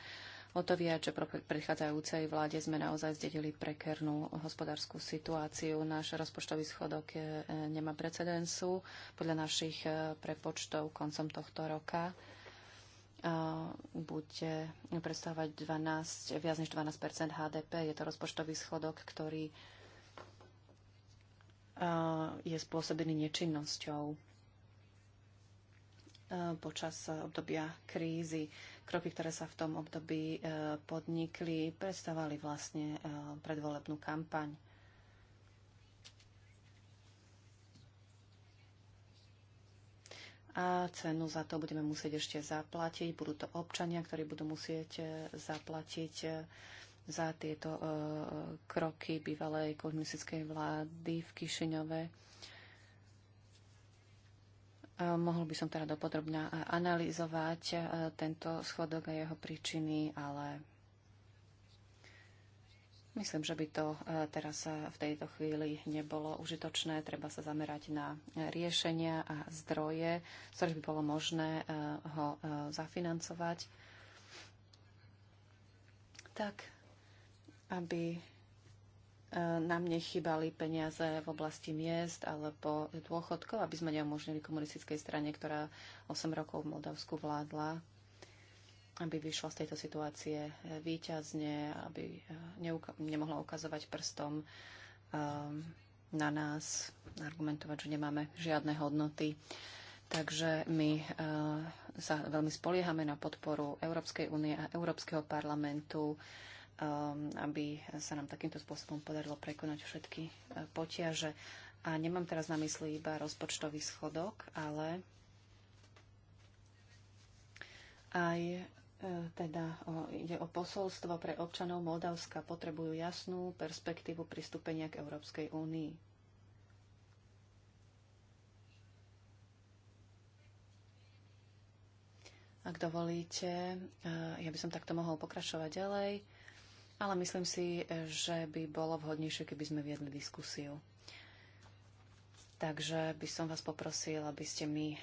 O to viac, že pro predchádzajúcej vláde sme naozaj zdedili prekernú hospodárskú situáciu. Náš rozpočtový schodok e, nemá precedensu. Podľa našich e, prepočtov koncom tohto roka e, bude predstavovať 12, viac než 12 HDP. Je to rozpočtový schodok, ktorý je spôsobený nečinnosťou E, počas obdobia krízy. Kroky, ktoré sa v tom období e, podnikli, predstavali vlastne e, predvolebnú kampaň. A cenu za to budeme musieť ešte zaplatiť. Budú to občania, ktorí budú musieť zaplatiť za tieto kroky bývalej komunistickej vlády v Kišiňove Mohol by som teda dopodrobne analyzovať e, tento schodok a jeho príčiny, ale myslím, že by to e, teraz e, v tejto chvíli nebolo užitočné. Treba sa zamerať na riešenia a zdroje, z ktorých by bolo možné ho zafinancovať tak, aby E, nám nechybali peniaze v oblasti miest alebo dôchodkov, aby sme neumožnili komunistickej strane, ktorá 8 rokov v Moldavsku vládla, aby vyšla z tejto situácie výťazne, aby e, nemohla ukazovať prstom um, na nás, argumentovať, že nemáme žiadne hodnoty. Takže my uh, sa veľmi spoliehame na podporu Európskej únie a Európskeho parlamentu Um, aby sa nám takýmto spôsobom podarilo prekonať všetky uh, potiaže. A nemám teraz na mysli iba rozpočtový schodok, ale aj uh, teda o, ide o posolstvo pre občanov Moldavska. Potrebujú jasnú perspektívu pristúpenia k Európskej únii. Ak dovolíte, uh, ja by som takto mohol pokračovať ďalej ale myslím si, že by bolo vhodnejšie, keby sme viedli diskusiu. Takže by som vás poprosil, aby ste mi eh,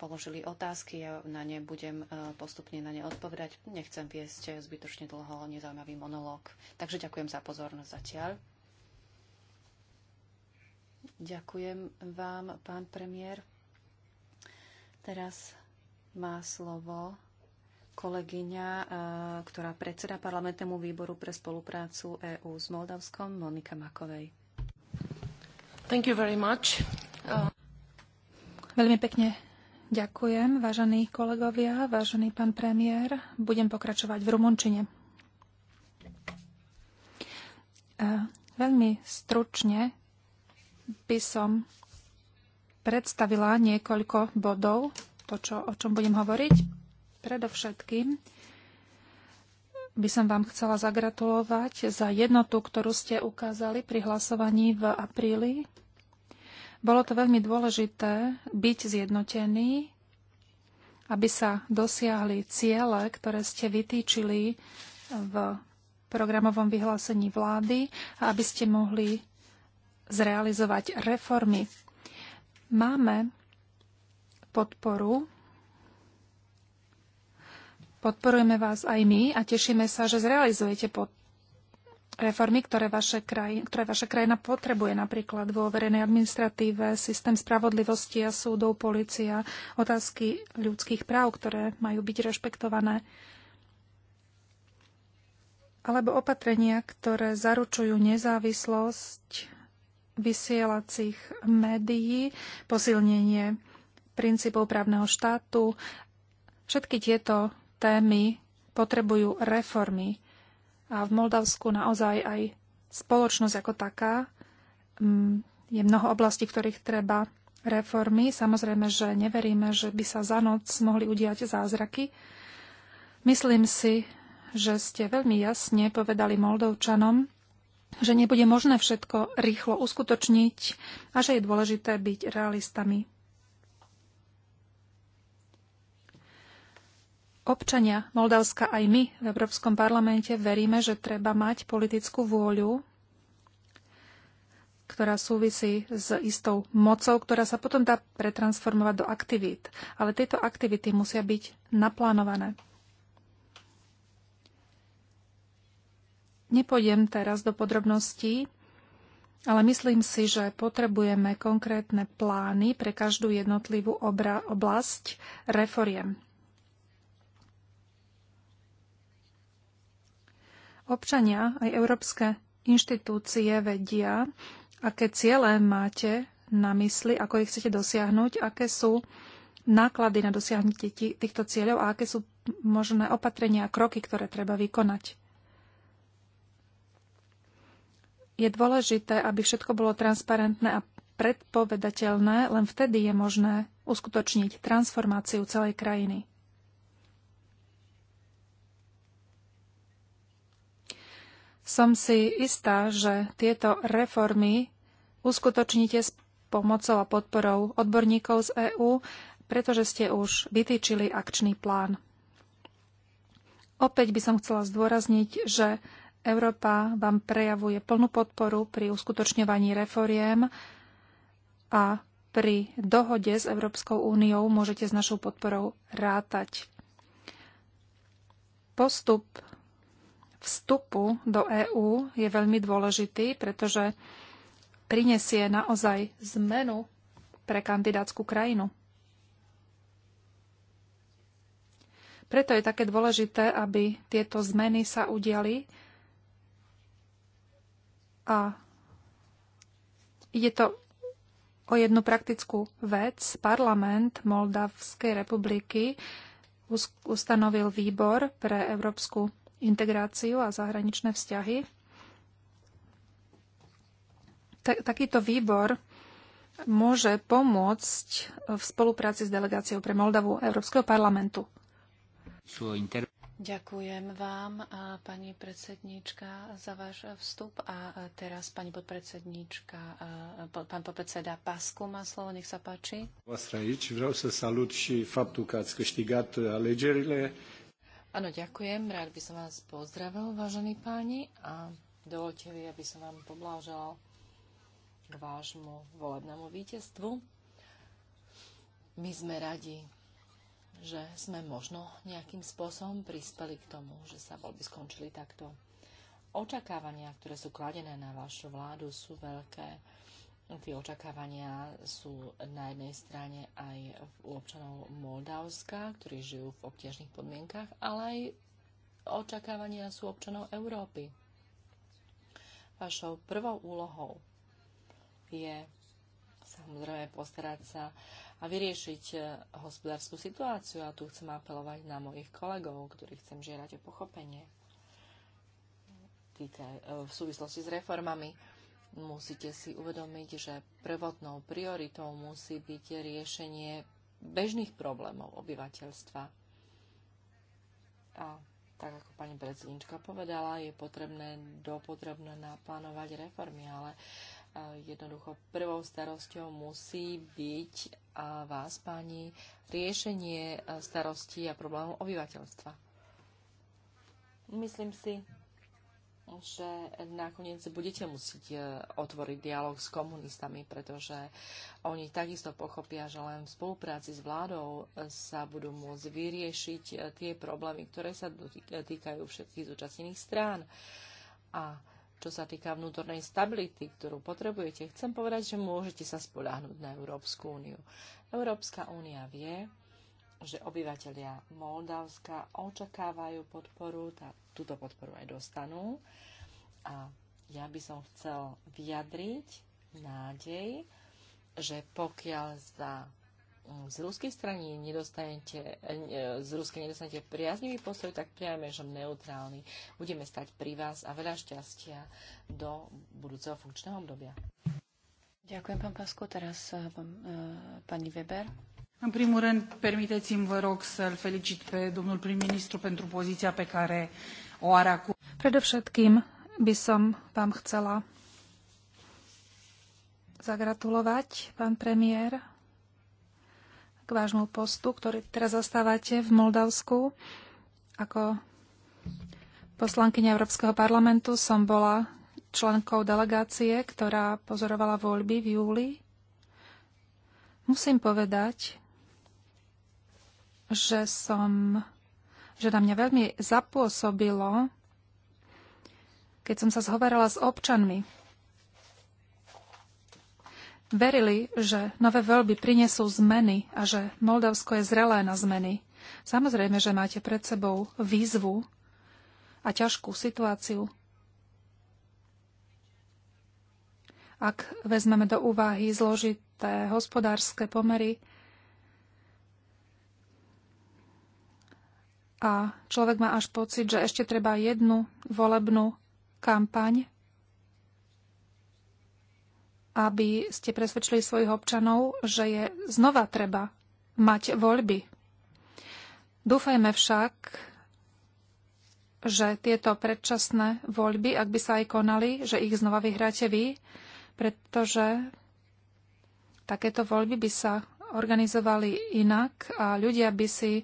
položili otázky, ja na ne budem eh, postupne na ne odpovedať. Nechcem viesť zbytočne dlho nezaujímavý monológ. Takže ďakujem za pozornosť zatiaľ. Ďakujem vám, pán premiér. Teraz má slovo kolegyňa, e, ktorá predseda parlamentnému výboru pre spoluprácu EÚ s Moldavskom, Monika Makovej. Thank you very much. E, veľmi pekne ďakujem, vážení kolegovia, vážený pán premiér. Budem pokračovať v Rumunčine. E, veľmi stručne by som predstavila niekoľko bodov, to, čo, o čom budem hovoriť Predovšetkým by som vám chcela zagratulovať za jednotu, ktorú ste ukázali pri hlasovaní v apríli. Bolo to veľmi dôležité byť zjednotený, aby sa dosiahli ciele, ktoré ste vytýčili v programovom vyhlásení vlády a aby ste mohli zrealizovať reformy. Máme podporu Podporujeme vás aj my a tešíme sa, že zrealizujete pod reformy, ktoré, vaše kraj, ktoré vaša krajina potrebuje, napríklad vo verejnej administratíve, systém spravodlivosti a súdov, policia, otázky ľudských práv, ktoré majú byť rešpektované, alebo opatrenia, ktoré zaručujú nezávislosť vysielacích médií, posilnenie princípov právneho štátu. Všetky tieto témy potrebujú reformy. A v Moldavsku naozaj aj spoločnosť ako taká mm, je mnoho oblastí, v ktorých treba reformy. Samozrejme, že neveríme, že by sa za noc mohli udiať zázraky. Myslím si, že ste veľmi jasne povedali Moldovčanom, že nebude možné všetko rýchlo uskutočniť a že je dôležité byť realistami. občania Moldavska aj my v Európskom parlamente veríme, že treba mať politickú vôľu, ktorá súvisí s istou mocou, ktorá sa potom dá pretransformovať do aktivít. Ale tieto aktivity musia byť naplánované. Nepôjdem teraz do podrobností, ale myslím si, že potrebujeme konkrétne plány pre každú jednotlivú obra- oblasť reforiem. Občania aj európske inštitúcie vedia, aké ciele máte na mysli, ako ich chcete dosiahnuť, aké sú náklady na dosiahnutie týchto cieľov a aké sú možné opatrenia a kroky, ktoré treba vykonať. Je dôležité, aby všetko bolo transparentné a predpovedateľné, len vtedy je možné uskutočniť transformáciu celej krajiny. Som si istá, že tieto reformy uskutočníte s pomocou a podporou odborníkov z EÚ, pretože ste už vytýčili akčný plán. Opäť by som chcela zdôrazniť, že Európa vám prejavuje plnú podporu pri uskutočňovaní reforiem a pri dohode s Európskou úniou môžete s našou podporou rátať. Postup vstupu do EÚ je veľmi dôležitý, pretože prinesie naozaj zmenu pre kandidátsku krajinu. Preto je také dôležité, aby tieto zmeny sa udiali a ide to o jednu praktickú vec. Parlament Moldavskej republiky ustanovil výbor pre európsku integráciu a zahraničné vzťahy. Takýto výbor môže pomôcť v spolupráci s delegáciou pre Moldavu Európskeho parlamentu. Ďakujem vám, pani predsedníčka, za váš vstup. A teraz pani podpredsedníčka, pán podpredseda Pasku má slovo, nech sa páči. Vreau să salut și faptul ați câștigat alegerile. Áno, ďakujem. Rád by som vás pozdravil, vážení páni, a dovolte mi, aby som vám poblážal k vášmu volebnému víťazstvu. My sme radi, že sme možno nejakým spôsobom prispeli k tomu, že sa voľby skončili takto. Očakávania, ktoré sú kladené na vašu vládu, sú veľké Tie očakávania sú na jednej strane aj u občanov Moldavska, ktorí žijú v obťažných podmienkach, ale aj očakávania sú občanov Európy. Vašou prvou úlohou je samozrejme postarať sa a vyriešiť eh, hospodárskú situáciu. A tu chcem apelovať na mojich kolegov, ktorých chcem žierať o pochopenie eh, v súvislosti s reformami musíte si uvedomiť, že prvotnou prioritou musí byť riešenie bežných problémov obyvateľstva. A tak ako pani predsednička povedala, je potrebné dopotrebné naplánovať reformy, ale e, jednoducho prvou starosťou musí byť a vás, pani, riešenie e, starostí a problémov obyvateľstva. Myslím si, že nakoniec budete musieť e, otvoriť dialog s komunistami, pretože oni takisto pochopia, že len v spolupráci s vládou e, sa budú môcť vyriešiť e, tie problémy, ktoré sa týkajú všetkých zúčastnených strán. A čo sa týka vnútornej stability, ktorú potrebujete, chcem povedať, že môžete sa spoľahnúť na Európsku úniu. Európska únia vie, že obyvateľia Moldavska očakávajú podporu, tá, túto podporu aj dostanú. A ja by som chcel vyjadriť nádej, že pokiaľ sa mm, z ruskej strany nedostanete, e, z ruskej nedostanete priaznivý postoj, tak že neutrálny. Budeme stať pri vás a veľa šťastia do budúceho funkčného obdobia. Ďakujem, pán Pasko. Teraz e, pán, e, pani Weber. În primul rând, permiteți-mi, vă rog, să-l felicit pe domnul prim-ministru pentru poziția pe care o are acum. Predovšetkým by som vám chcela zagratulovať, pán premiér, k vášmu postu, ktorý teraz zastávate v Moldavsku. Ako poslankyňa Európskeho parlamentu som bola členkou delegácie, ktorá pozorovala voľby v júli. Musím povedať, že som, že na mňa veľmi zapôsobilo, keď som sa zhovarala s občanmi. Verili, že nové voľby prinesú zmeny a že Moldavsko je zrelé na zmeny. Samozrejme, že máte pred sebou výzvu a ťažkú situáciu. Ak vezmeme do úvahy zložité hospodárske pomery, a človek má až pocit, že ešte treba jednu volebnú kampaň, aby ste presvedčili svojich občanov, že je znova treba mať voľby. Dúfajme však, že tieto predčasné voľby, ak by sa aj konali, že ich znova vyhráte vy, pretože takéto voľby by sa organizovali inak a ľudia by si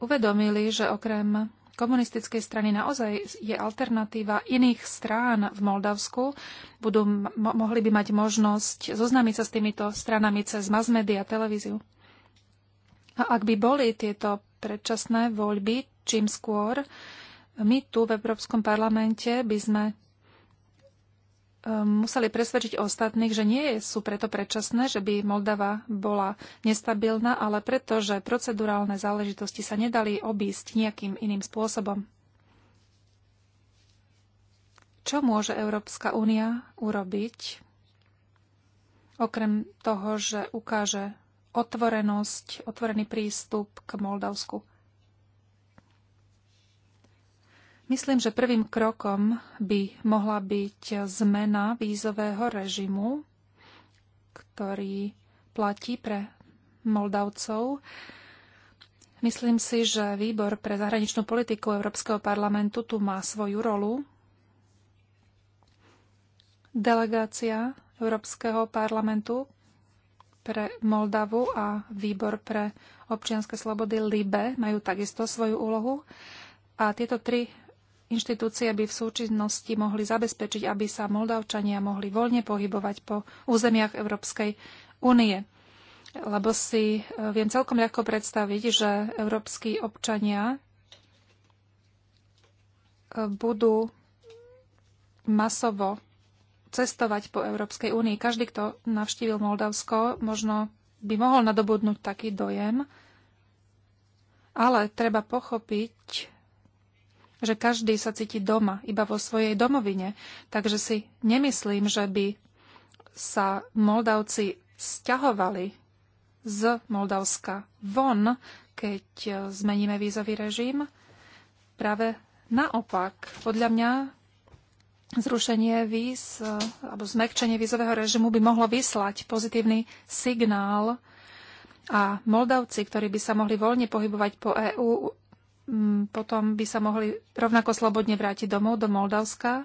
uvedomili, že okrem komunistickej strany naozaj je alternatíva iných strán v Moldavsku. Budú, mo, mohli by mať možnosť zoznámiť sa s týmito stranami cez mass televíziu. A ak by boli tieto predčasné voľby, čím skôr, my tu v Európskom parlamente by sme Ehm, museli presvedčiť ostatných, že nie sú preto predčasné, že by Moldava bola nestabilná, ale preto, že procedurálne záležitosti sa nedali obísť nejakým iným spôsobom. Čo môže Európska únia urobiť, okrem toho, že ukáže otvorenosť, otvorený prístup k Moldavsku? Myslím, že prvým krokom by mohla byť zmena vízového režimu, ktorý platí pre Moldavcov. Myslím si, že výbor pre zahraničnú politiku Európskeho parlamentu tu má svoju rolu. Delegácia Európskeho parlamentu pre Moldavu a výbor pre občianske slobody LIBE majú takisto svoju úlohu. A tieto tri Inštitúcie by v súčinnosti mohli zabezpečiť, aby sa Moldavčania mohli voľne pohybovať po územiach Európskej únie. Lebo si e, viem celkom ľahko predstaviť, že európsky občania e, budú masovo cestovať po Európskej únii. Každý, kto navštívil Moldavsko, možno by mohol nadobudnúť taký dojem, ale treba pochopiť, že každý sa cíti doma, iba vo svojej domovine. Takže si nemyslím, že by sa Moldavci sťahovali z Moldavska von, keď zmeníme vízový režim. Práve naopak, podľa mňa zrušenie víz eh, alebo zmekčenie vízového režimu by mohlo vyslať pozitívny signál a Moldavci, ktorí by sa mohli voľne pohybovať po EÚ, Mm, potom by sa mohli rovnako slobodne vrátiť domov do Moldavska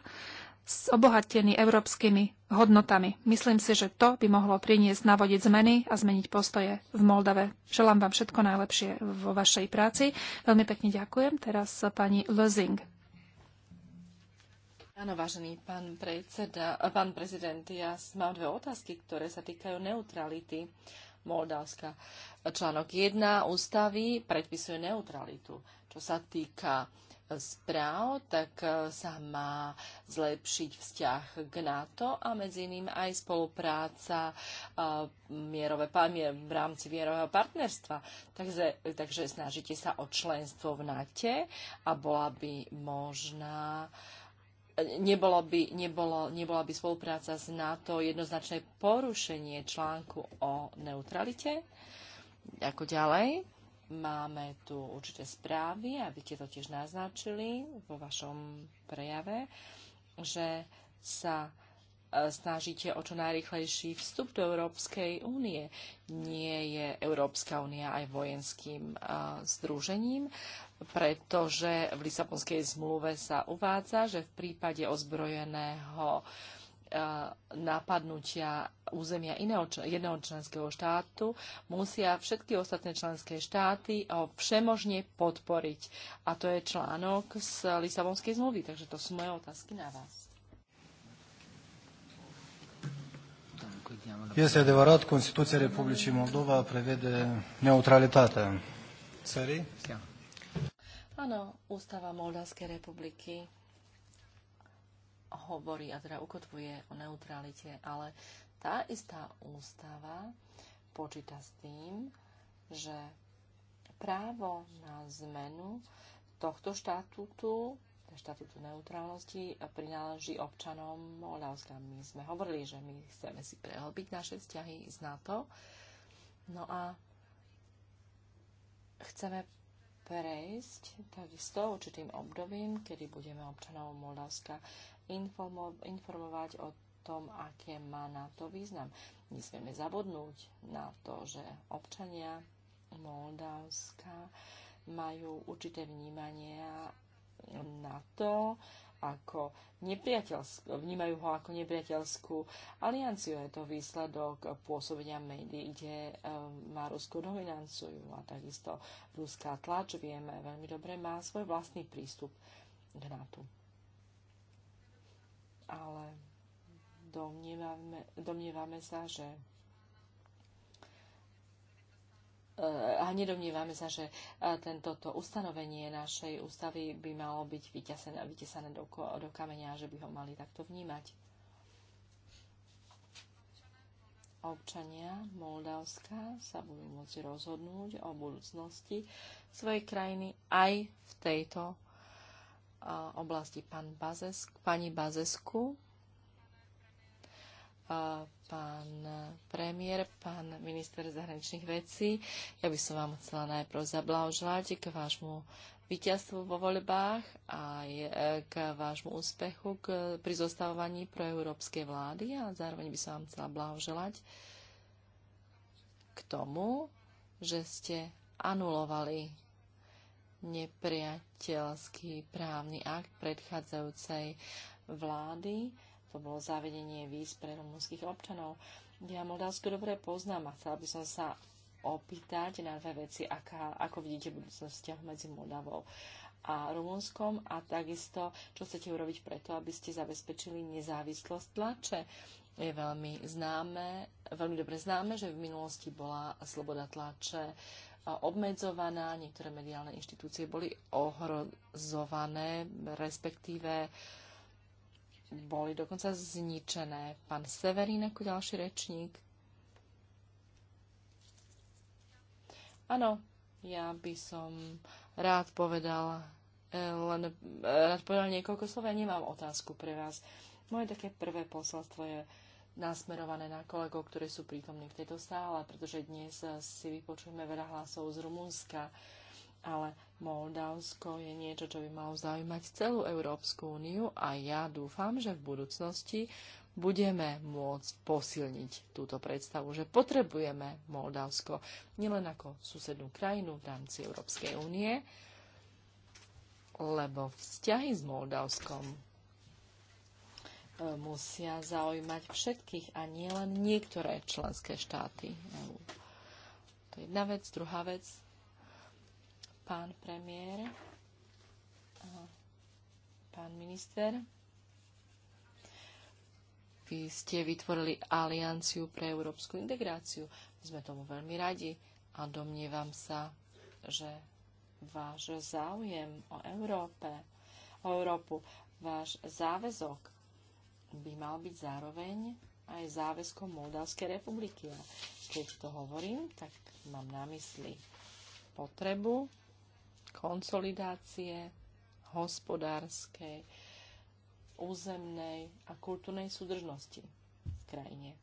s obohatení európskymi hodnotami. Myslím si, že to by mohlo priniesť navodiť zmeny a zmeniť postoje v Moldave. Želám vám všetko najlepšie vo vašej práci. Veľmi pekne ďakujem. Teraz pani Lozing. Áno, vážený pán, predseda, pán prezident, ja mám dve otázky, ktoré sa týkajú neutrality. Uh, Moldavska. Článok 1 ústavy predpisuje neutralitu. Čo sa týka správ, tak e, sa má zlepšiť vzťah k NATO a medzi iným aj spolupráca e, mierové, v rámci mierového partnerstva. Takže, takže snažíte sa o členstvo v NATO a bola by možná uh, nebolo by, nebolo, nebola by spolupráca s NATO jednoznačné porušenie článku o neutralite. Ako ďalej, máme tu určité správy, aby ste to tiež naznačili vo vašom prejave, že sa e, snažíte o čo najrychlejší vstup do Európskej únie. Nie je Európska únia aj vojenským e, združením pretože v Lisabonskej zmluve sa uvádza, že v prípade ozbrojeného e, napadnutia územia iného, jedného členského štátu musia všetky ostatné členské štáty ho všemožne podporiť. A to je článok z Lisabonskej zmluvy, takže to sú moje otázky na vás. Este adevărat, Constituția Republicii Moldova prevede neutralitatea țării. Áno, ústava Moldavskej republiky hovorí a teda ukotvuje o neutralite, ale tá istá ústava počíta s tým, že právo na zmenu tohto štatútu, štatútu neutrálnosti, prináleží občanom Moldavska. My sme hovorili, že my chceme si prehlbiť naše vzťahy s NATO, no a chceme prejsť takisto určitým obdobím, kedy budeme občanov Moldavska informovať o tom, aké má na to význam. Nesmieme zabudnúť na to, že občania Moldavska majú určité vnímanie na to, ako nepriateľskú, vnímajú ho ako nepriateľskú alianciu. Je to výsledok pôsobenia médií, kde ehm, má ruskú dominanciu a takisto ruská tlač, vieme veľmi dobre, má svoj vlastný prístup k NATO. Ale domnievame, domnievame sa, že Eh, a nedomnievame sa, že eh, toto ustanovenie našej ústavy by malo byť vyťasené, vytesané do, do kameňa, že by ho mali takto vnímať. Občania Moldavska sa budú môcť rozhodnúť o budúcnosti svojej krajiny aj v tejto eh, oblasti. Pán Bazesk, pani Bazesku pán premiér, pán minister zahraničných vecí. Ja by som vám chcela najprv zablahoželať k vášmu víťazstvu vo voľbách a e, k vášmu úspechu k, pri zostavovaní pro európskej vlády a zároveň by som vám chcela blahoželať k tomu, že ste anulovali nepriateľský právny akt predchádzajúcej vlády to bolo zavedenie víz pre rumúnskych občanov. Ja Moldavsko dobre poznám a chcela by som sa opýtať na dve veci, aká, ako vidíte budúcnosť vzťahu medzi Moldavou a Rumunskom a takisto, čo chcete urobiť preto, aby ste zabezpečili nezávislosť tlače. Je veľmi známe, veľmi dobre známe, že v minulosti bola sloboda tlače obmedzovaná, niektoré mediálne inštitúcie boli ohrozované, respektíve uh, boli dokonca zničené. Pán Severín ako ďalší rečník. Áno, ja by som rád povedal, eh, len eh, rád povedal niekoľko slov, ja nemám otázku pre vás. Moje také prvé posolstvo je nasmerované na kolegov, ktorí sú prítomní v tejto sále, pretože dnes si vypočujeme veľa hlasov z Rumunska ale Moldavsko je niečo, čo by malo zaujímať celú Európsku úniu a ja dúfam, že v budúcnosti budeme môcť posilniť túto predstavu, že potrebujeme Moldavsko nielen ako susednú krajinu v rámci Európskej únie, lebo vzťahy s Moldavskom e, musia zaujímať všetkých a nielen niektoré členské štáty e To je jedna vec. Druhá vec, pán premiér, pán minister. Vy ste vytvorili alianciu pre európsku integráciu. My sme tomu veľmi radi a domnievam sa, že váš záujem o Európe, o Európu, váš záväzok by mal byť zároveň aj záväzkom Moldavskej republiky. A keď to hovorím, tak mám na mysli potrebu konsolidácie hospodárskej, územnej a kultúrnej súdržnosti v krajine.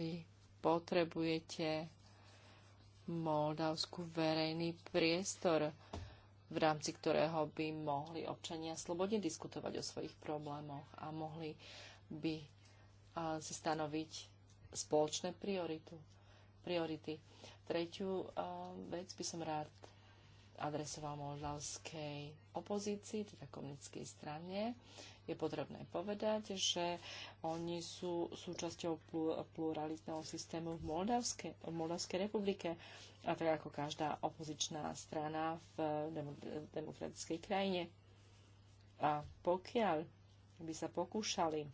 Vy potrebujete Moldavsku verejný priestor, v rámci ktorého by mohli občania slobodne diskutovať o svojich problémoch a mohli by si stanoviť spoločné prioritu priority. Tretiu eh, vec by som rád adresoval moldavskej opozícii, teda komunickej strane, je potrebné povedať, že oni sú súčasťou pluralitného systému v, Moldavskej, v Moldavskej republike. A tak ako každá opozičná strana v eh, demokratickej krajine. A pokiaľ by sa pokúšali uh,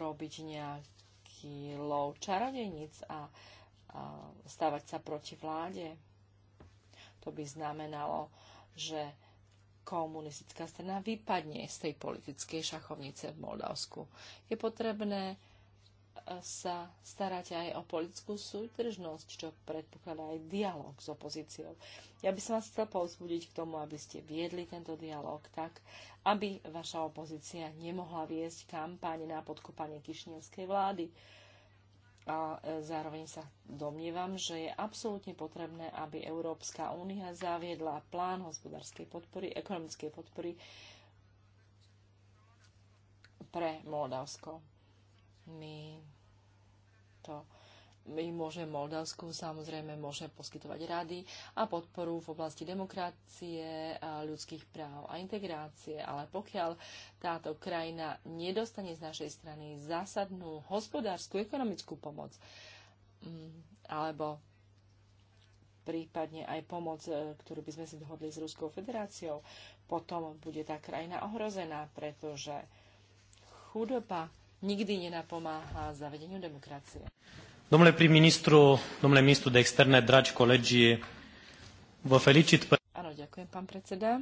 robiť nejak dílov čarodenic a, a stavať sa proti vláde. To by znamenalo, že komunistická strana vypadne z tej politickej šachovnice v Moldavsku. Je potrebné sa staráte aj o politickú súdržnosť, čo predpokladá aj dialog s opozíciou. Ja by som vás chcela povzbudiť k tomu, aby ste viedli tento dialog tak, aby vaša opozícia nemohla viesť kampáne na podkopanie kišnievskej vlády. A e, zároveň sa domnievam, že je absolútne potrebné, aby Európska únia zaviedla plán hospodárskej podpory, ekonomickej podpory pre Moldavsko my to my môže Moldavsku samozrejme môže poskytovať rady a podporu v oblasti demokracie, ľudských práv a integrácie. Ale pokiaľ táto krajina nedostane z našej strany zásadnú hospodárskú, ekonomickú pomoc, mm, alebo prípadne aj pomoc, e, ktorú by sme si dohodli s Ruskou federáciou, potom bude tá krajina ohrozená, pretože chudoba nikdy nenapomáha zavedeniu demokracie. Domnule prim-ministru, domnule ministru de externe, dragi colegi, vă felicit pe... Áno, ďakujem, pán predseda.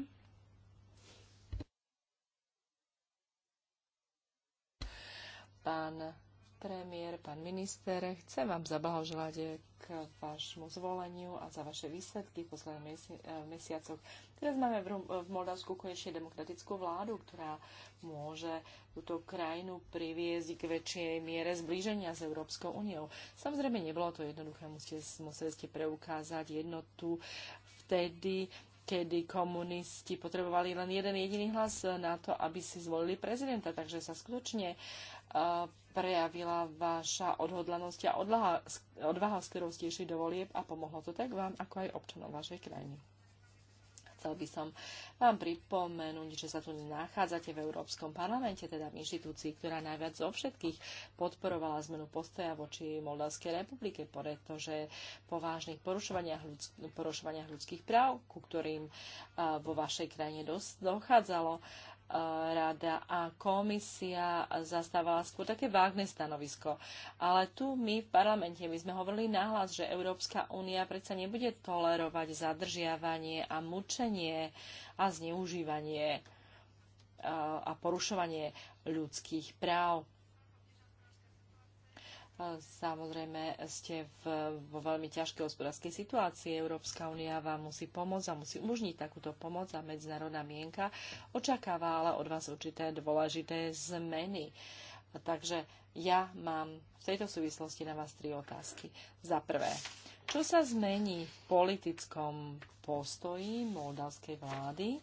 Pán premiér, pán minister, chcem vám zablahoželať k vášmu zvoleniu a za vaše výsledky v posledných mesi- eh, mesiacoch. Teraz máme v, v Moldavsku konečne demokratickú vládu, ktorá môže túto krajinu priviesť k väčšej miere zblíženia s Európskou úniou. Samozrejme, nebolo to jednoduché, musíte, museli ste preukázať jednotu vtedy, kedy komunisti potrebovali len jeden jediný hlas na to, aby si zvolili prezidenta. Takže sa skutočne uh, prejavila vaša odhodlanosť a odlaha, odvaha, s ktorou ste išli do volieb a pomohlo to tak vám, ako aj občanom vašej krajiny. Chcel by som vám pripomenúť, že sa tu nachádzate v Európskom parlamente, teda v inštitúcii, ktorá najviac zo všetkých podporovala zmenu postoja voči Moldavskej republike, pretože po vážnych porušovaniach, ľudsk- porušovaniach ľudských práv, ku ktorým uh, vo vašej krajine dosť dochádzalo, rada a komisia zastávala skôr také vágne stanovisko. Ale tu my v parlamente, my sme hovorili náhlas, že Európska únia predsa nebude tolerovať zadržiavanie a mučenie a zneužívanie a porušovanie ľudských práv. Samozrejme, ste v, vo veľmi ťažkej hospodárskej situácii. Európska únia vám musí pomôcť a musí umožniť takúto pomoc a medzinárodná mienka očakáva ale od vás určité dôležité zmeny. Takže ja mám v tejto súvislosti na vás tri otázky. Za prvé, čo sa zmení v politickom postoji moldavskej vlády eh,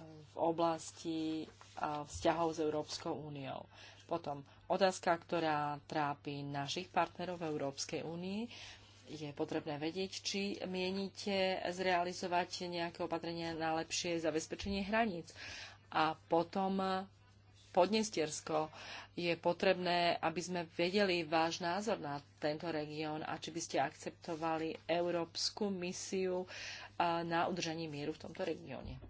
v oblasti eh, vzťahov s Európskou úniou? Potom otázka, ktorá trápi našich partnerov v Európskej únii. Je potrebné vedieť, či mienite zrealizovať nejaké opatrenia na lepšie zabezpečenie hraníc. A potom Podnestiersko. Je potrebné, aby sme vedeli váš názor na tento región a či by ste akceptovali európsku misiu na udržanie mieru v tomto regióne.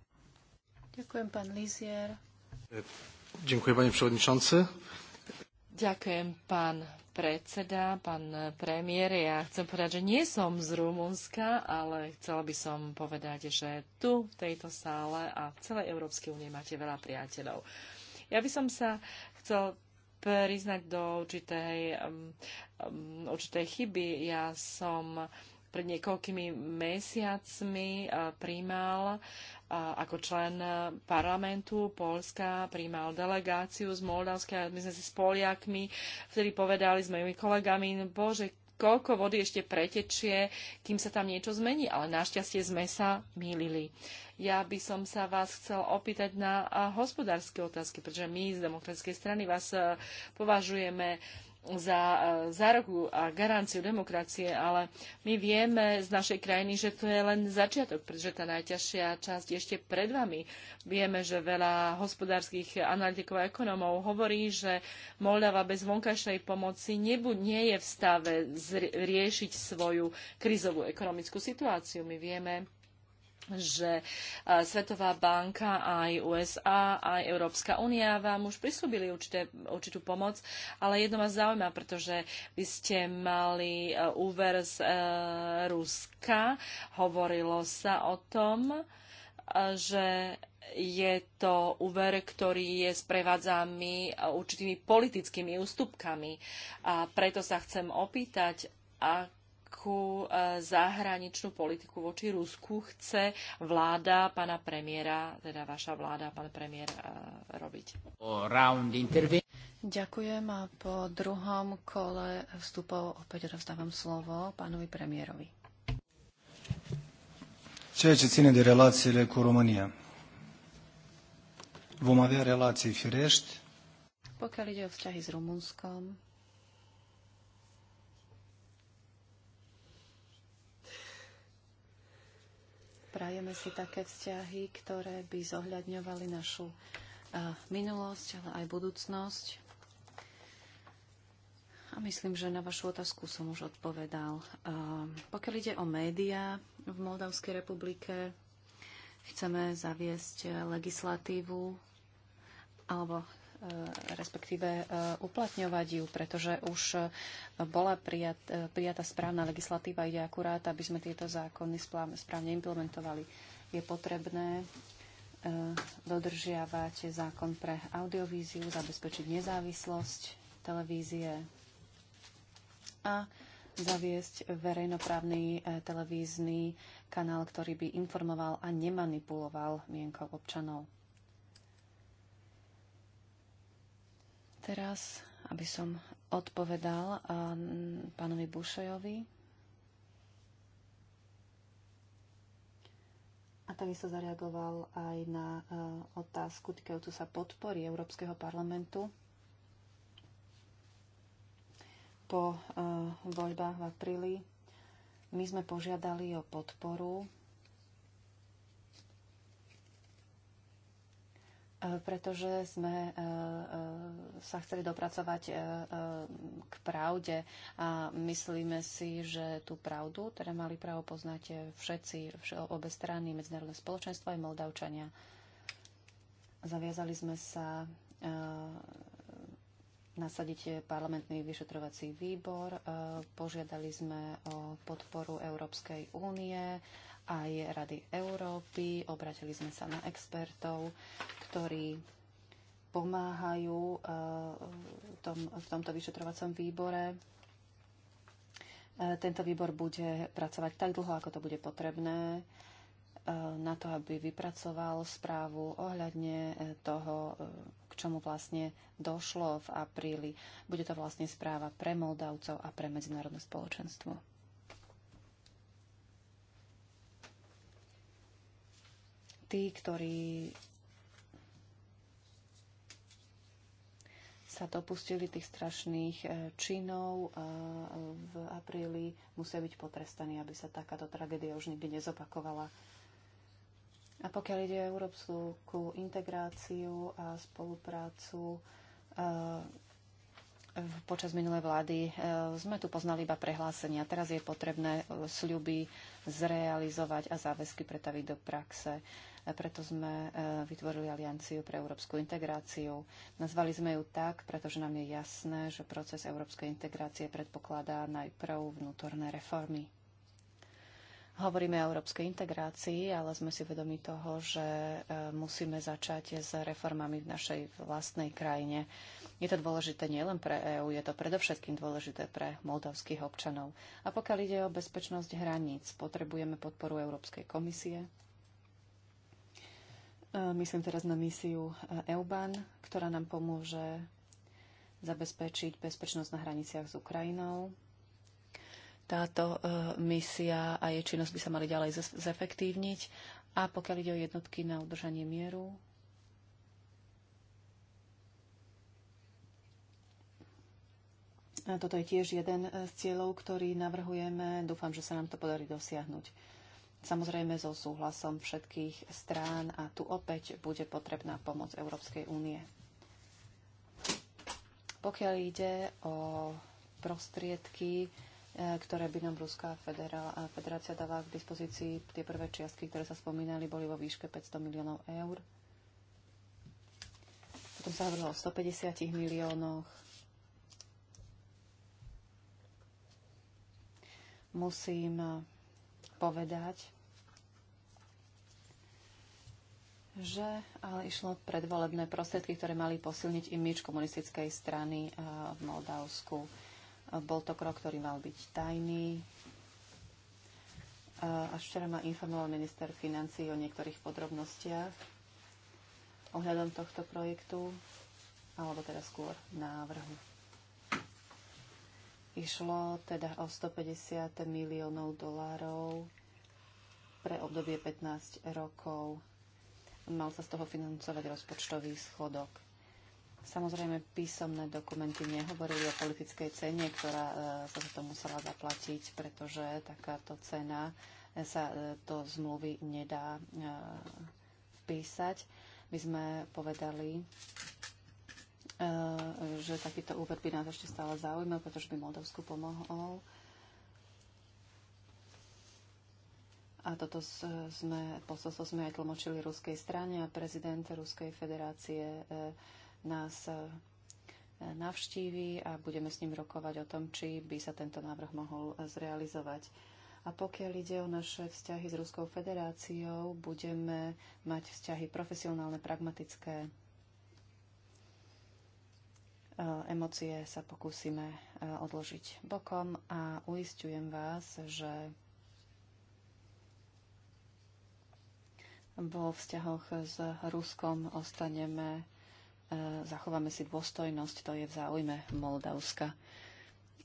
Ďakujem, pán Lizier. E, Ďakujem, pani predsedničanci. Ďakujem, pán predseda, pán premiér. Ja chcem povedať, že nie som z Rumunska, ale chcela by som povedať, že tu, v tejto sále a v celej Európskej únie máte veľa priateľov. Ja by som sa chcel priznať do určitej, um, um určitej chyby. Ja som pred niekoľkými mesiacmi uh, príjmal ako člen e, parlamentu Polska príjmal delegáciu z Moldavska. My sme si s Poliakmi vtedy povedali s mojimi kolegami, no bože, koľko vody ešte pretečie, kým sa tam niečo zmení, ale našťastie sme sa mýlili. Ja by som sa vás chcel opýtať na hospodárske otázky, pretože my z demokratickej strany vás e, považujeme za e, zároku a garanciu demokracie, ale my vieme z našej krajiny, že to je len začiatok, pretože tá najťažšia časť je ešte pred vami. Vieme, že veľa hospodárskych analytikov a ekonomov hovorí, že Moldava bez vonkajšej pomoci nebu- nie je v stave riešiť svoju krizovú ekonomickú situáciu. My vieme, že e, Svetová banka, aj USA, aj Európska únia vám už prislúbili určité, určitú pomoc, ale jedno ma zaujíma, pretože vy ste mali e, úver z e, Ruska, hovorilo sa o tom, e, že je to úver, ktorý je sprevádzaný určitými politickými ústupkami. A preto sa chcem opýtať, a akú e, zahraničnú politiku voči Rusku chce vláda pana premiéra, teda vaša vláda, pán premiér, e, robiť. Ďakujem a po druhom kole vstupov opäť rozdávam slovo pánovi premiérovi. Ceea ce ține de relațiile cu România. Vom avea relații firești. Pokiaľ ide o vzťahy s Rumunskom, Prajeme si také vzťahy, ktoré by zohľadňovali našu minulosť, ale aj budúcnosť. A myslím, že na vašu otázku som už odpovedal. Pokiaľ ide o médiá v Moldavskej republike, chceme zaviesť legislatívu alebo E, respektíve e, uplatňovať ju, pretože už e, bola prijat, prijatá správna legislatíva, ide akurát, aby sme tieto zákony správne implementovali. Je potrebné dodržiavať zákon pre audiovíziu, zabezpečiť nezávislosť televízie a zaviesť verejnoprávny televízny kanál, ktorý by informoval a nemanipuloval mienkov občanov. Teraz, aby som odpovedal pánovi Bušojovi. A takisto zareagoval aj na e, otázku týkajúcu sa podpory Európskeho parlamentu po e, voľbách v apríli. My sme požiadali o podporu E, pretože sme e, e, sa chceli dopracovať k pravde a myslíme si, že tú pravdu, teda mali právo poznať všetci, obe strany, medzinárodné spoločenstvo aj Moldavčania. Zaviazali sme sa nasadiť parlamentný vyšetrovací výbor. Požiadali sme o podporu Európskej únie aj Rady Európy. Obratili sme sa na expertov, ktorí pomáhajú eh, v tomto vyšetrovacom výbore. Eh, tento výbor bude pracovať tak dlho, ako to bude potrebné eh, na to, aby vypracoval správu ohľadne toho, k čomu vlastne došlo v apríli. Bude to vlastne správa pre Moldavcov a pre medzinárodné spoločenstvo. tí, ktorí sa dopustili tých strašných e, činov v apríli, musia byť potrestaní, aby sa takáto tragédia už nikdy nezopakovala. A pokiaľ ide o európsku integráciu a spoluprácu, e, počas minulej vlády e, sme tu poznali iba prehlásenia. Teraz je potrebné sľuby zrealizovať a záväzky pretaviť do praxe preto sme e, vytvorili Alianciu pre európsku integráciu. Nazvali sme ju tak, pretože nám je jasné, že proces európskej integrácie predpokladá najprv vnútorné reformy. Hovoríme o európskej integrácii, ale sme si vedomi toho, že e, musíme začať s reformami v našej vlastnej krajine. Je to dôležité nielen pre EÚ, je to predovšetkým dôležité pre moldavských občanov. A pokiaľ ide o bezpečnosť hraníc, potrebujeme podporu Európskej komisie, E, myslím teraz na misiu e, EUBAN, ktorá nám pomôže zabezpečiť bezpečnosť na hraniciach s Ukrajinou. Táto e, misia a jej činnosť by sa mali ďalej zefektívniť. A pokiaľ ide o jednotky na udržanie mieru, Toto je tiež jeden z cieľov, ktorý navrhujeme. Dúfam, že sa nám to podarí dosiahnuť samozrejme so súhlasom všetkých strán a tu opäť bude potrebná pomoc Európskej únie. Pokiaľ ide o prostriedky, e, ktoré by nám Ruská federácia dala k dispozícii, tie prvé čiastky, ktoré sa spomínali, boli vo výške 500 miliónov eur. Potom sa hovorilo o 150 miliónoch. Musím povedať, že ale išlo predvolebné prostriedky, ktoré mali posilniť imič komunistickej strany eh, v Moldavsku. Bol to krok, ktorý mal byť tajný. Eh, až včera ma informoval minister financí o niektorých podrobnostiach ohľadom tohto projektu, alebo teda skôr návrhu. Išlo teda o 150 miliónov dolárov pre obdobie 15 rokov. Mal sa z toho financovať rozpočtový schodok. Samozrejme, písomné dokumenty nehovorili o politickej cene, ktorá e, sa za to musela zaplatiť, pretože takáto cena e, sa e, do zmluvy nedá vpísať. My sme povedali, E, že takýto úver by nás ešte stále zaujímal, pretože by Moldavsku pomohol. A toto sme, posolstvo sme aj tlmočili ruskej strane a prezident Ruskej federácie e, nás e, navštívi a budeme s ním rokovať o tom, či by sa tento návrh mohol zrealizovať. A pokiaľ ide o naše vzťahy s Ruskou federáciou, budeme mať vzťahy profesionálne, pragmatické, Eh, emócie sa pokúsime eh, odložiť bokom a uistujem vás, že vo vzťahoch s Ruskom ostaneme, eh, zachováme si dôstojnosť, to je v záujme Moldavska.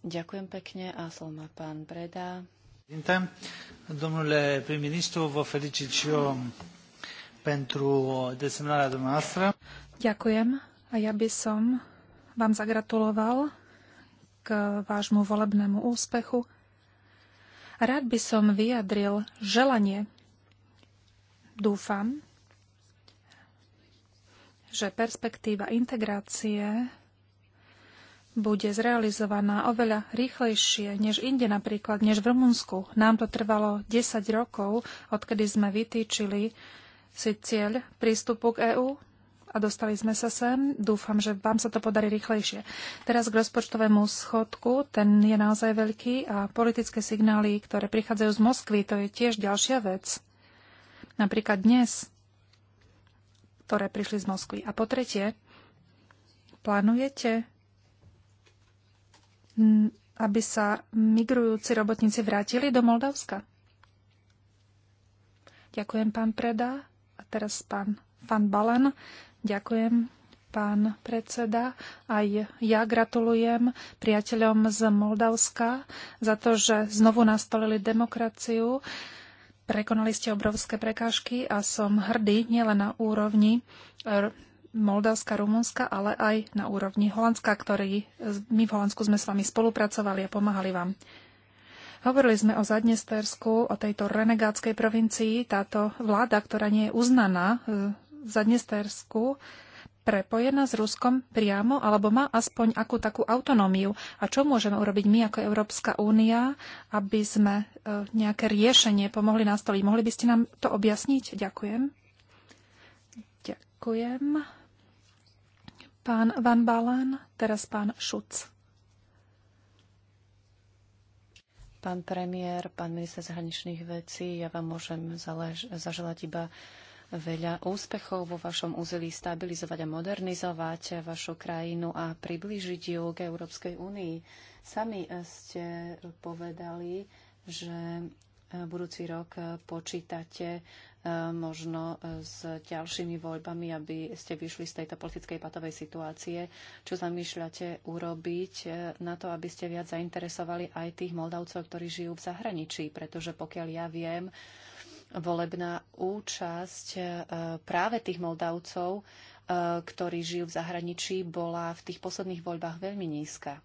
Ďakujem pekne a slovo má pán Breda. Domnule prim-ministru, vă felicit și eu pentru desemnarea dumneavoastră. Ďakujem a ja by som vám zagratuloval k vášmu volebnému úspechu. Rád by som vyjadril želanie. Dúfam, že perspektíva integrácie bude zrealizovaná oveľa rýchlejšie než inde napríklad, než v Rumunsku. Nám to trvalo 10 rokov, odkedy sme vytýčili si cieľ prístupu k EÚ a dostali sme sa sem. Dúfam, že vám sa to podarí rýchlejšie. Teraz k rozpočtovému schodku. Ten je naozaj veľký a politické signály, ktoré prichádzajú z Moskvy, to je tiež ďalšia vec. Napríklad dnes, ktoré prišli z Moskvy. A po tretie, plánujete, aby sa migrujúci robotníci vrátili do Moldavska? Ďakujem, pán Preda. A teraz pán Fan Balan Ďakujem, pán predseda. Aj ja gratulujem priateľom z Moldavska za to, že znovu nastolili demokraciu. Prekonali ste obrovské prekážky a som hrdý nielen na úrovni Moldavska, Rumunska, ale aj na úrovni Holandska, ktorý my v Holandsku sme s vami spolupracovali a pomáhali vám. Hovorili sme o Zadnestersku, o tejto renegátskej provincii. Táto vláda, ktorá nie je uznaná e, v Zadnestersku prepojená s Ruskom priamo, alebo má aspoň akú takú autonómiu? A čo môžeme urobiť my ako Európska únia, aby sme e, nejaké riešenie pomohli nastoliť? Mohli by ste nám to objasniť? Ďakujem. Ďakujem. Pán Van Balen, teraz pán Šuc. Pán premiér, pán minister zahraničných vecí, ja vám môžem zaželať iba veľa úspechov vo vašom úzeli stabilizovať a modernizovať vašu krajinu a priblížiť ju k Európskej únii. Sami ste povedali, že e, budúci rok e, počítate e, možno s ďalšími voľbami, aby ste vyšli z tejto politickej patovej situácie. Čo zamýšľate urobiť na to, aby ste viac zainteresovali aj tých Moldavcov, ktorí žijú v zahraničí? Pretože pokiaľ ja viem, volebná účasť e, práve tých Moldavcov, e, ktorí žijú v zahraničí, bola v tých posledných voľbách veľmi nízka.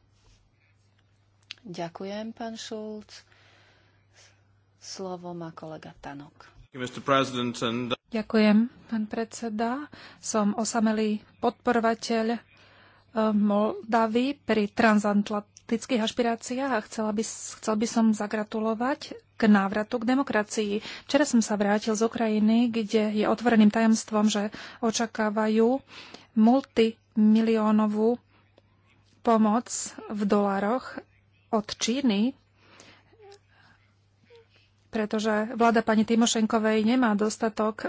Ďakujem, pán Šulc. Slovo má kolega Tanok. Uh, Ďakujem, pán predseda. Som osamelý podporovateľ e, Moldavy pri transatlant politických ašpiráciách a chcela by, chcel by som zagratulovať k návratu k demokracii. Včera som sa vrátil z Ukrajiny, kde je otvoreným tajomstvom, že očakávajú multimiliónovú pomoc v dolároch od Číny, pretože vláda pani Timošenkovej nemá dostatok eh,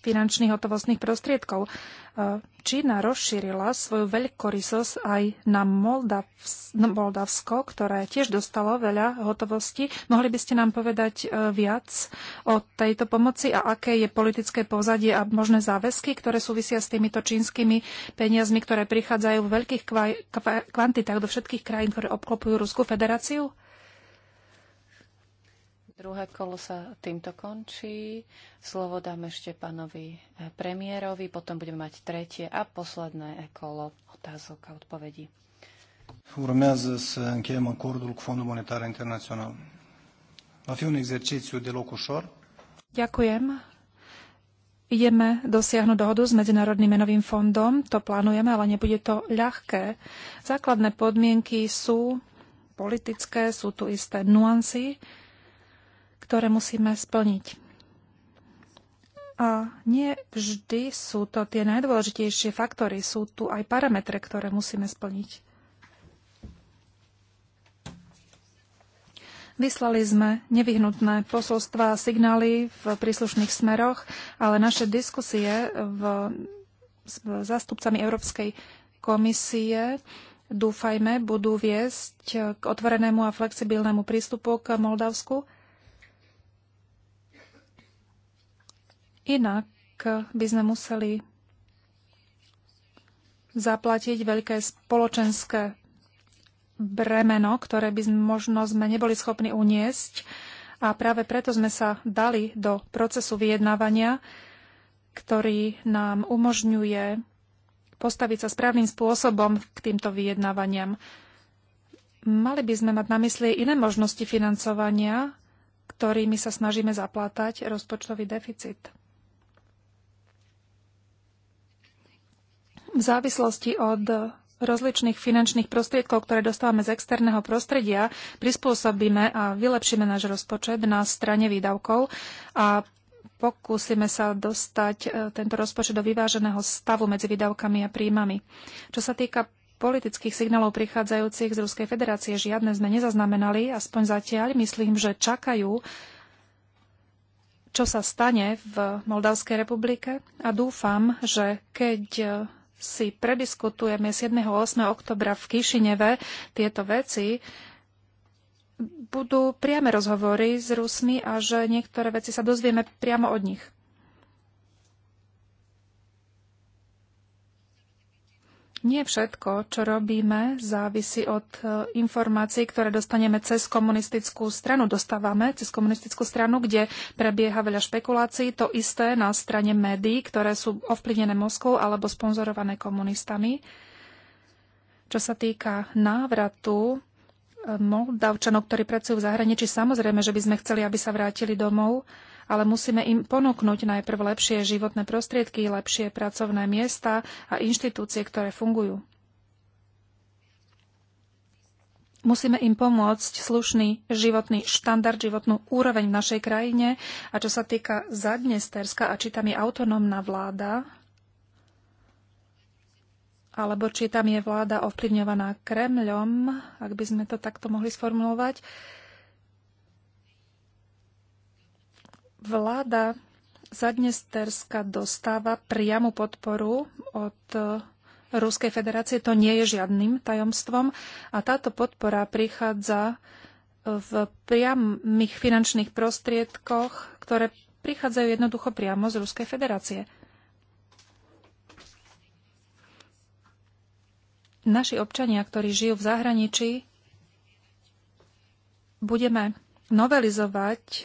finančných hotovostných prostriedkov. E, Čína rozšírila svoju veľkorysosť aj na Moldavsko, ktoré tiež dostalo veľa hotovosti. Mohli by ste nám povedať e, viac o tejto pomoci a aké je politické pozadie a možné záväzky, ktoré súvisia s týmito čínskymi peniazmi, ktoré prichádzajú v veľkých kvantitách do všetkých krajín, ktoré obklopujú Ruskú federáciu? Druhé kolo sa týmto končí. Slovo dám ešte pánovi eh, premiérovi, potom budeme mať tretie a posledné eh, kolo otázok a odpovedí. Urmează să încheiem acordul cu Fondul Monetar Internațional. Va fi un exercițiu deloc ușor. Ďakujem. Ideme dosiahnuť dohodu s Medzinárodným menovým fondom. To plánujeme, ale nebude to ľahké. Základné podmienky sú politické, sú tu isté nuancy, ktoré musíme splniť. A nie vždy sú to tie najdôležitejšie faktory, sú tu aj parametre, ktoré musíme splniť. Vyslali sme nevyhnutné posolstva a signály v príslušných smeroch, ale naše diskusie v, s zástupcami Európskej komisie dúfajme budú viesť k otvorenému a flexibilnému prístupu k Moldavsku Inak by sme museli zaplatiť veľké spoločenské bremeno, ktoré by možno sme neboli schopní uniesť. A práve preto sme sa dali do procesu vyjednávania, ktorý nám umožňuje postaviť sa správnym spôsobom k týmto vyjednávaniam. Mali by sme mať na mysli iné možnosti financovania, ktorými sa snažíme zaplatať rozpočtový deficit. v závislosti od rozličných finančných prostriedkov, ktoré dostávame z externého prostredia, prispôsobíme a vylepšíme náš rozpočet na strane výdavkov a pokúsime sa dostať e, tento rozpočet do vyváženého stavu medzi výdavkami a príjmami. Čo sa týka politických signálov prichádzajúcich z Ruskej federácie, žiadne sme nezaznamenali, aspoň zatiaľ. Myslím, že čakajú, čo sa stane v Moldavskej republike a dúfam, že keď e, si prediskutujeme 7. a 8. oktobra v Kišineve tieto veci, budú priame rozhovory s Rusmi a že niektoré veci sa dozvieme priamo od nich. Nie všetko, čo robíme, závisí od e, informácií, ktoré dostaneme cez komunistickú stranu. Dostávame cez komunistickú stranu, kde prebieha veľa špekulácií. To isté na strane médií, ktoré sú ovplyvnené Moskou alebo sponzorované komunistami. Čo sa týka návratu e, Moldavčanov, ktorí pracujú v zahraničí, samozrejme, že by sme chceli, aby sa vrátili domov ale musíme im ponúknuť najprv lepšie životné prostriedky, lepšie pracovné miesta a inštitúcie, ktoré fungujú. Musíme im pomôcť slušný životný štandard, životnú úroveň v našej krajine. A čo sa týka Zadnesterska, a či tam je autonómna vláda, alebo či tam je vláda ovplyvňovaná Kremľom, ak by sme to takto mohli sformulovať, uh, Vláda Zadnesterska dostáva priamu podporu od e, Ruskej federácie. To nie je žiadnym tajomstvom. A táto podpora prichádza e, v priamých finančných prostriedkoch, ktoré prichádzajú jednoducho priamo z Ruskej federácie. Naši občania, ktorí žijú v zahraničí, budeme novelizovať e,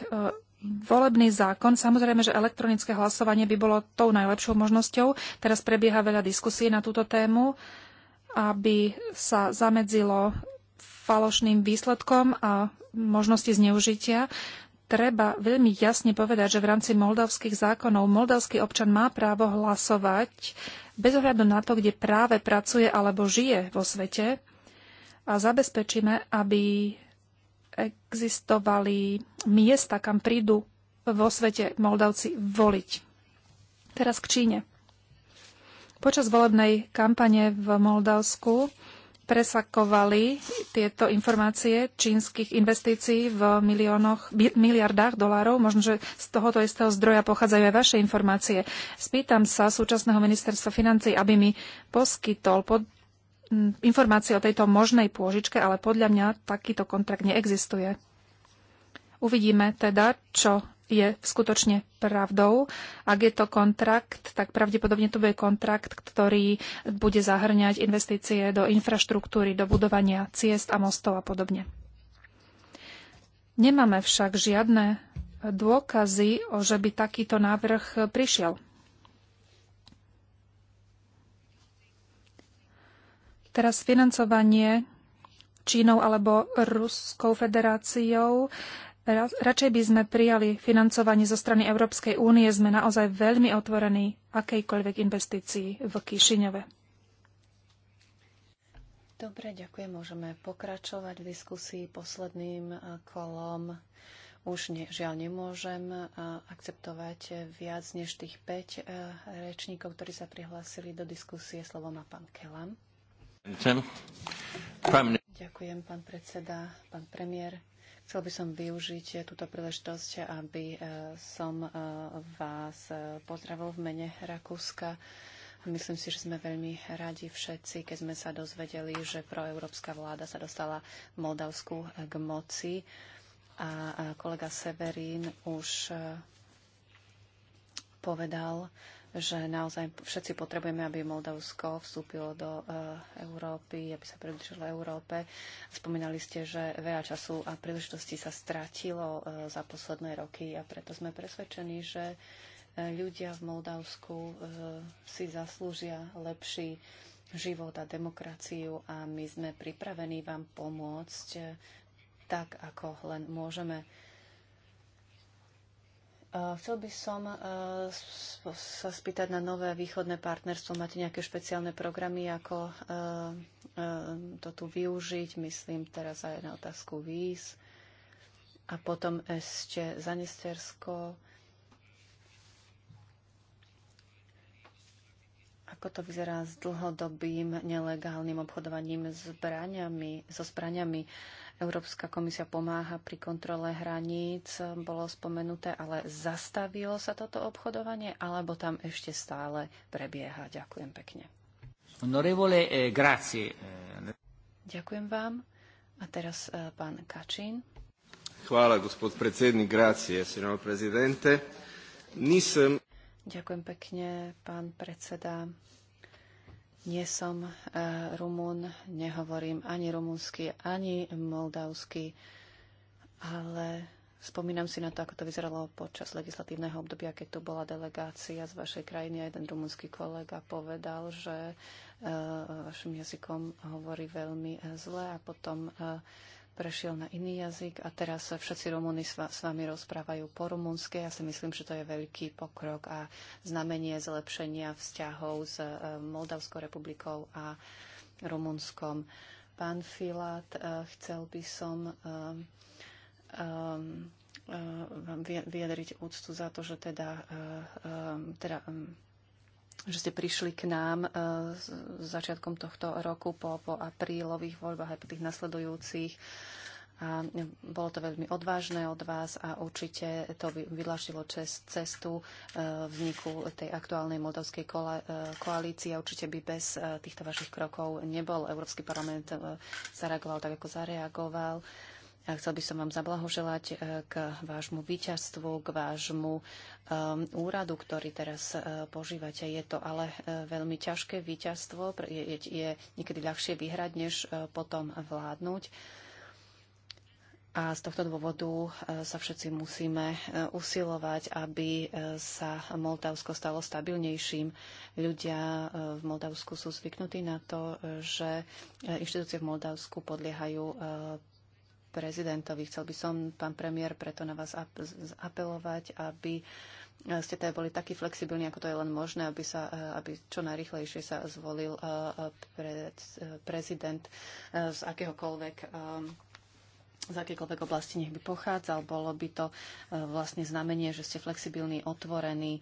volebný zákon. Samozrejme, že elektronické hlasovanie by bolo tou najlepšou možnosťou. Teraz prebieha veľa diskusí na túto tému, aby sa zamedzilo falošným výsledkom a možnosti zneužitia. Treba veľmi jasne povedať, že v rámci moldavských zákonov moldavský občan má právo hlasovať bez ohľadu na to, kde práve pracuje alebo žije vo svete a zabezpečíme, aby existovali miesta, kam prídu vo svete Moldavci voliť. Teraz k Číne. Počas volebnej kampane v Moldavsku presakovali tieto informácie čínskych investícií v miliónoch, miliardách dolárov. Možno, že z tohoto istého zdroja pochádzajú aj vaše informácie. Spýtam sa súčasného ministerstva financí, aby mi poskytol pod, informácie o tejto možnej pôžičke, ale podľa mňa takýto kontrakt neexistuje. Uvidíme teda, čo je skutočne pravdou. Ak je to kontrakt, tak pravdepodobne to bude kontrakt, ktorý bude zahrňať investície do infraštruktúry, do budovania ciest a mostov a podobne. Nemáme však žiadne dôkazy, že by takýto návrh prišiel. Teraz financovanie Čínou alebo Ruskou federáciou. Radšej by sme prijali financovanie zo strany Európskej únie. Sme naozaj veľmi otvorení akejkoľvek investícii v Kišiňove. Dobre, ďakujem. Môžeme pokračovať v diskusii posledným kolom. Už ne, žiaľ nemôžem akceptovať viac než tých 5 e, rečníkov, ktorí sa prihlásili do diskusie. Slovo má pán Kelam. Ďakujem, pán predseda, pán premiér. Chcel by som využiť túto príležitosť, aby e, som e, vás e, pozdravil v mene Rakúska. Myslím si, že sme veľmi radi všetci, keď sme sa dozvedeli, že proeurópska vláda sa dostala v Moldavsku k moci. A kolega Severín už povedal, že naozaj všetci potrebujeme, aby Moldavsko vstúpilo do eh, Európy, aby sa približilo Európe. Spomínali ste, že veľa času a príležitosti sa stratilo eh, za posledné roky a preto sme presvedčení, že eh, ľudia v Moldavsku si zaslúžia lepší život a demokraciu a my sme pripravení vám pomôcť tak, ako len môžeme. E, chcel by som e, sa spýtať na nové východné partnerstvo. Máte nejaké špeciálne programy, ako e, to tu využiť? Myslím teraz aj na otázku víz. A potom ešte Zanestersko. Ako to vyzerá s dlhodobým nelegálnym obchodovaním so zbraniami? Európska komisia pomáha pri kontrole hraníc, bolo spomenuté, ale zastavilo sa toto obchodovanie, alebo tam ešte stále prebieha. Ďakujem pekne. Honorevole, eh, grazie. Eh, Ďakujem vám. A teraz eh, pán Kačín. Chvála, gospod predsednik, grazie, signor prezidente. Nisem... Ďakujem pekne, pán predseda. Nie som e, Rumún, nehovorím ani rumúnsky, ani moldavsky, ale spomínam si na to, ako to vyzeralo počas legislatívneho obdobia, keď tu bola delegácia z vašej krajiny a jeden rumúnsky kolega povedal, že e, vašim jazykom hovorí veľmi e, zle a potom prešiel na iný jazyk a teraz všetci Rumúni s vami rozprávajú po rumúnske. Ja si myslím, že to je veľký pokrok a znamenie zlepšenia vzťahov s e, Moldavskou republikou a Rumunskom. Pán Filat, e, chcel by som e, vám vyjadriť úctu za to, že teda, teda že ste prišli k nám e, začiatkom tohto roku po, po aprílových voľbách aj po tých nasledujúcich. A bolo to veľmi odvážne od vás a určite to vydlaždilo cestu e, vzniku tej aktuálnej moldavskej e, koalície. Určite by bez e, týchto vašich krokov nebol Európsky parlament zareagoval tak, ako zareagoval. Chcel by som vám zablahoželať e, k vášmu víťazstvu, k vášmu um, úradu, ktorý teraz uh, požívate. Je to ale uh, veľmi ťažké víťazstvo, je, je, je niekedy ľahšie vyhrať, než uh, potom vládnuť. A z tohto dôvodu sa všetci musíme usilovať, aby sa Moldavsko stalo stabilnejším. Ľudia v Moldavsku sú zvyknutí na to, že inštitúcie v Moldavsku podliehajú prezidentovi. Chcel by som, pán premiér, preto na vás apelovať, aby ste teda boli takí flexibilní, ako to je len možné, aby, sa, e, aby čo najrychlejšie sa zvolil e, pre, e, prezident z akéhokoľvek z akékoľvek oblasti nech by pochádzal. Bolo by to vlastne znamenie, že ste flexibilní, otvorení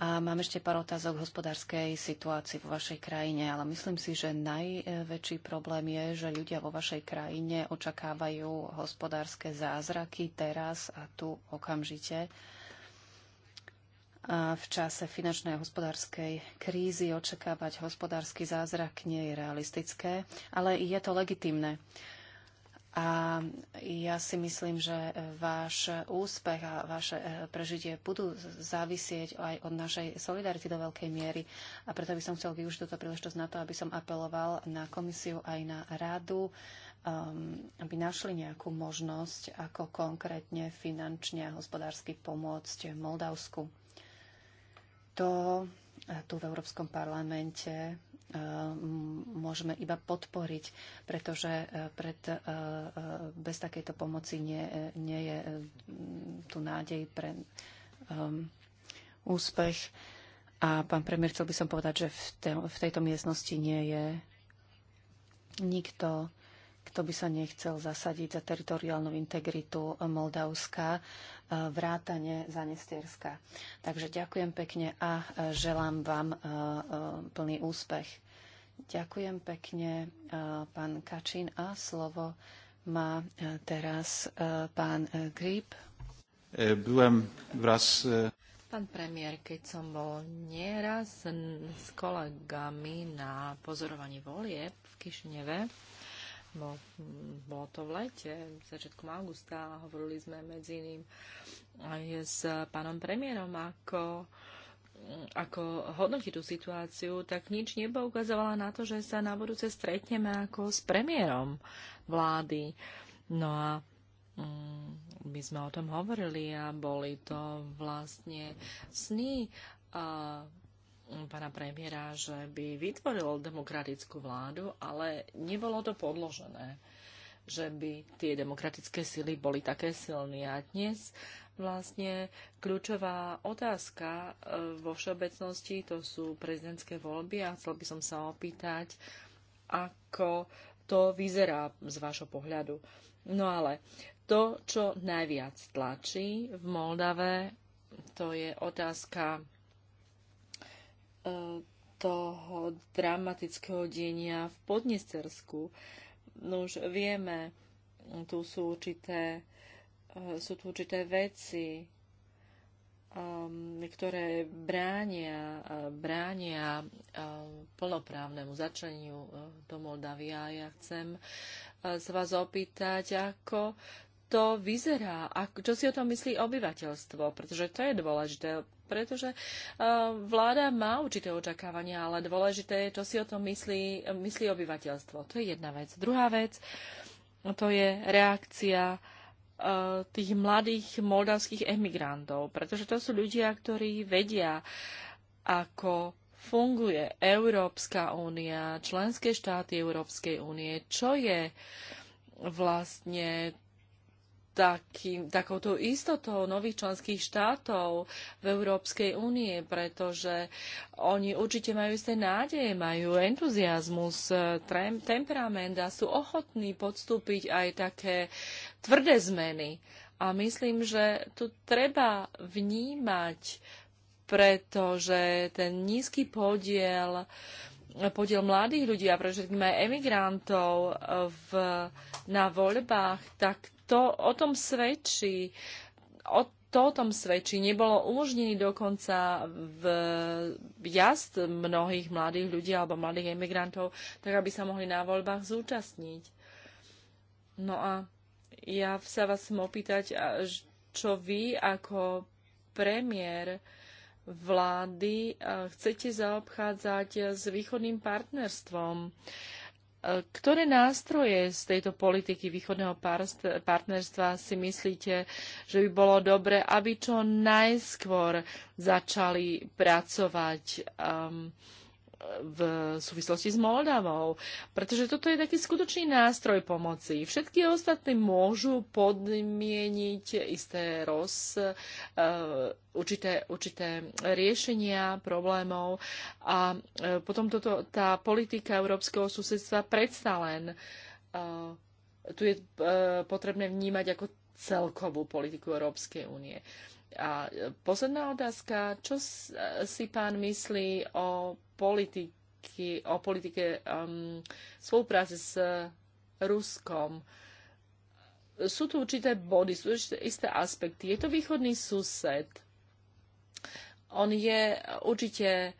a mám ešte pár otázok k hospodárskej situácii vo vašej krajine, ale myslím si, že najväčší problém je, že ľudia vo vašej krajine očakávajú hospodárske zázraky teraz a tu okamžite. A v čase finančnej a hospodárskej krízy očakávať hospodársky zázrak nie je realistické, ale je to legitimné. A ja si myslím, že váš úspech a vaše e, prežitie budú závisieť aj od našej solidarity do veľkej miery. A preto by som chcel využiť túto príležitosť na to, aby som apeloval na komisiu aj na radu, um, aby našli nejakú možnosť, ako konkrétne finančne a hospodársky pomôcť Moldavsku. To e, tu v Európskom parlamente môžeme iba podporiť, pretože e, pred, e, e, bez takejto pomoci nie, nie je tu nádej pre um, úspech. A pán premiér, chcel by som povedať, že v, te, v tejto miestnosti nie je nikto, kto by sa nechcel zasadiť za teritoriálnu integritu Moldavska, e, vrátane Zanestierska. Takže ďakujem pekne a e, želám vám e, plný úspech. Ďakujem pekne, pán Kačín. A slovo má teraz pán Grip. Byłem wraz... Pán premiér, keď som bol nieraz s kolegami na pozorovaní volieb v Kišneve, No, bolo to v lete, začiatkom augusta, a hovorili sme medzi iným aj s pánom premiérom, ako ako hodnotí tú situáciu, tak nič nepoukazovala na to, že sa na budúce stretneme ako s premiérom vlády. No a mm, my sme o tom hovorili a boli to vlastne sny pána premiéra, že by vytvoril demokratickú vládu, ale nebolo to podložené, že by tie demokratické sily boli také silné. A dnes vlastne kľúčová otázka eh, vo všeobecnosti, to sú prezidentské voľby a chcel by som sa opýtať, ako to vyzerá z vášho pohľadu. No ale to, čo najviac tlačí v Moldave, to je otázka toho dramatického denia v Podnestersku. No už vieme, tu sú určité, eh, sú tu určité veci, ehm, ktoré bránia, eh, bránia eh, plnoprávnemu začleniu do Moldavia. Ja chcem sa vás opýtať, ako to vyzerá a čo si o tom myslí obyvateľstvo, pretože to je dôležité, pretože e, vláda má určité očakávania, ale dôležité je, čo si o tom myslí, myslí obyvateľstvo. To je jedna vec. Druhá vec, to je reakcia e, tých mladých moldavských emigrantov, pretože to sú ľudia, ktorí vedia, ako funguje Európska únia, členské štáty Európskej únie, čo je vlastne takým, takouto istotou nových členských štátov v Európskej únie, pretože oni určite majú isté nádeje, majú entuziasmus, e, trem, temperament a sú ochotní podstúpiť aj také tvrdé zmeny. A myslím, že tu treba vnímať, pretože ten nízky podiel podiel mladých ľudí a pre všetkým aj emigrantov e, v, na voľbách, tak to o tom svedčí. O to o tom svedčí. Nebolo umožnený dokonca v jazd mnohých mladých ľudí alebo mladých emigrantov, tak aby sa mohli na voľbách zúčastniť. No a ja sa vás chcem opýtať, čo vy ako premiér vlády chcete zaobchádzať s východným partnerstvom. Uh, ktoré nástroje z tejto politiky východného partnerstva si myslíte, že by bolo dobre, aby čo najskôr začali pracovať um, v súvislosti s Moldavou, pretože toto je taký skutočný nástroj pomoci. Všetky ostatní môžu podmieniť isté roz, eh, určité, určité riešenia problémov a eh, potom toto, tá politika európskeho susedstva predsa len eh, tu je potrebné vnímať ako celkovú politiku Európskej únie. A e, posledná otázka, čo e, si pán myslí o, politiky, o politike um, spolupráce s Ruskom? Sú tu určité body, sú určité isté aspekty. Je to východný sused. On je určite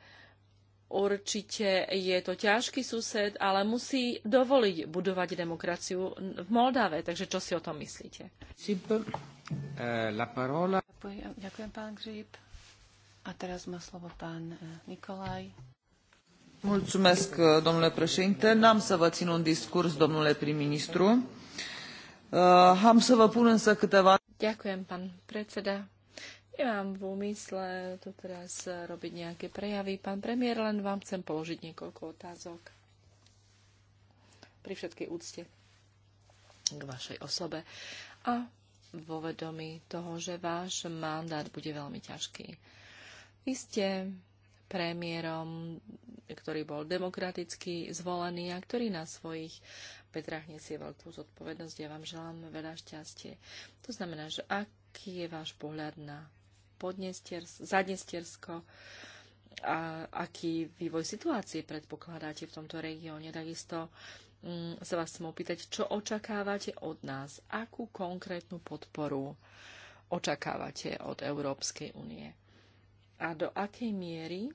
Určite je to ťažký sused, ale musí dovoliť budovať demokraciu v Moldave. Takže čo si o tom myslíte? Eh, la parola Ďakujem, pán Gříb. A teraz má slovo pán e, Nikolaj. Mulțumesc, domnule președinte. N-am să vă țin un discurs, domnule prim-ministru. Uh, Am să vă pun însă câteva... Ďakujem, pán predseda. Nemám v úmysle tu teraz robiť nejaké prejavy. Pán premiér, len vám chcem položiť niekoľko otázok. Pri všetkej úcte k vašej osobe. A vo vedomí toho, že váš mandát bude veľmi ťažký. Vy ste premiérom, ktorý bol demokraticky zvolený a ktorý na svojich Petrách nesie veľkú zodpovednosť. Ja vám želám veľa šťastie. To znamená, že aký je váš pohľad na Zadnestiersko a aký vývoj situácie predpokladáte v tomto regióne. Takisto Mm, sa vás chcem opýtať, čo očakávate od nás? Akú konkrétnu podporu očakávate od Európskej únie? A do akej miery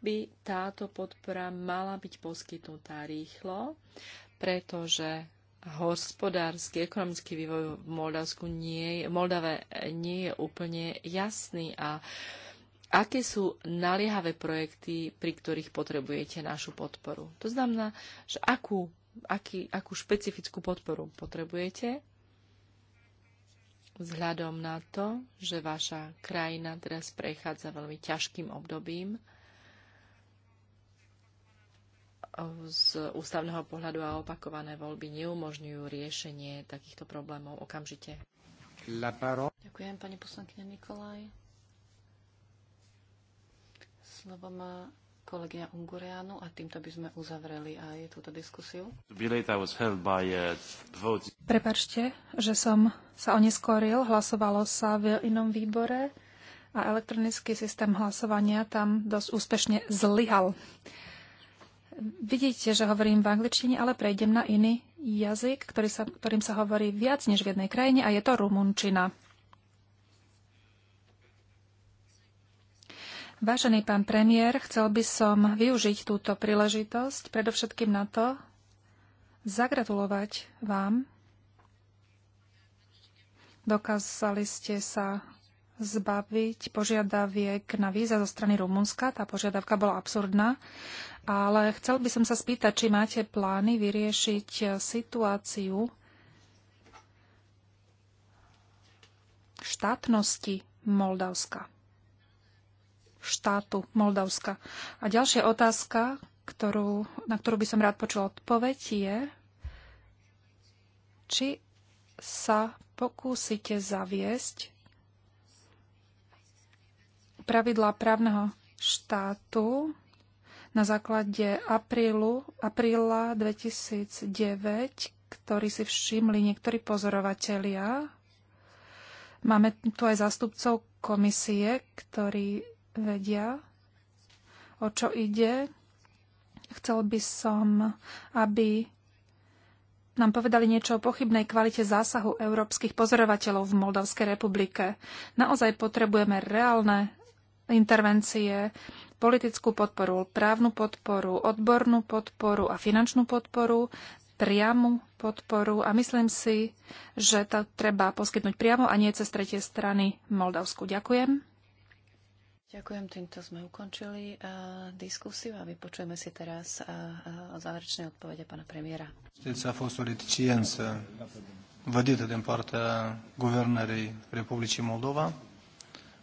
by táto podpora mala byť poskytnutá rýchlo, pretože hospodársky, ekonomický vývoj v Moldavsku nie, Moldave nie je úplne jasný a uh, aké sú naliehavé projekty, pri ktorých potrebujete našu podporu. To znamená, že akú, aký, akú špecifickú podporu potrebujete vzhľadom na to, že vaša krajina teraz prechádza veľmi ťažkým obdobím z ústavného pohľadu a opakované voľby neumožňujú riešenie takýchto problémov okamžite. Ďakujem, pani poslankyňa Nikolaj. Slovo má kolegyňa Ungureanu a týmto by sme uzavreli aj túto diskusiu. Uh, Prepačte, že som sa oneskoril. Hlasovalo sa v inom výbore a elektronický systém hlasovania tam dosť úspešne zlyhal. Vidíte, že hovorím v angličtine, ale prejdem na iný jazyk, ktorý sa, ktorým sa hovorí viac než v jednej krajine a je to rumunčina. Vážený pán premiér, chcel by som využiť túto príležitosť predovšetkým na to, zagratulovať vám. Dokázali ste sa zbaviť požiadaviek na víza zo strany Rumunska. Tá požiadavka bola absurdná. Ale chcel by som sa spýtať, či máte plány vyriešiť situáciu štátnosti Moldavska štátu Moldavska. A ďalšia otázka, ktorú, na ktorú by som rád počul odpoveď, je, či sa pokúsite zaviesť pravidlá právneho štátu na základe aprílu, apríla 2009, ktorý si všimli niektorí pozorovatelia. Máme tu aj zástupcov komisie, ktorí vedia, o čo ide. Chcel by som, aby nám povedali niečo o pochybnej kvalite zásahu európskych pozorovateľov v Moldavskej republike. Naozaj potrebujeme reálne intervencie, politickú podporu, právnu podporu, odbornú podporu a finančnú podporu, priamu podporu a myslím si, že to treba poskytnúť priamo a nie cez tretie strany Moldavsku. Ďakujem. Ďakujem, týmto sme ukončili uh, diskusiu a vypočujeme si teraz uh, uh, záverečné odpovede pána premiéra. Steți a fost politiciență vădită din partea Guvernării Republicii Moldova.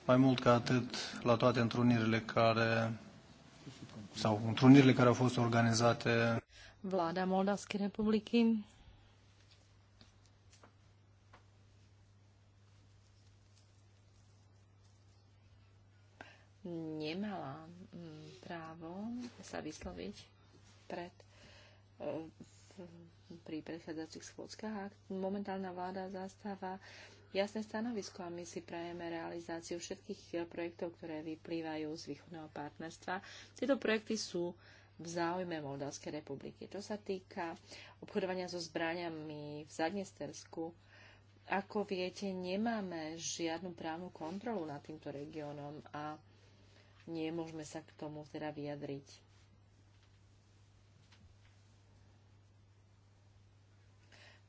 Mai mult ca atât, la toate întrunirile care sau întrunirile care au fost organizate Vláda Moldavskej republiky nemala mm, právo sa vysloviť pred e, pri predchádzajúcich schôdzkach momentálna vláda zastáva jasné stanovisko a my si prajeme realizáciu všetkých e, projektov, ktoré vyplývajú z východného partnerstva. Tieto projekty sú v záujme Moldavskej republiky. Čo sa týka obchodovania so zbraniami v Zadnestersku, ako viete, nemáme žiadnu právnu kontrolu nad týmto regiónom a nemôžeme sa k tomu teda vyjadriť.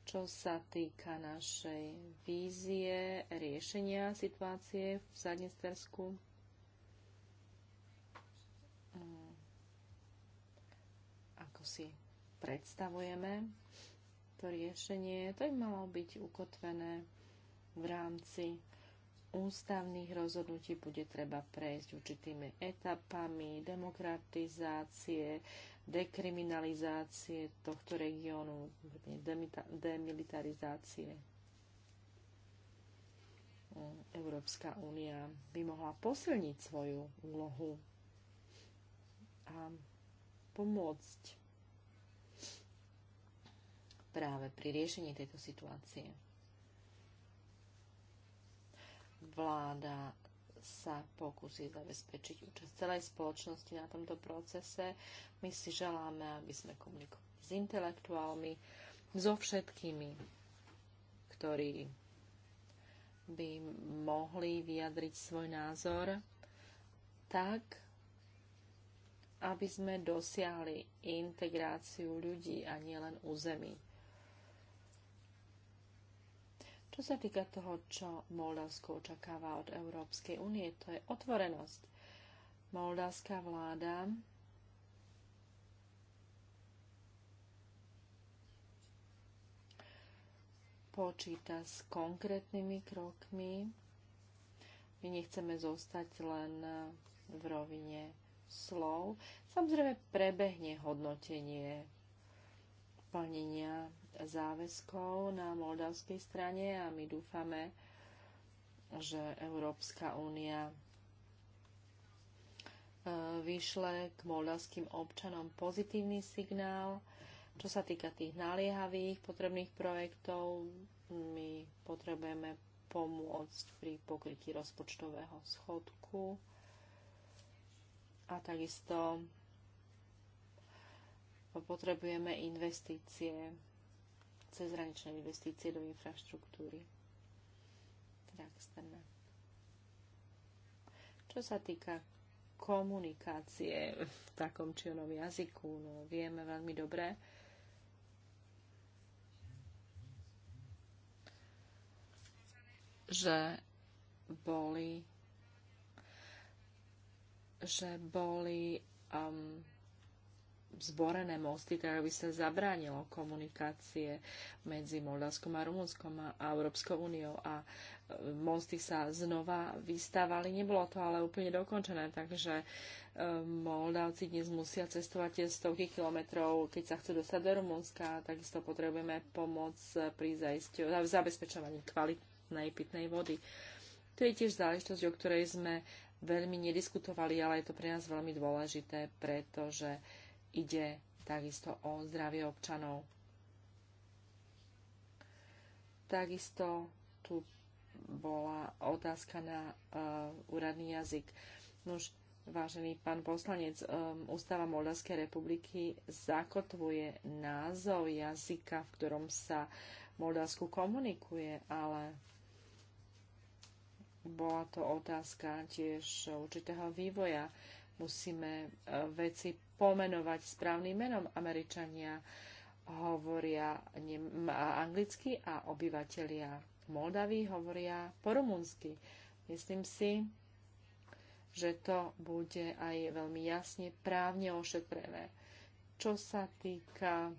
Čo sa týka našej vízie riešenia situácie v Zadnestersku, mm, ako si predstavujeme to riešenie, to by malo byť ukotvené v rámci ústavných rozhodnutí bude treba prejsť určitými etapami demokratizácie, dekriminalizácie tohto regiónu, demilitarizácie. Európska únia by mohla posilniť svoju úlohu a pomôcť práve pri riešení tejto situácie. Vláda sa pokusí zabezpečiť účasť celej spoločnosti na tomto procese. My si želáme, aby sme komunikovali s intelektuálmi, so všetkými, ktorí by mohli vyjadriť svoj názor tak, aby sme dosiahli integráciu ľudí a nielen území. Čo sa týka toho, čo Moldavsko očakáva od Európskej únie, to je otvorenosť. Moldavská vláda počíta s konkrétnymi krokmi. My nechceme zostať len v rovine slov. Samozrejme prebehne hodnotenie plnenia záväzkov na moldavskej strane a my dúfame, že Európska únia e, vyšle k moldavským občanom pozitívny signál. Čo sa týka tých naliehavých potrebných projektov, my potrebujeme pomôcť pri pokrytí rozpočtového schodku a takisto potrebujeme investície cezhraničné investície do infraštruktúry, teda externé. Čo sa týka komunikácie v takom či onom jazyku, no vieme veľmi dobre, že boli že boli um, zborené mosty, tak aby sa zabránilo komunikácie medzi Moldavskom a Rumunskom a Európskou úniou. A e, mosty sa znova vystávali. Nebolo to ale úplne dokončené, takže e, Moldavci dnes musia cestovať tie stovky kilometrov, keď sa chcú dostať do Rumunska. Takisto potrebujeme pomoc pri zabezpečovaní kvalitnej pitnej vody. To je tiež záležitosť, o ktorej sme veľmi nediskutovali, ale je to pre nás veľmi dôležité, pretože ide takisto o zdravie občanov. Takisto tu bola otázka na uh, úradný jazyk. Nož, vážený pán poslanec, um, Ústava Moldavskej republiky zakotvuje názov jazyka, v ktorom sa Moldavsku komunikuje, ale bola to otázka tiež určitého vývoja. Uh, Musíme e, veci pomenovať správnym menom. Američania hovoria anglicky a obyvatelia Moldavy hovoria po rumunsky. Myslím si, že to bude aj veľmi jasne právne ošetrené. Čo sa týka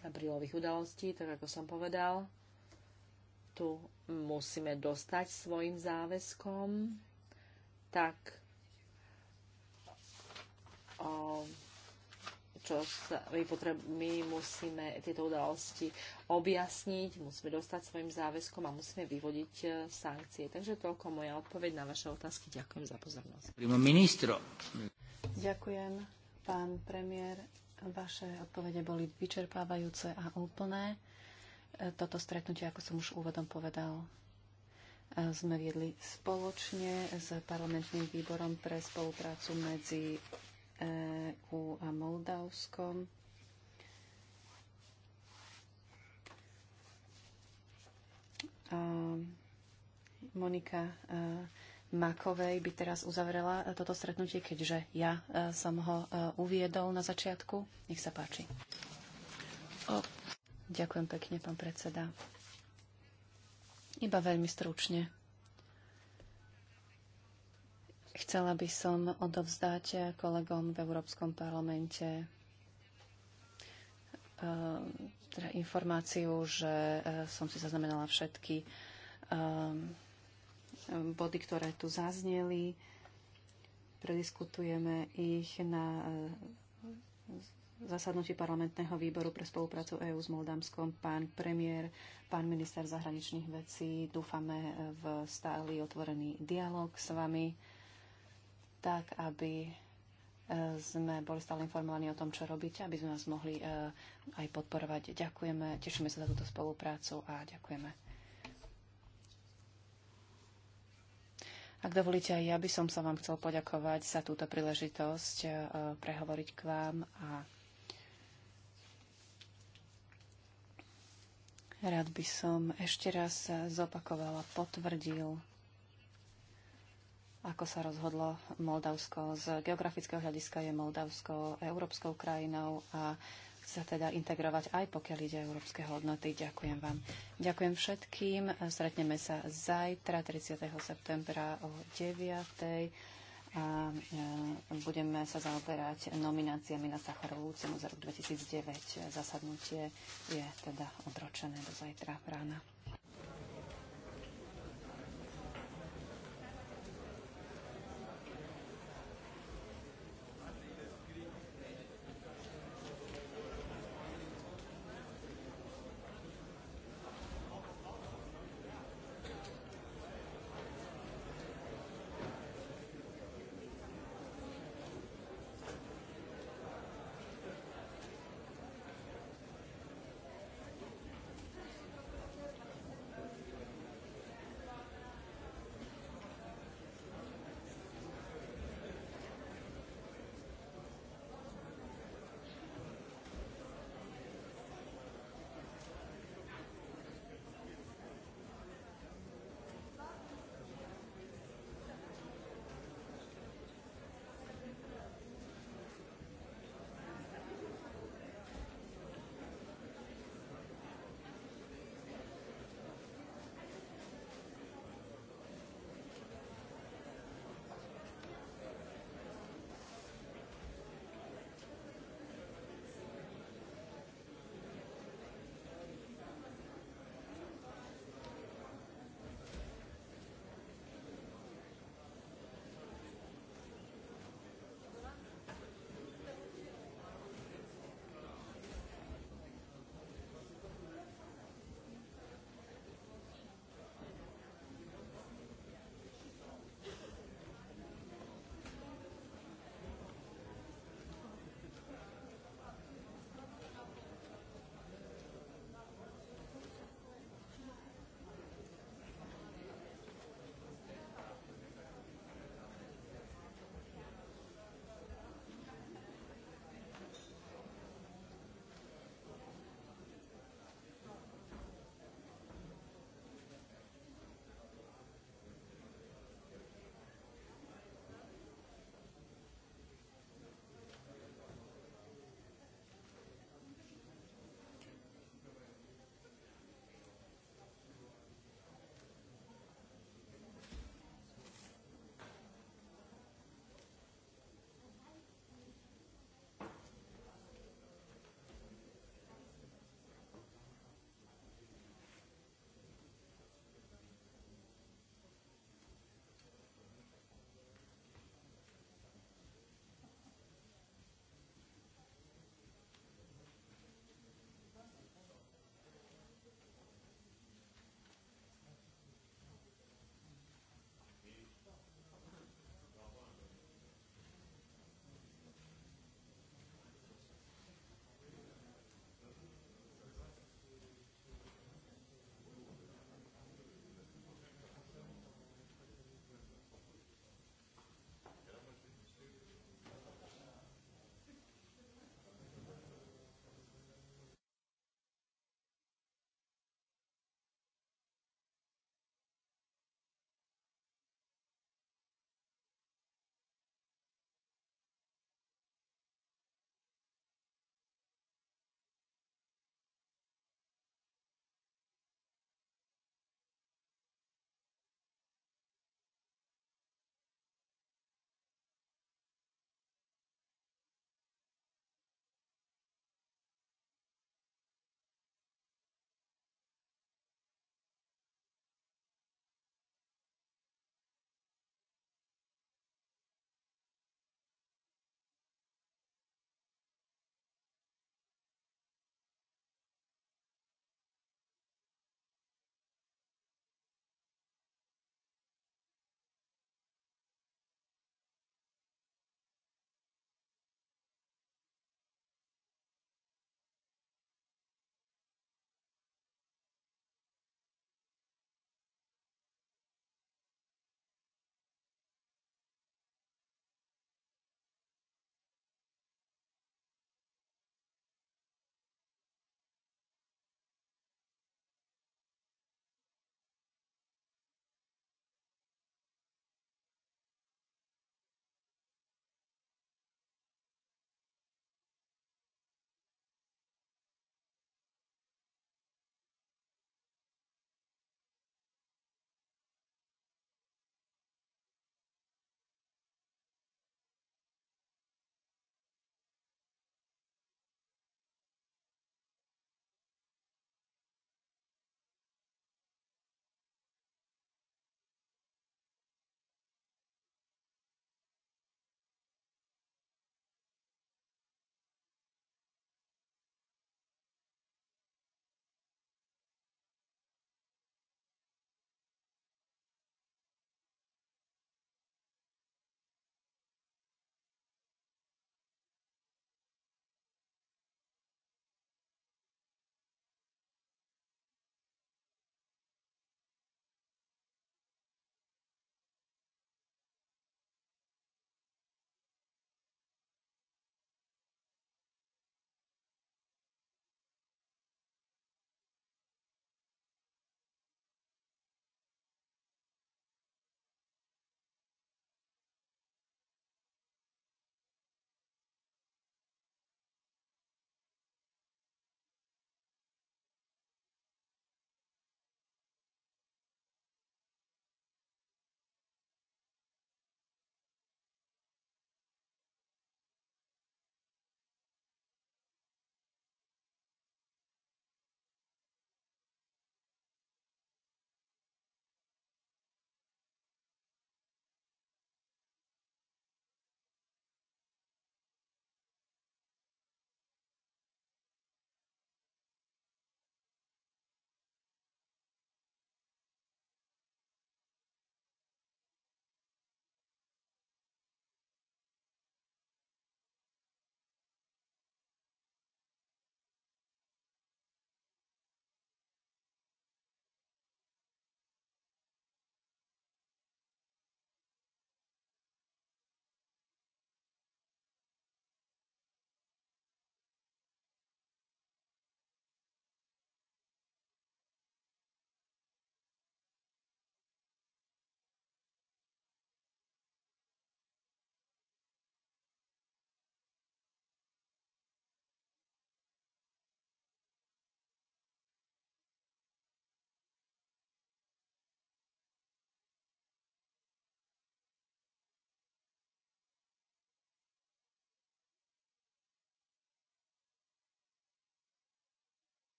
aprílových udalostí, tak ako som povedal, tu musíme dostať svojim záväzkom, tak čo sa, my, potreb, my musíme tieto udalosti objasniť, musíme dostať svojim záväzkom a musíme vyvodiť e, sankcie. Takže toľko moja odpoveď na vaše otázky. Ďakujem za pozornosť. Ministro. Ďakujem, pán premiér. Vaše odpovede boli vyčerpávajúce a úplné. E, toto stretnutie, ako som už úvodom povedal, e, sme viedli spoločne s parlamentným výborom pre spoluprácu medzi EU a Moldavskom. Monika e, Makovej by teraz uzavrela e, toto stretnutie, keďže ja e, som ho uviedol na začiatku. Nech sa páči. Ďakujem pekne, pán predseda. Iba veľmi stručne. Chcela by som odovzdať kolegom v Európskom parlamente eh, teda informáciu, že eh, som si zaznamenala všetky eh, body, ktoré tu zazneli. Prediskutujeme ich na zasadnutí parlamentného výboru pre spoluprácu EÚ s Moldamskom, Pán premiér, pán minister zahraničných vecí, dúfame v stály otvorený dialog s vami tak aby e, sme boli stále informovaní o tom, čo robíte, aby sme vás mohli e, aj podporovať. Ďakujeme, tešíme sa za túto spoluprácu a ďakujeme. Ak dovolíte, aj ja by som sa vám chcel poďakovať za túto príležitosť e, prehovoriť k vám a rád by som ešte raz zopakovala, potvrdil ako sa rozhodlo Moldavsko. Z geografického hľadiska je Moldavsko európskou krajinou a chce sa teda integrovať aj pokiaľ ide európske hodnoty. Ďakujem vám. Ďakujem všetkým. Stretneme sa zajtra 30. septembra o 9. A e, budeme sa zaoberať nomináciami na Sacharovú cenu za rok 2009. Zasadnutie je teda odročené do zajtra rána.